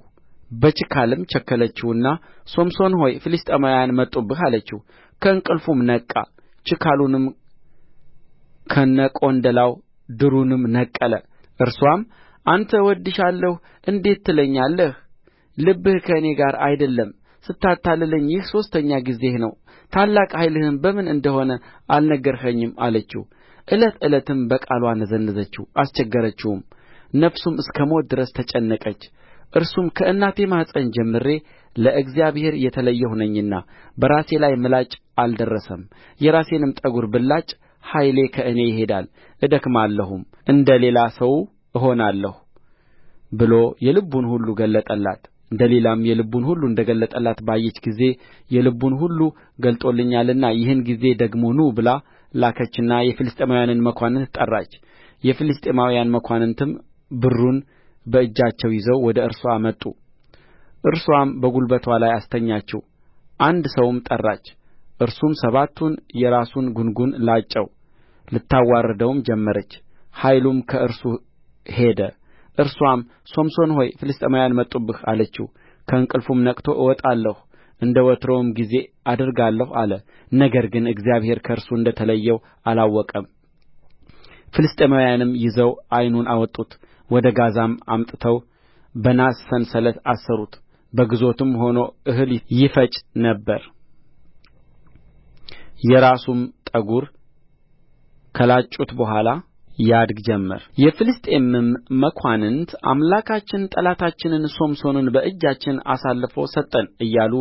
በችካልም ቸከለችውና ሶምሶን ሆይ ፍልስጥኤማውያን መጡብህ አለችው ከእንቅልፉም ነቃ ችካሉንም ከነቈንደላው ድሩንም ነቀለ እርስዋም አንተ እወድድሻለሁ እንዴት ትለኛለህ ልብህ ከእኔ ጋር አይደለም ስታታልለኝ ይህ ሦስተኛ ጊዜህ ነው ታላቅ ኃይልህም በምን እንደ ሆነ አልነገርኸኝም አለችው ዕለት ዕለትም በቃልዋ ነዘነዘችው አስቸገረችውም ነፍሱም እስከ ሞት ድረስ ተጨነቀች እርሱም ከእናቴ ማኅፀን ጀምሬ ለእግዚአብሔር የተለየሁ ነኝና በራሴ ላይ ምላጭ አልደረሰም የራሴንም ጠጕር ብላጭ ኃይሌ ከእኔ ይሄዳል እደክማለሁም እንደ ሌላ ሰው እሆናለሁ ብሎ የልቡን ሁሉ ገለጠላት ደሊላም የልቡን ሁሉ እንደ ገለጠላት ባየች ጊዜ የልቡን ሁሉ ገልጦልኛልና ይህን ጊዜ ደግሞ ኑ ብላ ላከችና የፍልስጥኤማውያንን መኳንንት ጠራች የፍልስጥኤማውያን መኳንንትም ብሩን በእጃቸው ይዘው ወደ እርሷ መጡ እርሷም በጉልበቷ ላይ አስተኛችው አንድ ሰውም ጠራች እርሱም ሰባቱን የራሱን ጕንጕን ላጨው ልታዋርደውም ጀመረች ኃይሉም ከእርሱ ሄደ እርስዋም ሶምሶን ሆይ ፍልስጥኤማውያን መጡብህ አለችው ከእንቅልፉም ነቅቶ እወጣለሁ እንደ ወትሮውም ጊዜ አደርጋለሁ አለ ነገር ግን እግዚአብሔር ከእርሱ እንደ ተለየው አላወቀም ፍልስጥኤማውያንም ይዘው ዓይኑን አወጡት ወደ ጋዛም አምጥተው በናስ ሰንሰለት አሰሩት በግዞትም ሆኖ እህል ይፈጭ ነበር የራሱም ጠጕር ከላጩት በኋላ ያድግ ጀመር የፍልስጥኤምም መኳንንት አምላካችን ጠላታችንን ሶምሶንን በእጃችን አሳልፎ ሰጠን እያሉ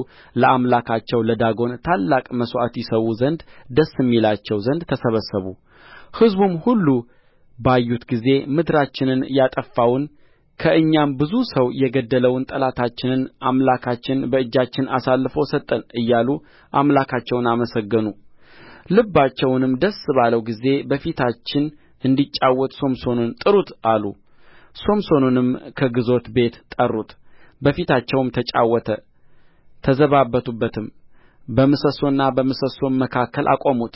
ለአምላካቸው ለዳጎን ታላቅ መሥዋዕት ይሠዉ ዘንድ ደስም ይላቸው ዘንድ ተሰበሰቡ ሕዝቡም ሁሉ ባዩት ጊዜ ምድራችንን ያጠፋውን ከእኛም ብዙ ሰው የገደለውን ጠላታችንን አምላካችን በእጃችን አሳልፎ ሰጠን እያሉ አምላካቸውን አመሰገኑ ልባቸውንም ደስ ባለው ጊዜ በፊታችን እንዲጫወት ሶምሶንን ጥሩት አሉ ሶምሶንንም ከግዞት ቤት ጠሩት በፊታቸውም ተጫወተ ተዘባበቱበትም በምሰሶና በምሰሶም መካከል አቆሙት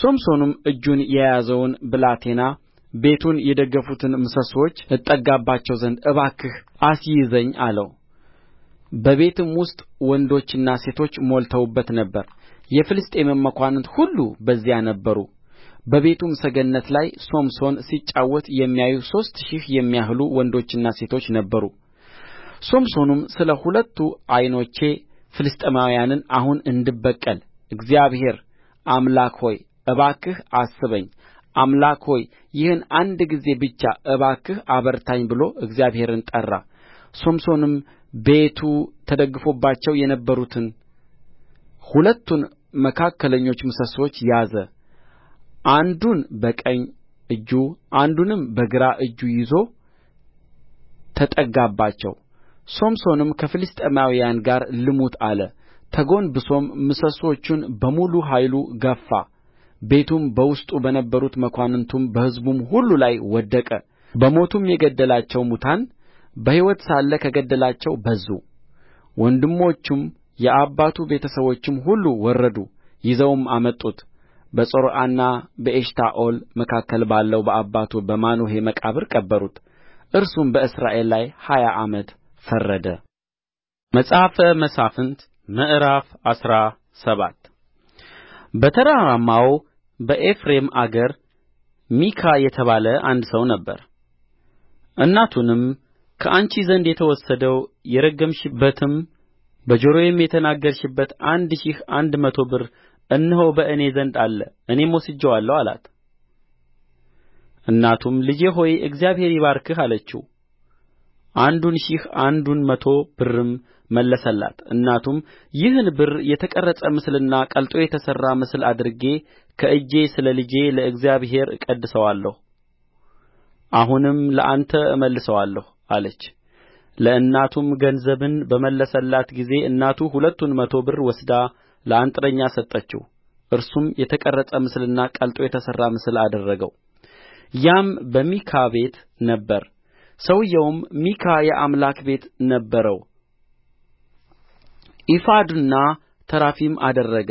ሶምሶንም እጁን የያዘውን ብላቴና ቤቱን የደገፉትን ምሰሶች እጠጋባቸው ዘንድ እባክህ አስይዘኝ አለው በቤትም ውስጥ ወንዶችና ሴቶች ሞልተውበት ነበር የፍልስጥኤምም መኳንንት ሁሉ በዚያ ነበሩ በቤቱም ሰገነት ላይ ሶምሶን ሲጫወት የሚያዩ ሦስት ሺህ የሚያህሉ ወንዶችና ሴቶች ነበሩ ሶምሶንም ስለ ሁለቱ ዓይኖቼ ፍልስጥኤማውያንን አሁን እንድበቀል እግዚአብሔር አምላክ ሆይ እባክህ አስበኝ አምላክ ሆይ ይህን አንድ ጊዜ ብቻ እባክህ አበርታኝ ብሎ እግዚአብሔርን ጠራ ሶምሶንም ቤቱ ተደግፎባቸው የነበሩትን ሁለቱን መካከለኞች ምሰሶች ያዘ አንዱን በቀኝ እጁ አንዱንም በግራ እጁ ይዞ ተጠጋባቸው ሶምሶንም ከፍልስጥኤማውያን ጋር ልሙት አለ ተጐንብሶም ምሰሶቹን በሙሉ ኃይሉ ገፋ ቤቱም በውስጡ በነበሩት መኳንንቱም በሕዝቡም ሁሉ ላይ ወደቀ በሞቱም የገደላቸው ሙታን በሕይወት ሳለ ከገደላቸው በዙ ወንድሞቹም የአባቱ ቤተ ሰቦችም ሁሉ ወረዱ ይዘውም አመጡት በጾርዓና በኤሽታኦል መካከል ባለው በአባቱ በማኑሄ መቃብር ቀበሩት እርሱም በእስራኤል ላይ ሀያ ዓመት ፈረደ መጽሐፈ መሣፍንት ምዕራፍ አስራ ሰባት በተራራማው በኤፍሬም አገር ሚካ የተባለ አንድ ሰው ነበር። እናቱንም ከአንቺ ዘንድ የተወሰደው የረገምሽበትም በጆሮዬም የተናገርሽበት አንድ ሺህ አንድ መቶ ብር እነሆ በእኔ ዘንድ አለ እኔም ወስጄዋለሁ አላት እናቱም ልጄ ሆይ እግዚአብሔር ይባርክህ አለችው አንዱን ሺህ አንዱን መቶ ብርም መለሰላት እናቱም ይህን ብር የተቀረጸ ምስልና ቀልጦ የተሠራ ምስል አድርጌ ከእጄ ስለ ልጄ ለእግዚአብሔር እቀድሰዋለሁ አሁንም ለአንተ እመልሰዋለሁ አለች ለእናቱም ገንዘብን በመለሰላት ጊዜ እናቱ ሁለቱን መቶ ብር ወስዳ ለአንጥረኛ ሰጠችው እርሱም የተቀረጸ ምስልና ቀልጦ የተሠራ ምስል አደረገው ያም በሚካ ቤት ነበረ ሰውየውም ሚካ የአምላክ ቤት ነበረው ኤፉድና ተራፊም አደረገ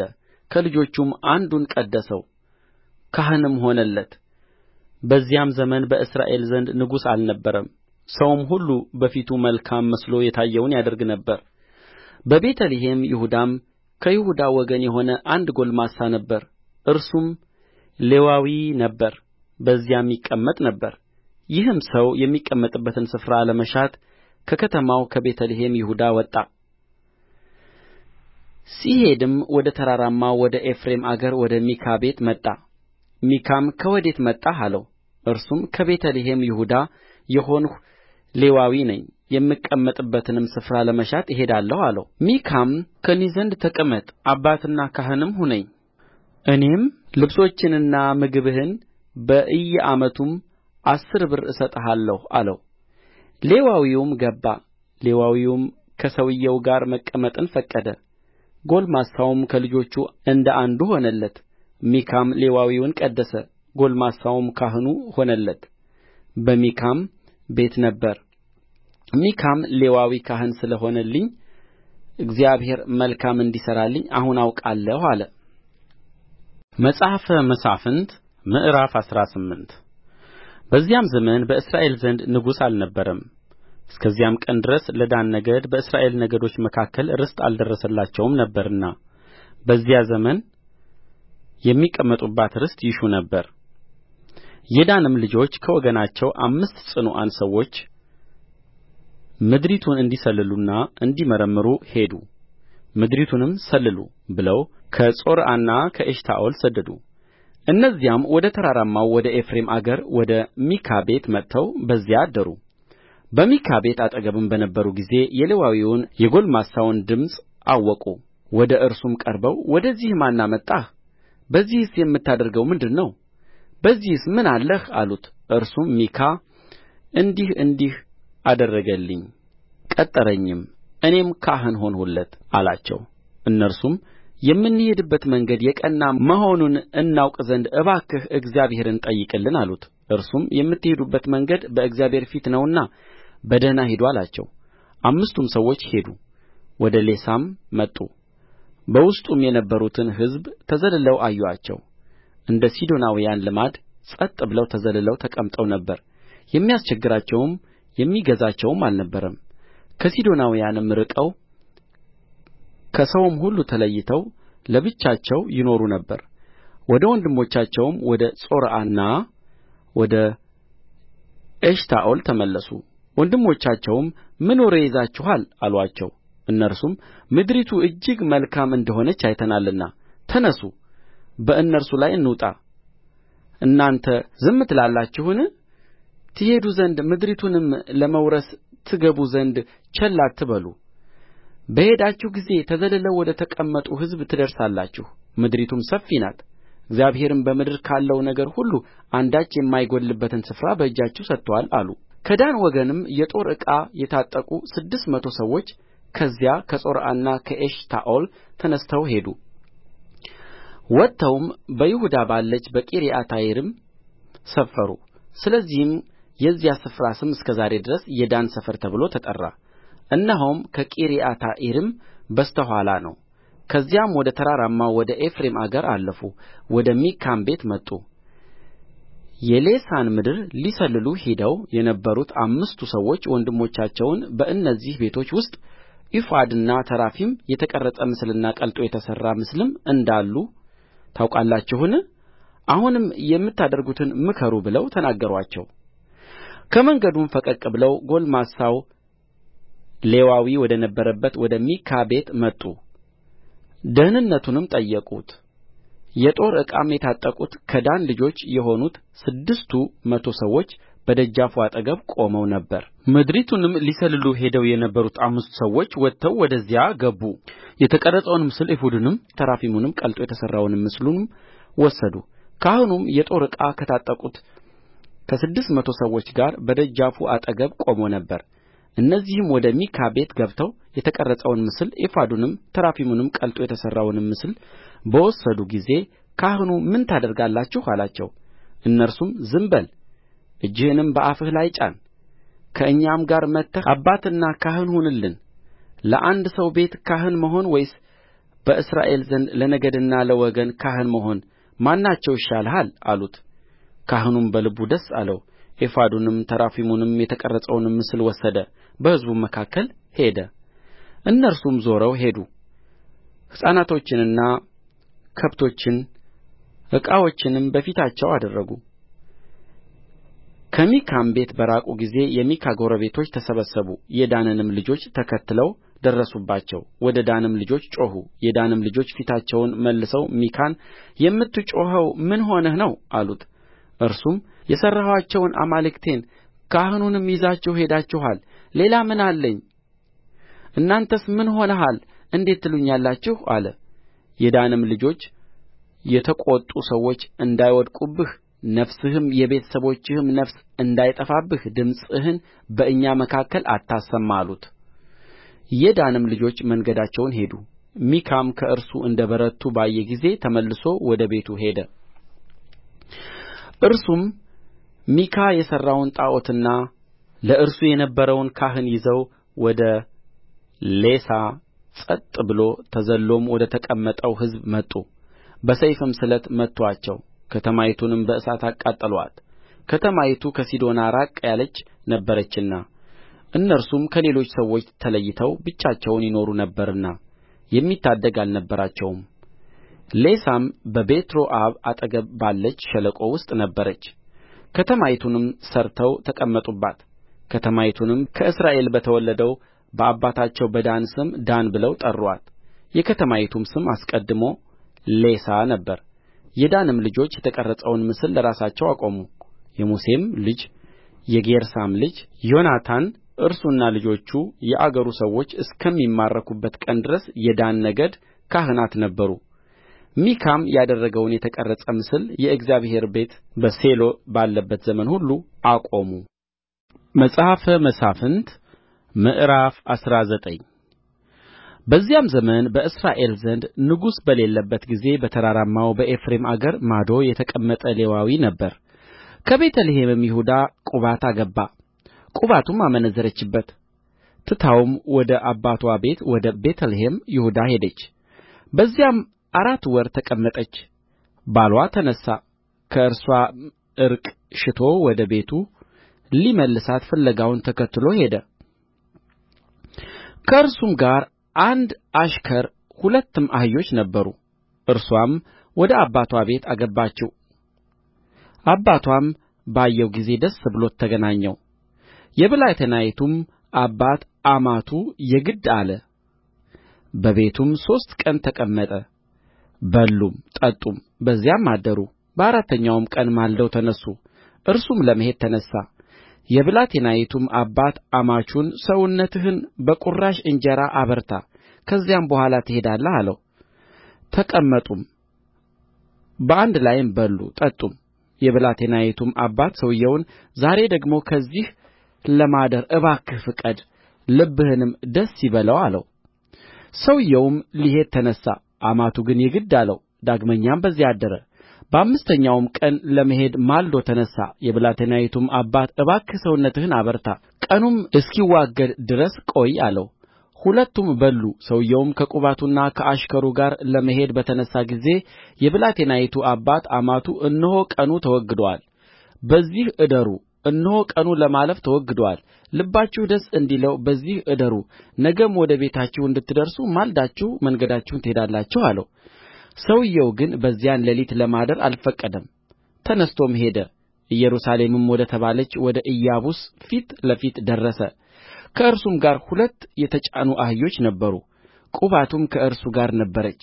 ከልጆቹም አንዱን ቀደሰው ካህንም ሆነለት በዚያም ዘመን በእስራኤል ዘንድ ንጉሥ አልነበረም ሰውም ሁሉ በፊቱ መልካም መስሎ የታየውን ያደርግ ነበር። በቤተ ልሔም ይሁዳም ከይሁዳ ወገን የሆነ አንድ ጎልማሳ ነበር፣ እርሱም ሌዋዊ ነበር፣ በዚያም ይቀመጥ ነበር። ይህም ሰው የሚቀመጥበትን ስፍራ ለመሻት ከከተማው ከቤተ ልሔም ይሁዳ ወጣ። ሲሄድም ወደ ተራራማው ወደ ኤፍሬም አገር ወደ ሚካ ቤት መጣ። ሚካም ከወዴት መጣህ አለው። እርሱም ከቤተ ልሔም ይሁዳ የሆንሁ ሌዋዊ ነኝ የምቀመጥበትንም ስፍራ ለመሻት እሄዳለሁ አለው ሚካም ከእኔ ዘንድ ተቀመጥ አባትና ካህንም ሁነኝ እኔም ልብሶችንና ምግብህን በእየዓመቱም አሥር ብር እሰጥሃለሁ አለው ሌዋዊውም ገባ ሌዋዊውም ከሰውዮው ጋር መቀመጥን ፈቀደ ጕልማሳውም ከልጆቹ እንደ አንዱ ሆነለት ሚካም ሌዋዊውን ቀደሰ ጕልማሳውም ካህኑ ሆነለት በሚካም ቤት ነበረ ሚካም ሌዋዊ ካህን ስለ ሆነልኝ እግዚአብሔር መልካም እንዲሠራልኝ አሁን አውቃለሁ አለ መጽሐፈ መሣፍንት ምዕራፍ አስራ ስምንት በዚያም ዘመን በእስራኤል ዘንድ ንጉሥ አልነበረም። እስከዚያም ቀን ድረስ ለዳን ነገድ በእስራኤል ነገዶች መካከል ርስት አልደረሰላቸውም ነበርና በዚያ ዘመን የሚቀመጡባት ርስት ይሹ ነበር። የዳንም ልጆች ከወገናቸው አምስት ጽኑዓን ሰዎች ምድሪቱን እንዲሰልሉና እንዲመረምሩ ሄዱ ምድሪቱንም ሰልሉ ብለው ከጾርዓና ከኤሽታኦል ሰደዱ እነዚያም ወደ ተራራማው ወደ ኤፍሬም አገር ወደ ሚካ ቤት መጥተው በዚያ አደሩ በሚካ ቤት አጠገብም በነበሩ ጊዜ የሌዋዊውን የጕልማሳውን ድምፅ አወቁ ወደ እርሱም ቀርበው ወደዚህ ማን አመጣህ በዚህስ የምታደርገው ምንድር ነው በዚህስ ምን አለህ አሉት እርሱም ሚካ እንዲህ እንዲህ አደረገልኝ ቀጠረኝም እኔም ካህን ሆንሁለት አላቸው እነርሱም የምንሄድበት መንገድ የቀና መሆኑን እናውቅ ዘንድ እባክህ እግዚአብሔርን ጠይቅልን አሉት እርሱም የምትሄዱበት መንገድ በእግዚአብሔር ፊት ነውና በደኅና ሂዱ አላቸው አምስቱም ሰዎች ሄዱ ወደ ሌሳም መጡ በውስጡም የነበሩትን ሕዝብ ተዘልለው አዩአቸው እንደ ሲዶናውያን ልማድ ጸጥ ብለው ተዘልለው ተቀምጠው ነበር የሚያስቸግራቸውም የሚገዛቸውም አልነበረም ከሲዶናውያንም ርቀው ከሰውም ሁሉ ተለይተው ለብቻቸው ይኖሩ ነበር ወደ ወንድሞቻቸውም ወደ ጾርዓና ወደ ኤሽታኦል ተመለሱ ወንድሞቻቸውም ምን ወሬ ይዛችኋል አሉአቸው እነርሱም ምድሪቱ እጅግ መልካም እንደሆነች አይተናልና ተነሡ በእነርሱ ላይ እንውጣ እናንተ ዝም ትላላችሁን ትሄዱ ዘንድ ምድሪቱንም ለመውረስ ትገቡ ዘንድ ቸል አትበሉ በሄዳችሁ ጊዜ ተዘልለው ወደ ተቀመጡ ሕዝብ ትደርሳላችሁ ምድሪቱም ሰፊ ናት እግዚአብሔርም በምድር ካለው ነገር ሁሉ አንዳች የማይጎድልበትን ስፍራ በእጃችሁ ሰጥቶአል አሉ ከዳን ወገንም የጦር ዕቃ የታጠቁ ስድስት መቶ ሰዎች ከዚያ ከጾርዓና ከኤሽታኦል ተነሥተው ሄዱ ወጥተውም በይሁዳ ባለች በቂርያትይዓሪም ሰፈሩ ስለዚህም የዚያ ስፍራ ስም እስከ ዛሬ ድረስ የዳን ሰፈር ተብሎ ተጠራ እነሆም ከቂርያትይዓሪም በስተ ኋላ ነው ከዚያም ወደ ተራራማው ወደ ኤፍሬም አገር አለፉ ወደ ሚካም ቤት መጡ የሌሳን ምድር ሊሰልሉ ሄደው የነበሩት አምስቱ ሰዎች ወንድሞቻቸውን በእነዚህ ቤቶች ውስጥ ኤፉድና ተራፊም የተቀረጸ ምስልና ቀልጦ የተሠራ ምስልም እንዳሉ ታውቃላችሁን አሁንም የምታደርጉትን ምከሩ ብለው ተናገሩአቸው ከመንገዱም ፈቀቅ ብለው ጕልማሳው ሌዋዊ ወደ ነበረበት ወደ ሚካ ቤት መጡ ደኅንነቱንም ጠየቁት የጦር ዕቃም የታጠቁት ከዳን ልጆች የሆኑት ስድስቱ መቶ ሰዎች በደጃፉ አጠገብ ቆመው ነበር ምድሪቱንም ሊሰልሉ ሄደው የነበሩት አምስቱ ሰዎች ወጥተው ወደዚያ ገቡ የተቀረጸውን ምስል ኤፉዱንም ተራፊሙንም ቀልጦ የተሠራውንም ምስሉንም ወሰዱ ካህኑም የጦር ዕቃ ከታጠቁት ከስድስት መቶ ሰዎች ጋር በደጃፉ አጠገብ ቆሞ ነበር እነዚህም ወደ ሚካ ቤት ገብተው የተቀረጸውን ምስል ኤፉዱንም ተራፊሙንም ቀልጦ የተሠራውንም ምስል በወሰዱ ጊዜ ካህኑ ምን ታደርጋላችሁ አላቸው እነርሱም ዝም በል እጅህንም በአፍህ ላይ ጫን ከእኛም ጋር መጥተህ አባትና ካህን ሁንልን ለአንድ ሰው ቤት ካህን መሆን ወይስ በእስራኤል ዘንድ ለነገድና ለወገን ካህን መሆን ማናቸው ይሻልሃል አሉት ካህኑም በልቡ ደስ አለው ኤፉዱንም ተራፊሙንም የተቀረጸውንም ምስል ወሰደ በሕዝቡም መካከል ሄደ እነርሱም ዞረው ሄዱ ሕፃናቶችንና ከብቶችን ዕቃዎችንም በፊታቸው አደረጉ ከሚካም ቤት በራቁ ጊዜ የሚካ ጎረቤቶች ተሰበሰቡ የዳንም ልጆች ተከትለው ደረሱባቸው ወደ ዳንም ልጆች ጮኹ የዳንም ልጆች ፊታቸውን መልሰው ሚካን የምትጮኸው ምን ሆነህ ነው አሉት እርሱም የሠራኋቸውን አማልክቴን ካህኑንም ይዛችሁ ሄዳችኋል ሌላ ምን አለኝ እናንተስ ምን ሆነሃል እንዴት ትሉኛላችሁ አለ የዳንም ልጆች የተቈጡ ሰዎች እንዳይወድቁብህ ነፍስህም የቤተ ሰቦችህም ነፍስ እንዳይጠፋብህ ድምፅህን በእኛ መካከል አታሰማ አሉት የዳንም ልጆች መንገዳቸውን ሄዱ ሚካም ከእርሱ እንደ በረቱ ባየ ጊዜ ተመልሶ ወደ ቤቱ ሄደ እርሱም ሚካ የሠራውን ጣዖትና ለእርሱ የነበረውን ካህን ይዘው ወደ ሌሳ ጸጥ ብሎ ተዘልሎም ወደ ተቀመጠው ሕዝብ መጡ በሰይፍም ስለት መቱአቸው ከተማይቱንም በእሳት አቃጠሉአት ከተማይቱ ከሲዶና ራቅ ያለች ነበረችና እነርሱም ከሌሎች ሰዎች ተለይተው ብቻቸውን ይኖሩ ነበርና የሚታደግ አልነበራቸውም ሌሳም በቤትሮዖብ አጠገብ ባለች ሸለቆ ውስጥ ነበረች ከተማይቱንም ሠርተው ተቀመጡባት ከተማይቱንም ከእስራኤል በተወለደው በአባታቸው በዳን ስም ዳን ብለው ጠሩአት የከተማይቱም ስም አስቀድሞ ሌሳ ነበር የዳንም ልጆች የተቀረጸውን ምስል ለራሳቸው አቆሙ የሙሴም ልጅ የጌርሳም ልጅ ዮናታን እርሱና ልጆቹ የአገሩ ሰዎች እስከሚማረኩበት ቀን ድረስ የዳን ነገድ ካህናት ነበሩ ሚካም ያደረገውን የተቀረጸ ምስል የእግዚአብሔር ቤት በሴሎ ባለበት ዘመን ሁሉ አቆሙ መጽሐፈ መሣፍንት ምዕራፍ አስራ ዘጠኝ በዚያም ዘመን በእስራኤል ዘንድ ንጉሥ በሌለበት ጊዜ በተራራማው በኤፍሬም አገር ማዶ የተቀመጠ ሌዋዊ ነበረ ከቤተ ልሔምም ይሁዳ ቁባት አገባ ቁባቱም አመነዘረችበት ትታውም ወደ አባትዋ ቤት ወደ ቤተ ልሔም ይሁዳ ሄደች በዚያም አራት ወር ተቀመጠች ባልዋ ተነሣ ከእርሷ ዕርቅ ሽቶ ወደ ቤቱ ሊመልሳት ፍለጋውን ተከትሎ ሄደ ከእርሱም ጋር አንድ አሽከር ሁለትም አህዮች ነበሩ እርስዋም ወደ አባትዋ ቤት አገባችው አባትዋም ባየው ጊዜ ደስ ብሎት ተገናኘው የብላቴናይቱም አባት አማቱ የግድ አለ በቤቱም ሦስት ቀን ተቀመጠ በሉም ጠጡም በዚያም አደሩ በአራተኛውም ቀን ማልደው ተነሡ እርሱም ለመሄድ ተነሣ የብላቴናይቱም አባት አማቹን ሰውነትህን በቍራሽ እንጀራ አበርታ ከዚያም በኋላ ትሄዳለህ አለው ተቀመጡም በአንድ ላይም በሉ ጠጡም የብላቴናይቱም አባት ሰውዮውን ዛሬ ደግሞ ከዚህ ለማደር እባክህ ፍቀድ ልብህንም ደስ ይበለው አለው ሰውዮውም ሊሄድ ተነሣ አማቱ ግን የግድ አለው ዳግመኛም በዚያ አደረ በአምስተኛውም ቀን ለመሄድ ማልዶ ተነሣ የብላቴናይቱም አባት እባክህ ሰውነትህን አበርታ ቀኑም እስኪዋገድ ድረስ ቆይ አለው ሁለቱም በሉ ሰውዮውም ከቁባቱና ከአሽከሩ ጋር ለመሄድ በተነሣ ጊዜ የብላቴናይቱ አባት አማቱ እነሆ ቀኑ ተዋግዶአል በዚህ እደሩ እነሆ ቀኑ ለማለፍ ተዋግዶአል ልባችሁ ደስ እንዲለው በዚህ እደሩ ነገም ወደ ቤታችሁ እንድትደርሱ ማልዳችሁ መንገዳችሁን ትሄዳላችሁ አለው ሰውዮው ግን በዚያን ሌሊት ለማደር አልፈቀደም ተነሥቶም ሄደ ኢየሩሳሌምም ወደ ተባለች ወደ ኢያቡስ ፊት ለፊት ደረሰ ከእርሱም ጋር ሁለት የተጫኑ አህዮች ነበሩ ቁባቱም ከእርሱ ጋር ነበረች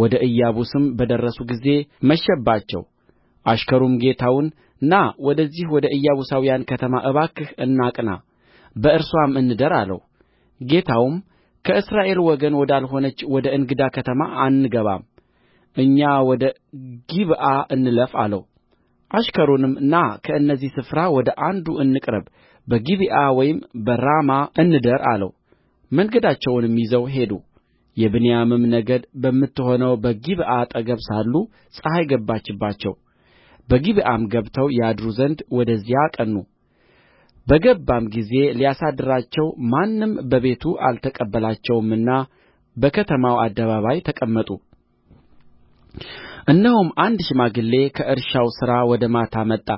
ወደ ኢያቡስም በደረሱ ጊዜ መሸባቸው አሽከሩም ጌታውን ና ወደዚህ ወደ ኢያቡሳውያን ከተማ እባክህ እናቅና በእርስዋም እንደር አለው ጌታውም ከእስራኤል ወገን ወዳልሆነች ወደ እንግዳ ከተማ አንገባም እኛ ወደ ጊብዓ እንለፍ አለው አሽከሩንም ና ከእነዚህ ስፍራ ወደ አንዱ እንቅረብ በጊብዓ ወይም በራማ እንደር አለው መንገዳቸውንም ይዘው ሄዱ የብንያምም ነገድ በምትሆነው በጊብዓ አጠገብ ሳሉ ፀሐይ ገባችባቸው በጊብዓም ገብተው ያድሩ ዘንድ ወደዚያ አቀኑ በገባም ጊዜ ሊያሳድራቸው ማንም በቤቱ አልተቀበላቸውምና በከተማው አደባባይ ተቀመጡ እነሆም አንድ ሽማግሌ ከእርሻው ሥራ ወደ ማታ መጣ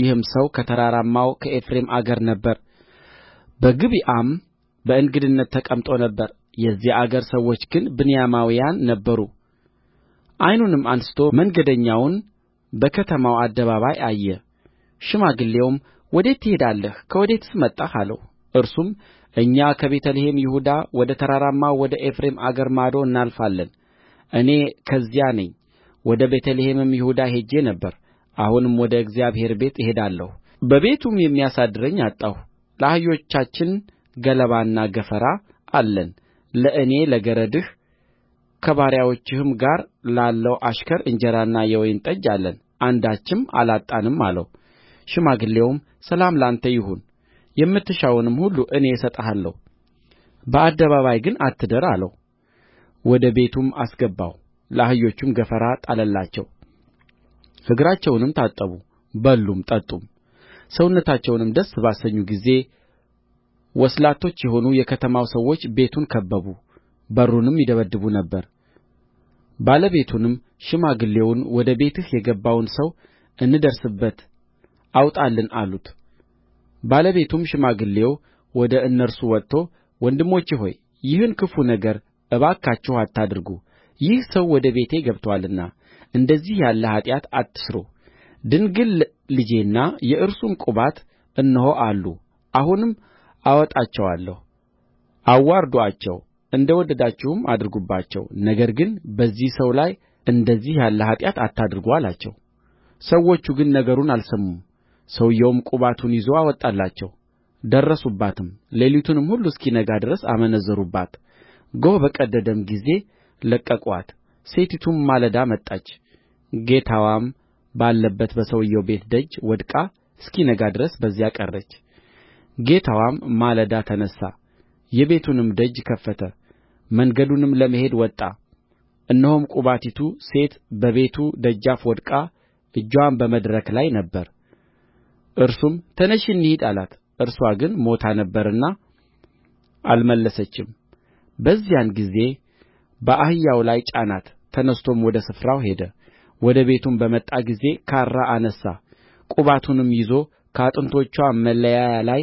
ይህም ሰው ከተራራማው ከኤፍሬም አገር ነበረ በጊብዓም በእንግድነት ተቀምጦ ነበር የዚያ አገር ሰዎች ግን ብንያማውያን ነበሩ ዓይኑንም አንሥቶ መንገደኛውን በከተማው አደባባይ አየ ሽማግሌውም ወዴት ትሄዳለህ ከወዴትስ መጣህ አለው እርሱም እኛ ከቤተ ልሔም ይሁዳ ወደ ተራራማው ወደ ኤፍሬም አገር ማዶ እናልፋለን እኔ ከዚያ ነኝ ወደ ቤተ ልሔምም ይሁዳ ሄጄ ነበር አሁንም ወደ እግዚአብሔር ቤት እሄዳለሁ በቤቱም የሚያሳድረኝ አጣሁ ለአህዮቻችን ገለባና ገፈራ አለን ለእኔ ለገረድህ ከባሪያዎችህም ጋር ላለው አሽከር እንጀራና የወይን ጠጅ አለን አንዳችም አላጣንም አለው ሽማግሌውም ሰላም ላንተ ይሁን የምትሻውንም ሁሉ እኔ እሰጥሃለሁ በአደባባይ ግን አትደር አለው ወደ ቤቱም አስገባው ለአህዮቹም ገፈራ ጣለላቸው እግራቸውንም ታጠቡ በሉም ጠጡም ሰውነታቸውንም ደስ ባሰኙ ጊዜ ወስላቶች የሆኑ የከተማው ሰዎች ቤቱን ከበቡ በሩንም ይደበድቡ ነበር ባለቤቱንም ሽማግሌውን ወደ ቤትህ የገባውን ሰው እንደርስበት አውጣልን አሉት ባለቤቱም ሽማግሌው ወደ እነርሱ ወጥቶ ወንድሞቼ ሆይ ይህን ክፉ ነገር እባካችሁ አታድርጉ ይህ ሰው ወደ ቤቴ ገብቶአልና እንደዚህ ያለ ኃጢአት አትሥሩ ድንግል ልጄና የእርሱም ቁባት እነሆ አሉ አሁንም አወጣቸዋለሁ አዋርዱአቸው እንደ ወደዳችሁም አድርጉባቸው ነገር ግን በዚህ ሰው ላይ እንደዚህ ያለ ኃጢአት አታድርጉ አላቸው ሰዎቹ ግን ነገሩን አልሰሙም ሰውዮውም ቁባቱን ይዞ አወጣላቸው ደረሱባትም ሌሊቱንም ሁሉ እስኪነጋ ድረስ አመነዘሩባት ጎህ በቀደደም ጊዜ ለቀቁአት ሴቲቱም ማለዳ መጣች ጌታዋም ባለበት በሰውዮው ቤት ደጅ ወድቃ እስኪነጋ ድረስ በዚያ ቀረች ጌታዋም ማለዳ ተነሣ የቤቱንም ደጅ ከፈተ መንገዱንም ለመሄድ ወጣ እነሆም ቁባቲቱ ሴት በቤቱ ደጃፍ ወድቃ እጅዋም በመድረክ ላይ ነበር እርሱም ተነሺ እንሂድ አላት እርስዋ ግን ሞታ ነበርና አልመለሰችም በዚያን ጊዜ በአህያው ላይ ጫናት ተነሥቶም ወደ ስፍራው ሄደ ወደ ቤቱም በመጣ ጊዜ ካራ አነሣ ቁባቱንም ይዞ ከአጥንቶችዋ መለያያ ላይ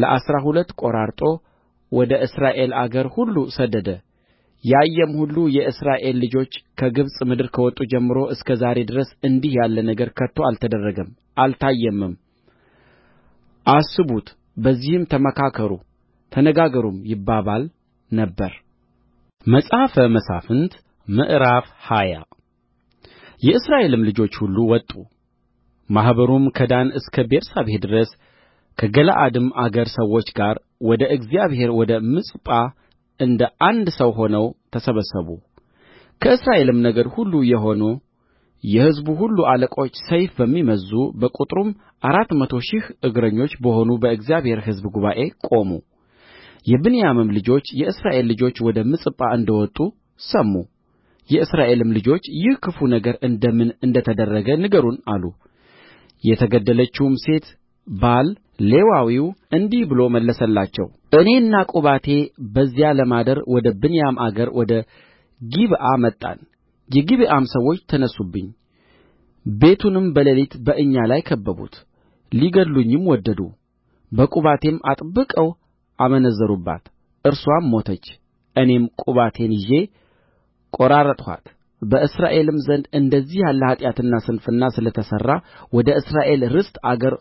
ለአሥራ ሁለት ቈራርጦ ወደ እስራኤል አገር ሁሉ ሰደደ ያየም ሁሉ የእስራኤል ልጆች ከግብፅ ምድር ከወጡ ጀምሮ እስከ ዛሬ ድረስ እንዲህ ያለ ነገር ከቶ አልተደረገም አልታየምም አስቡት በዚህም ተመካከሩ ተነጋገሩም ይባባል ነበር መጽሐፈ መሣፍንት ምዕራፍ ሃያ የእስራኤልም ልጆች ሁሉ ወጡ ማኅበሩም ከዳን እስከ ቤርሳቤህ ድረስ ከገለዓድም አገር ሰዎች ጋር ወደ እግዚአብሔር ወደ ምጽጳ እንደ አንድ ሰው ሆነው ተሰበሰቡ። ከእስራኤልም ነገድ ሁሉ የሆኑ የሕዝቡ ሁሉ አለቆች ሰይፍ በሚመዝዙ በቍጥሩም አራት መቶ ሺህ እግረኞች በሆኑ በእግዚአብሔር ሕዝብ ጉባኤ ቆሙ። የብንያምም ልጆች የእስራኤል ልጆች ወደ ምጽጳ እንደ ወጡ ሰሙ የእስራኤልም ልጆች ይህ ክፉ ነገር እንደ ምን እንደ ተደረገ ንገሩን አሉ የተገደለችውም ሴት ባል ሌዋዊው እንዲህ ብሎ መለሰላቸው እኔና ቁባቴ በዚያ ለማደር ወደ ብንያም አገር ወደ ጊብዓ መጣን የጊብዓም ሰዎች ተነሡብኝ ቤቱንም በሌሊት በእኛ ላይ ከበቡት ሊገድሉኝም ወደዱ በቁባቴም አጥብቀው አመነዘሩባት እርስዋም ሞተች እኔም ቁባቴን ይዤ ቈራረጥኋት በእስራኤልም ዘንድ እንደዚህ ያለ ኃጢአትና ስንፍና ስለ ተሠራ ወደ እስራኤል ርስት አገር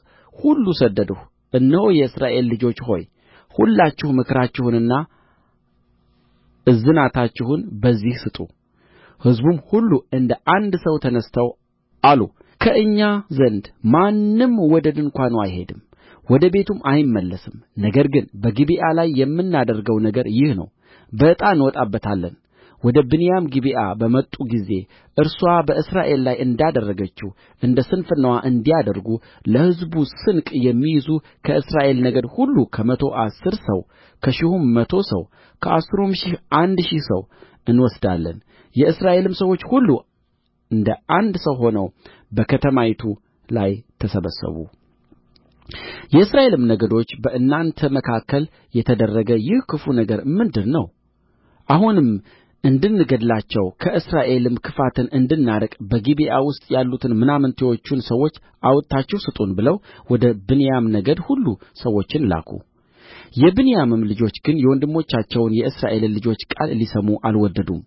ሁሉ ሰደድሁ እነሆ የእስራኤል ልጆች ሆይ ሁላችሁ ምክራችሁንና እዝናታችሁን በዚህ ስጡ ሕዝቡም ሁሉ እንደ አንድ ሰው ተነሥተው አሉ ከእኛ ዘንድ ማንም ወደ ድንኳኑ አይሄድም ወደ ቤቱም አይመለስም ነገር ግን በጊብዓ ላይ የምናደርገው ነገር ይህ ነው በዕጣ እንወጣበታለን ወደ ብንያም ጊብዓ በመጡ ጊዜ እርስዋ በእስራኤል ላይ እንዳደረገችው እንደ ስንፍናዋ እንዲያደርጉ ለሕዝቡ ስንቅ የሚይዙ ከእስራኤል ነገድ ሁሉ ከመቶ አሥር ሰው ከሺሁም መቶ ሰው ከአሥሩም ሺህ አንድ ሺህ ሰው እንወስዳለን የእስራኤልም ሰዎች ሁሉ እንደ አንድ ሰው ሆነው በከተማይቱ ላይ ተሰበሰቡ የእስራኤልም ነገዶች በእናንተ መካከል የተደረገ ይህ ክፉ ነገር ምንድር ነው አሁንም እንድንገድላቸው ከእስራኤልም ክፋትን እንድናርቅ በጊብዓ ውስጥ ያሉትን ምናምንቴዎቹን ሰዎች አውጥታችሁ ስጡን ብለው ወደ ብንያም ነገድ ሁሉ ሰዎችን ላኩ የብንያምም ልጆች ግን የወንድሞቻቸውን የእስራኤልን ልጆች ቃል ሊሰሙ አልወደዱም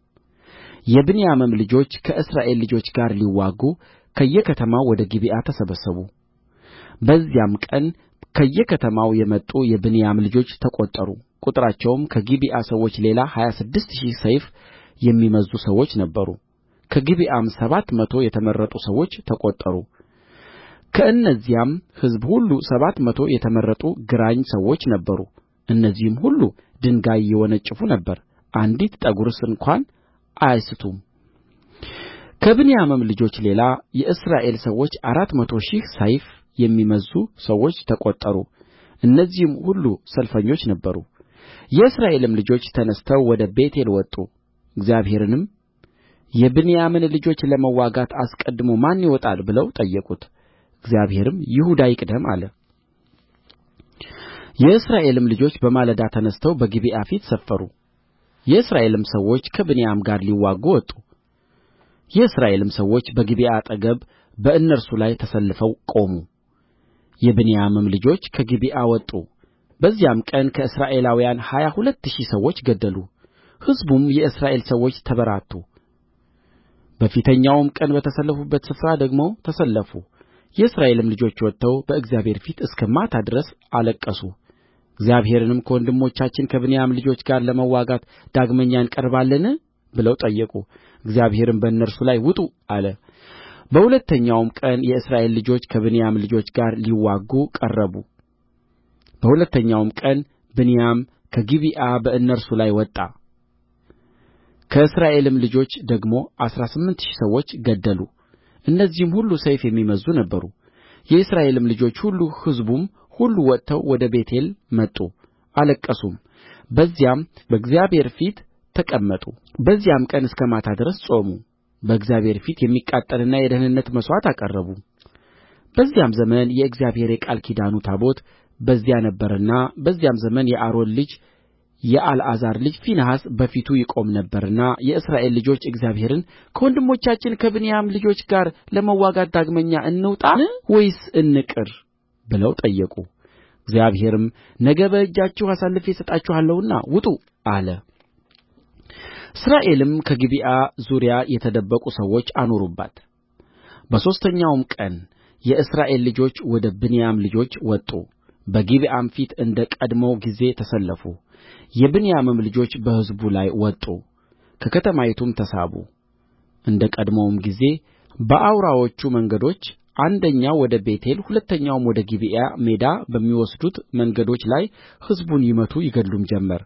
የብንያምም ልጆች ከእስራኤል ልጆች ጋር ሊዋጉ ከየከተማው ወደ ጊብዓ ተሰበሰቡ በዚያም ቀን ከየከተማው የመጡ የብንያም ልጆች ተቈጠሩ ቍጥራቸውም ከጊብዓ ሰዎች ሌላ ሀያ ስድስት ሺህ ሰይፍ የሚመዝዙ ሰዎች ነበሩ ከጊብዓም ሰባት መቶ የተመረጡ ሰዎች ተቈጠሩ ከእነዚያም ሕዝብ ሁሉ ሰባት መቶ የተመረጡ ግራኝ ሰዎች ነበሩ እነዚህም ሁሉ ድንጋይ ይወነጭፉ ነበር አንዲት ጠጕርስ እንኳን አያስቱም ከብንያምም ልጆች ሌላ የእስራኤል ሰዎች አራት መቶ ሺህ ሰይፍ የሚመዝዙ ሰዎች ተቈጠሩ እነዚህም ሁሉ ሰልፈኞች ነበሩ የእስራኤልም ልጆች ተነሥተው ወደ ቤቴል ወጡ እግዚአብሔርንም የብንያምን ልጆች ለመዋጋት አስቀድሞ ማን ይወጣል ብለው ጠየቁት እግዚአብሔርም ይሁዳ ይቅደም አለ የእስራኤልም ልጆች በማለዳ ተነሥተው በጊብዓ ፊት ሰፈሩ የእስራኤልም ሰዎች ከብንያም ጋር ሊዋጉ ወጡ የእስራኤልም ሰዎች በጊብዓ አጠገብ በእነርሱ ላይ ተሰልፈው ቆሙ የብንያምም ልጆች ከጊብዓ ወጡ በዚያም ቀን ከእስራኤላውያን ሀያ ሁለት ሺህ ሰዎች ገደሉ ሕዝቡም የእስራኤል ሰዎች ተበራቱ በፊተኛውም ቀን በተሰለፉበት ስፍራ ደግሞ ተሰለፉ የእስራኤልም ልጆች ወጥተው በእግዚአብሔር ፊት እስከ ማታ ድረስ አለቀሱ እግዚአብሔርንም ከወንድሞቻችን ከብንያም ልጆች ጋር ለመዋጋት ዳግመኛ እንቀርባለን ብለው ጠየቁ እግዚአብሔርም በእነርሱ ላይ ውጡ አለ በሁለተኛውም ቀን የእስራኤል ልጆች ከብንያም ልጆች ጋር ሊዋጉ ቀረቡ በሁለተኛውም ቀን ብንያም ከጊብዓ በእነርሱ ላይ ወጣ ከእስራኤልም ልጆች ደግሞ አሥራ ስምንት ሺህ ሰዎች ገደሉ እነዚህም ሁሉ ሰይፍ የሚመዝዙ ነበሩ የእስራኤልም ልጆች ሁሉ ሕዝቡም ሁሉ ወጥተው ወደ ቤቴል መጡ አለቀሱም በዚያም በእግዚአብሔር ፊት ተቀመጡ በዚያም ቀን እስከ ማታ ድረስ ጾሙ በእግዚአብሔር ፊት የሚቃጠልና የደኅንነት መሥዋዕት አቀረቡ በዚያም ዘመን የእግዚአብሔር የቃል ኪዳኑ ታቦት በዚያ ነበረና በዚያም ዘመን የአሮን ልጅ የአልዓዛር ልጅ ፊንሐስ በፊቱ ይቆም ነበርና የእስራኤል ልጆች እግዚአብሔርን ከወንድሞቻችን ከብንያም ልጆች ጋር ለመዋጋት ዳግመኛ እንውጣን ወይስ እንቅር ብለው ጠየቁ እግዚአብሔርም ነገ በእጃችሁ አሳልፌ እሰጣችኋለሁና ውጡ አለ እስራኤልም ከጊብዓ ዙሪያ የተደበቁ ሰዎች አኖሩባት በሦስተኛውም ቀን የእስራኤል ልጆች ወደ ብንያም ልጆች ወጡ በጊብዓም ፊት እንደ ቀድሞው ጊዜ ተሰለፉ የብንያምም ልጆች በሕዝቡ ላይ ወጡ ከከተማይቱም ተሳቡ እንደ ቀድሞውም ጊዜ በአውራዎቹ መንገዶች አንደኛው ወደ ቤቴል ሁለተኛውም ወደ ጊብዓ ሜዳ በሚወስዱት መንገዶች ላይ ሕዝቡን ይመቱ ይገድሉም ጀመር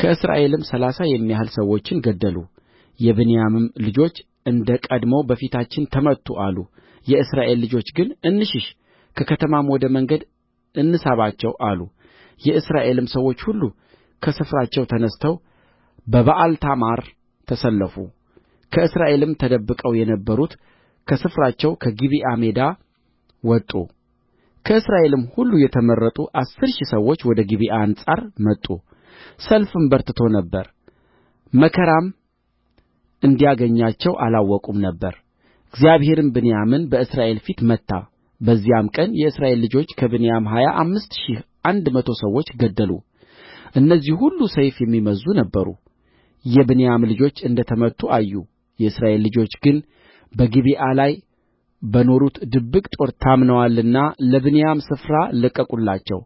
ከእስራኤልም ሠላሳ የሚያህል ሰዎችን ገደሉ የብንያምም ልጆች እንደ ቀድሞው በፊታችን ተመቱ አሉ የእስራኤል ልጆች ግን እንሽሽ ከከተማም ወደ መንገድ እንሳባቸው አሉ የእስራኤልም ሰዎች ሁሉ ከስፍራቸው ተነሥተው በበኣልታማር ተሰለፉ ከእስራኤልም ተደብቀው የነበሩት ከስፍራቸው ከጊብዓ ሜዳ ወጡ ከእስራኤልም ሁሉ የተመረጡ አሥር ሺህ ሰዎች ወደ ጊብዓ አንጻር መጡ ሰልፍም በርትቶ ነበር መከራም እንዲያገኛቸው አላወቁም ነበር እግዚአብሔርም ብንያምን በእስራኤል ፊት መታ በዚያም ቀን የእስራኤል ልጆች ከብንያም ሀያ አምስት ሺህ አንድ መቶ ሰዎች ገደሉ እነዚህ ሁሉ ሰይፍ የሚመዝዙ ነበሩ የብንያም ልጆች እንደ ተመቱ አዩ የእስራኤል ልጆች ግን በጊብዓ ላይ በኖሩት ድብቅ ጦር ታምነዋልና ለብንያም ስፍራ ለቀቁላቸው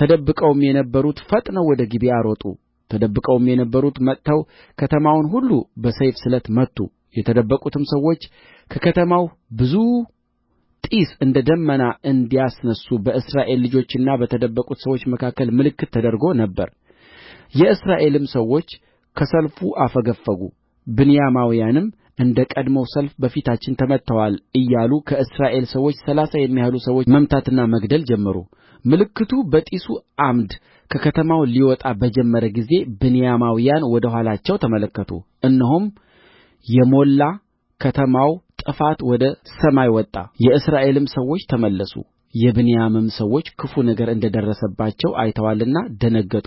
ተደብቀውም የነበሩት ፈጥነው ወደ ጊብዓ ሮጡ ተደብቀውም የነበሩት መጥተው ከተማውን ሁሉ በሰይፍ ስለት መቱ የተደበቁትም ሰዎች ከከተማው ብዙ ጢስ እንደ ደመና እንዲያስነሡ በእስራኤል ልጆችና በተደበቁት ሰዎች መካከል ምልክት ተደርጎ ነበር የእስራኤልም ሰዎች ከሰልፉ አፈገፈጉ ብንያማውያንም እንደ ቀድሞው ሰልፍ በፊታችን ተመትተዋል እያሉ ከእስራኤል ሰዎች ሠላሳ የሚያህሉ ሰዎች መምታትና መግደል ጀመሩ ምልክቱ በጢሱ ዓምድ ከከተማው ሊወጣ በጀመረ ጊዜ ብንያማውያን ወደ ኋላቸው ተመለከቱ እነሆም የሞላ ከተማው ጥፋት ወደ ሰማይ ወጣ የእስራኤልም ሰዎች ተመለሱ የብንያምም ሰዎች ክፉ ነገር እንደ ደረሰባቸው አይተዋልና ደነገጡ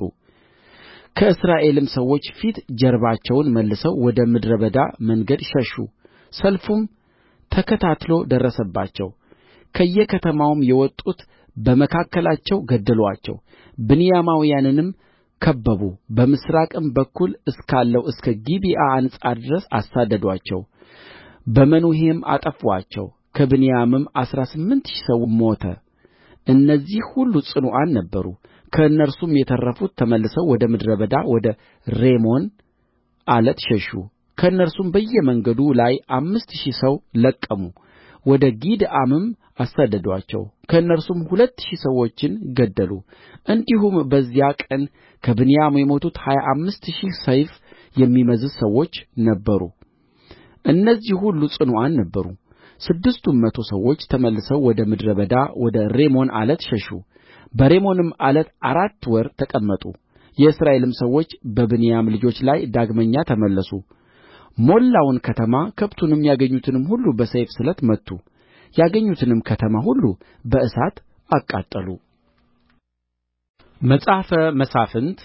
ከእስራኤልም ሰዎች ፊት ጀርባቸውን መልሰው ወደ ምድረ በዳ መንገድ ሸሹ ሰልፉም ተከታትሎ ደረሰባቸው ከየከተማውም የወጡት በመካከላቸው ገደሉአቸው ብንያማውያንንም ከበቡ በምሥራቅም በኩል እስካለው እስከ ጊብዓ አንጻር ድረስ አሳደዱአቸው በመኑሔም አጠፉአቸው ከብንያምም አሥራ ስምንት ሺህ ሰው ሞተ እነዚህ ሁሉ ጽኑዓን ነበሩ ከእነርሱም የተረፉት ተመልሰው ወደ ምድረ በዳ ወደ ሬሞን ዓለት ሸሹ ከእነርሱም በየመንገዱ ላይ አምስት ሺህ ሰው ለቀሙ ወደ ጊድአምም አሳደዱአቸው ከእነርሱም ሁለት ሺህ ሰዎችን ገደሉ እንዲሁም በዚያ ቀን ከብንያም የሞቱት ሀያ አምስት ሺህ ሰይፍ የሚመዝዙ ሰዎች ነበሩ እነዚህ ሁሉ ጽኑዓን ነበሩ ስድስቱም መቶ ሰዎች ተመልሰው ወደ ምድረ በዳ ወደ ሬሞን ዓለት ሸሹ በሬሞንም ዓለት አራት ወር ተቀመጡ የእስራኤልም ሰዎች በብንያም ልጆች ላይ ዳግመኛ ተመለሱ ሞላውን ከተማ ከብቱንም ያገኙትንም ሁሉ በሰይፍ ስለት መቱ ያገኙትንም ከተማ ሁሉ በእሳት አቃጠሉ መጽሐፈ መሣፍንት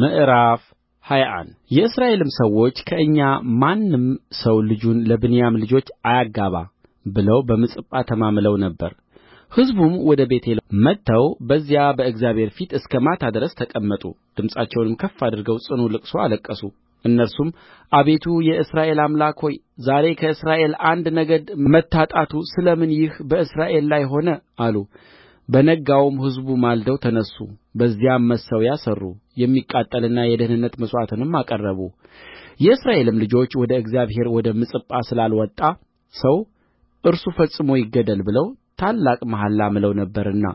ምዕራፍ ሃያ አንድ የእስራኤልም ሰዎች ከእኛ ማንም ሰው ልጁን ለብንያም ልጆች አያጋባ ብለው በምጽጳ ተማምለው ነበር። ሕዝቡም ወደ ቤቴል መጥተው በዚያ በእግዚአብሔር ፊት እስከ ማታ ድረስ ተቀመጡ። ድምፃቸውንም ከፍ አድርገው ጽኑ ልቅሶ አለቀሱ። እነርሱም አቤቱ የእስራኤል አምላክ ሆይ ዛሬ ከእስራኤል አንድ ነገድ መታጣቱ ስለ ምን ይህ በእስራኤል ላይ ሆነ አሉ በነጋውም ሕዝቡ ማልደው ተነሡ በዚያም መሠዊያ ሠሩ የሚቃጠልና የደኅንነት መሥዋዕትንም አቀረቡ የእስራኤልም ልጆች ወደ እግዚአብሔር ወደ ምጽጳ ስላልወጣ ሰው እርሱ ፈጽሞ ይገደል ብለው ታላቅ መሐላ ምለው ነበርና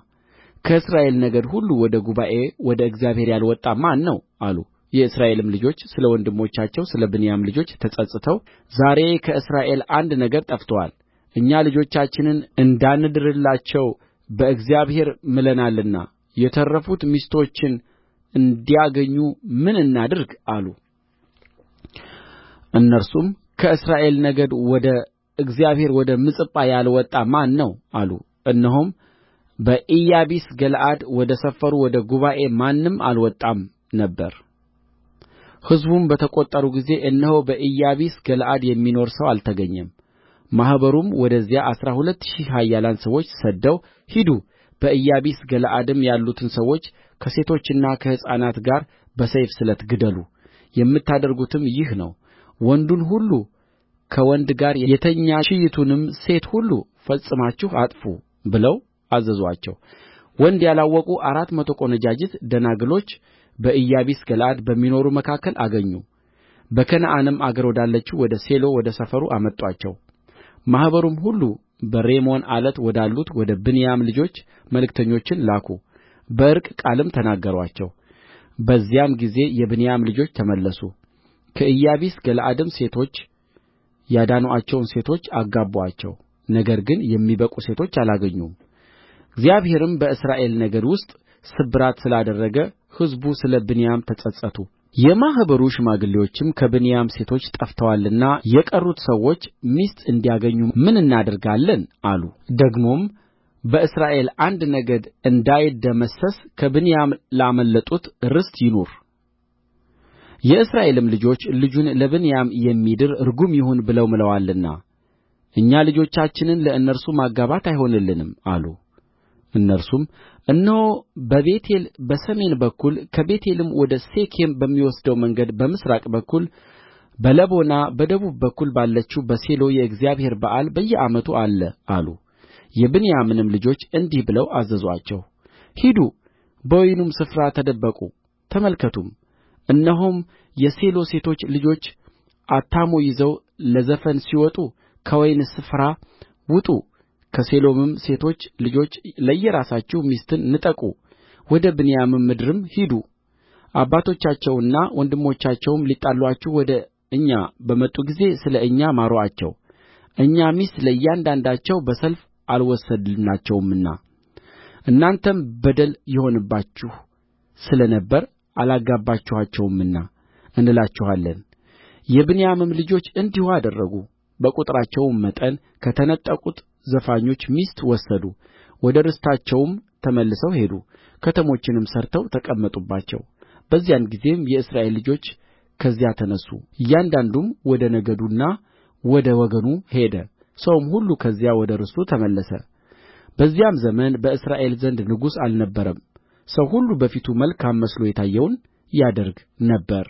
ከእስራኤል ነገድ ሁሉ ወደ ጉባኤ ወደ እግዚአብሔር ያልወጣ ማን ነው አሉ የእስራኤልም ልጆች ስለ ወንድሞቻቸው ስለ ብንያም ልጆች ተጸጽተው ዛሬ ከእስራኤል አንድ ነገር ጠፍቶአል እኛ ልጆቻችንን እንዳንድርላቸው በእግዚአብሔር ምለናልና የተረፉት ሚስቶችን እንዲያገኙ ምን እናድርግ አሉ እነርሱም ከእስራኤል ነገድ ወደ እግዚአብሔር ወደ ምጽጳ ያልወጣ ማን ነው አሉ እነሆም በኢያቢስ ገለዓድ ወደ ሰፈሩ ወደ ጉባኤ ማንም አልወጣም ነበር ሕዝቡም በተቈጠሩ ጊዜ እነሆ በኢያቢስ ገለዓድ የሚኖር ሰው አልተገኘም ማኅበሩም ወደዚያ አሥራ ሁለት ሺህ ኃያላን ሰዎች ሰድደው ሂዱ በኢያቢስ ገለዓድም ያሉትን ሰዎች ከሴቶችና ከሕፃናት ጋር በሰይፍ ስለት ግደሉ የምታደርጉትም ይህ ነው ወንዱን ሁሉ ከወንድ ጋር የተኛችይቱንም ሴት ሁሉ ፈጽማችሁ አጥፉ ብለው አዘዙአቸው ወንድ ያላወቁ አራት መቶ ቈነጃጅት ደናግሎች በኢያቢስ ገለዓድ በሚኖሩ መካከል አገኙ በከነዓንም አገር ወዳለችው ወደ ሴሎ ወደ ሰፈሩ አመጡአቸው ማኅበሩም ሁሉ በሬሞን ዓለት ወዳሉት ወደ ብንያም ልጆች መልእክተኞችን ላኩ በዕርቅ ቃልም ተናገሩአቸው በዚያም ጊዜ የብንያም ልጆች ተመለሱ ከኢያቢስ ገለዓድም ሴቶች ያዳኑአቸውን ሴቶች አጋቡአቸው ነገር ግን የሚበቁ ሴቶች አላገኙም እግዚአብሔርም በእስራኤል ነገድ ውስጥ ስብራት ስላደረገ ሕዝቡ ስለ ብንያም ተጸጸቱ የማኅበሩ ሽማግሌዎችም ከብንያም ሴቶች ጠፍተዋልና የቀሩት ሰዎች ሚስት እንዲያገኙ ምን እናደርጋለን አሉ ደግሞም በእስራኤል አንድ ነገድ እንዳይደመሰስ ከብንያም ላመለጡት ርስት ይኑር የእስራኤልም ልጆች ልጁን ለብንያም የሚድር ርጉም ይሁን ብለው ምለዋልና እኛ ልጆቻችንን ለእነርሱ ማጋባት አይሆንልንም አሉ እነርሱም እነሆ በቤቴል በሰሜን በኩል ከቤቴልም ወደ ሴኬም በሚወስደው መንገድ በምሥራቅ በኩል በለቦና በደቡብ በኩል ባለችው በሴሎ የእግዚአብሔር በዓል በየዓመቱ አለ አሉ የብንያምንም ልጆች እንዲህ ብለው አዘዙአቸው ሂዱ በወይኑም ስፍራ ተደበቁ ተመልከቱም እነሆም የሴሎ ሴቶች ልጆች አታሞ ይዘው ለዘፈን ሲወጡ ከወይን ስፍራ ውጡ ከሴሎም ሴቶች ልጆች ለየራሳችሁ ሚስትን ንጠቁ ወደ ብንያምም ምድርም ሂዱ አባቶቻቸውና ወንድሞቻቸውም ሊጣሉአችሁ ወደ እኛ በመጡ ጊዜ ስለ እኛ ማሩአቸው እኛ ሚስት ለእያንዳንዳቸው በሰልፍ አልወሰድንላቸውምና እናንተም በደል ይሆንባችሁ ስለ ነበር አላጋባችኋቸውምና እንላችኋለን የብንያምም ልጆች እንዲሁ አደረጉ በቍጥራቸውም መጠን ከተነጠቁት ዘፋኞች ሚስት ወሰዱ ወደ ርስታቸውም ተመልሰው ሄዱ ከተሞችንም ሠርተው ተቀመጡባቸው በዚያን ጊዜም የእስራኤል ልጆች ከዚያ ተነሡ እያንዳንዱም ወደ ነገዱና ወደ ወገኑ ሄደ ሰውም ሁሉ ከዚያ ወደ ርስቱ ተመለሰ በዚያም ዘመን በእስራኤል ዘንድ ንጉሥ አልነበረም ሰው ሁሉ በፊቱ መልካም መስሎ የታየውን ያደርግ ነበር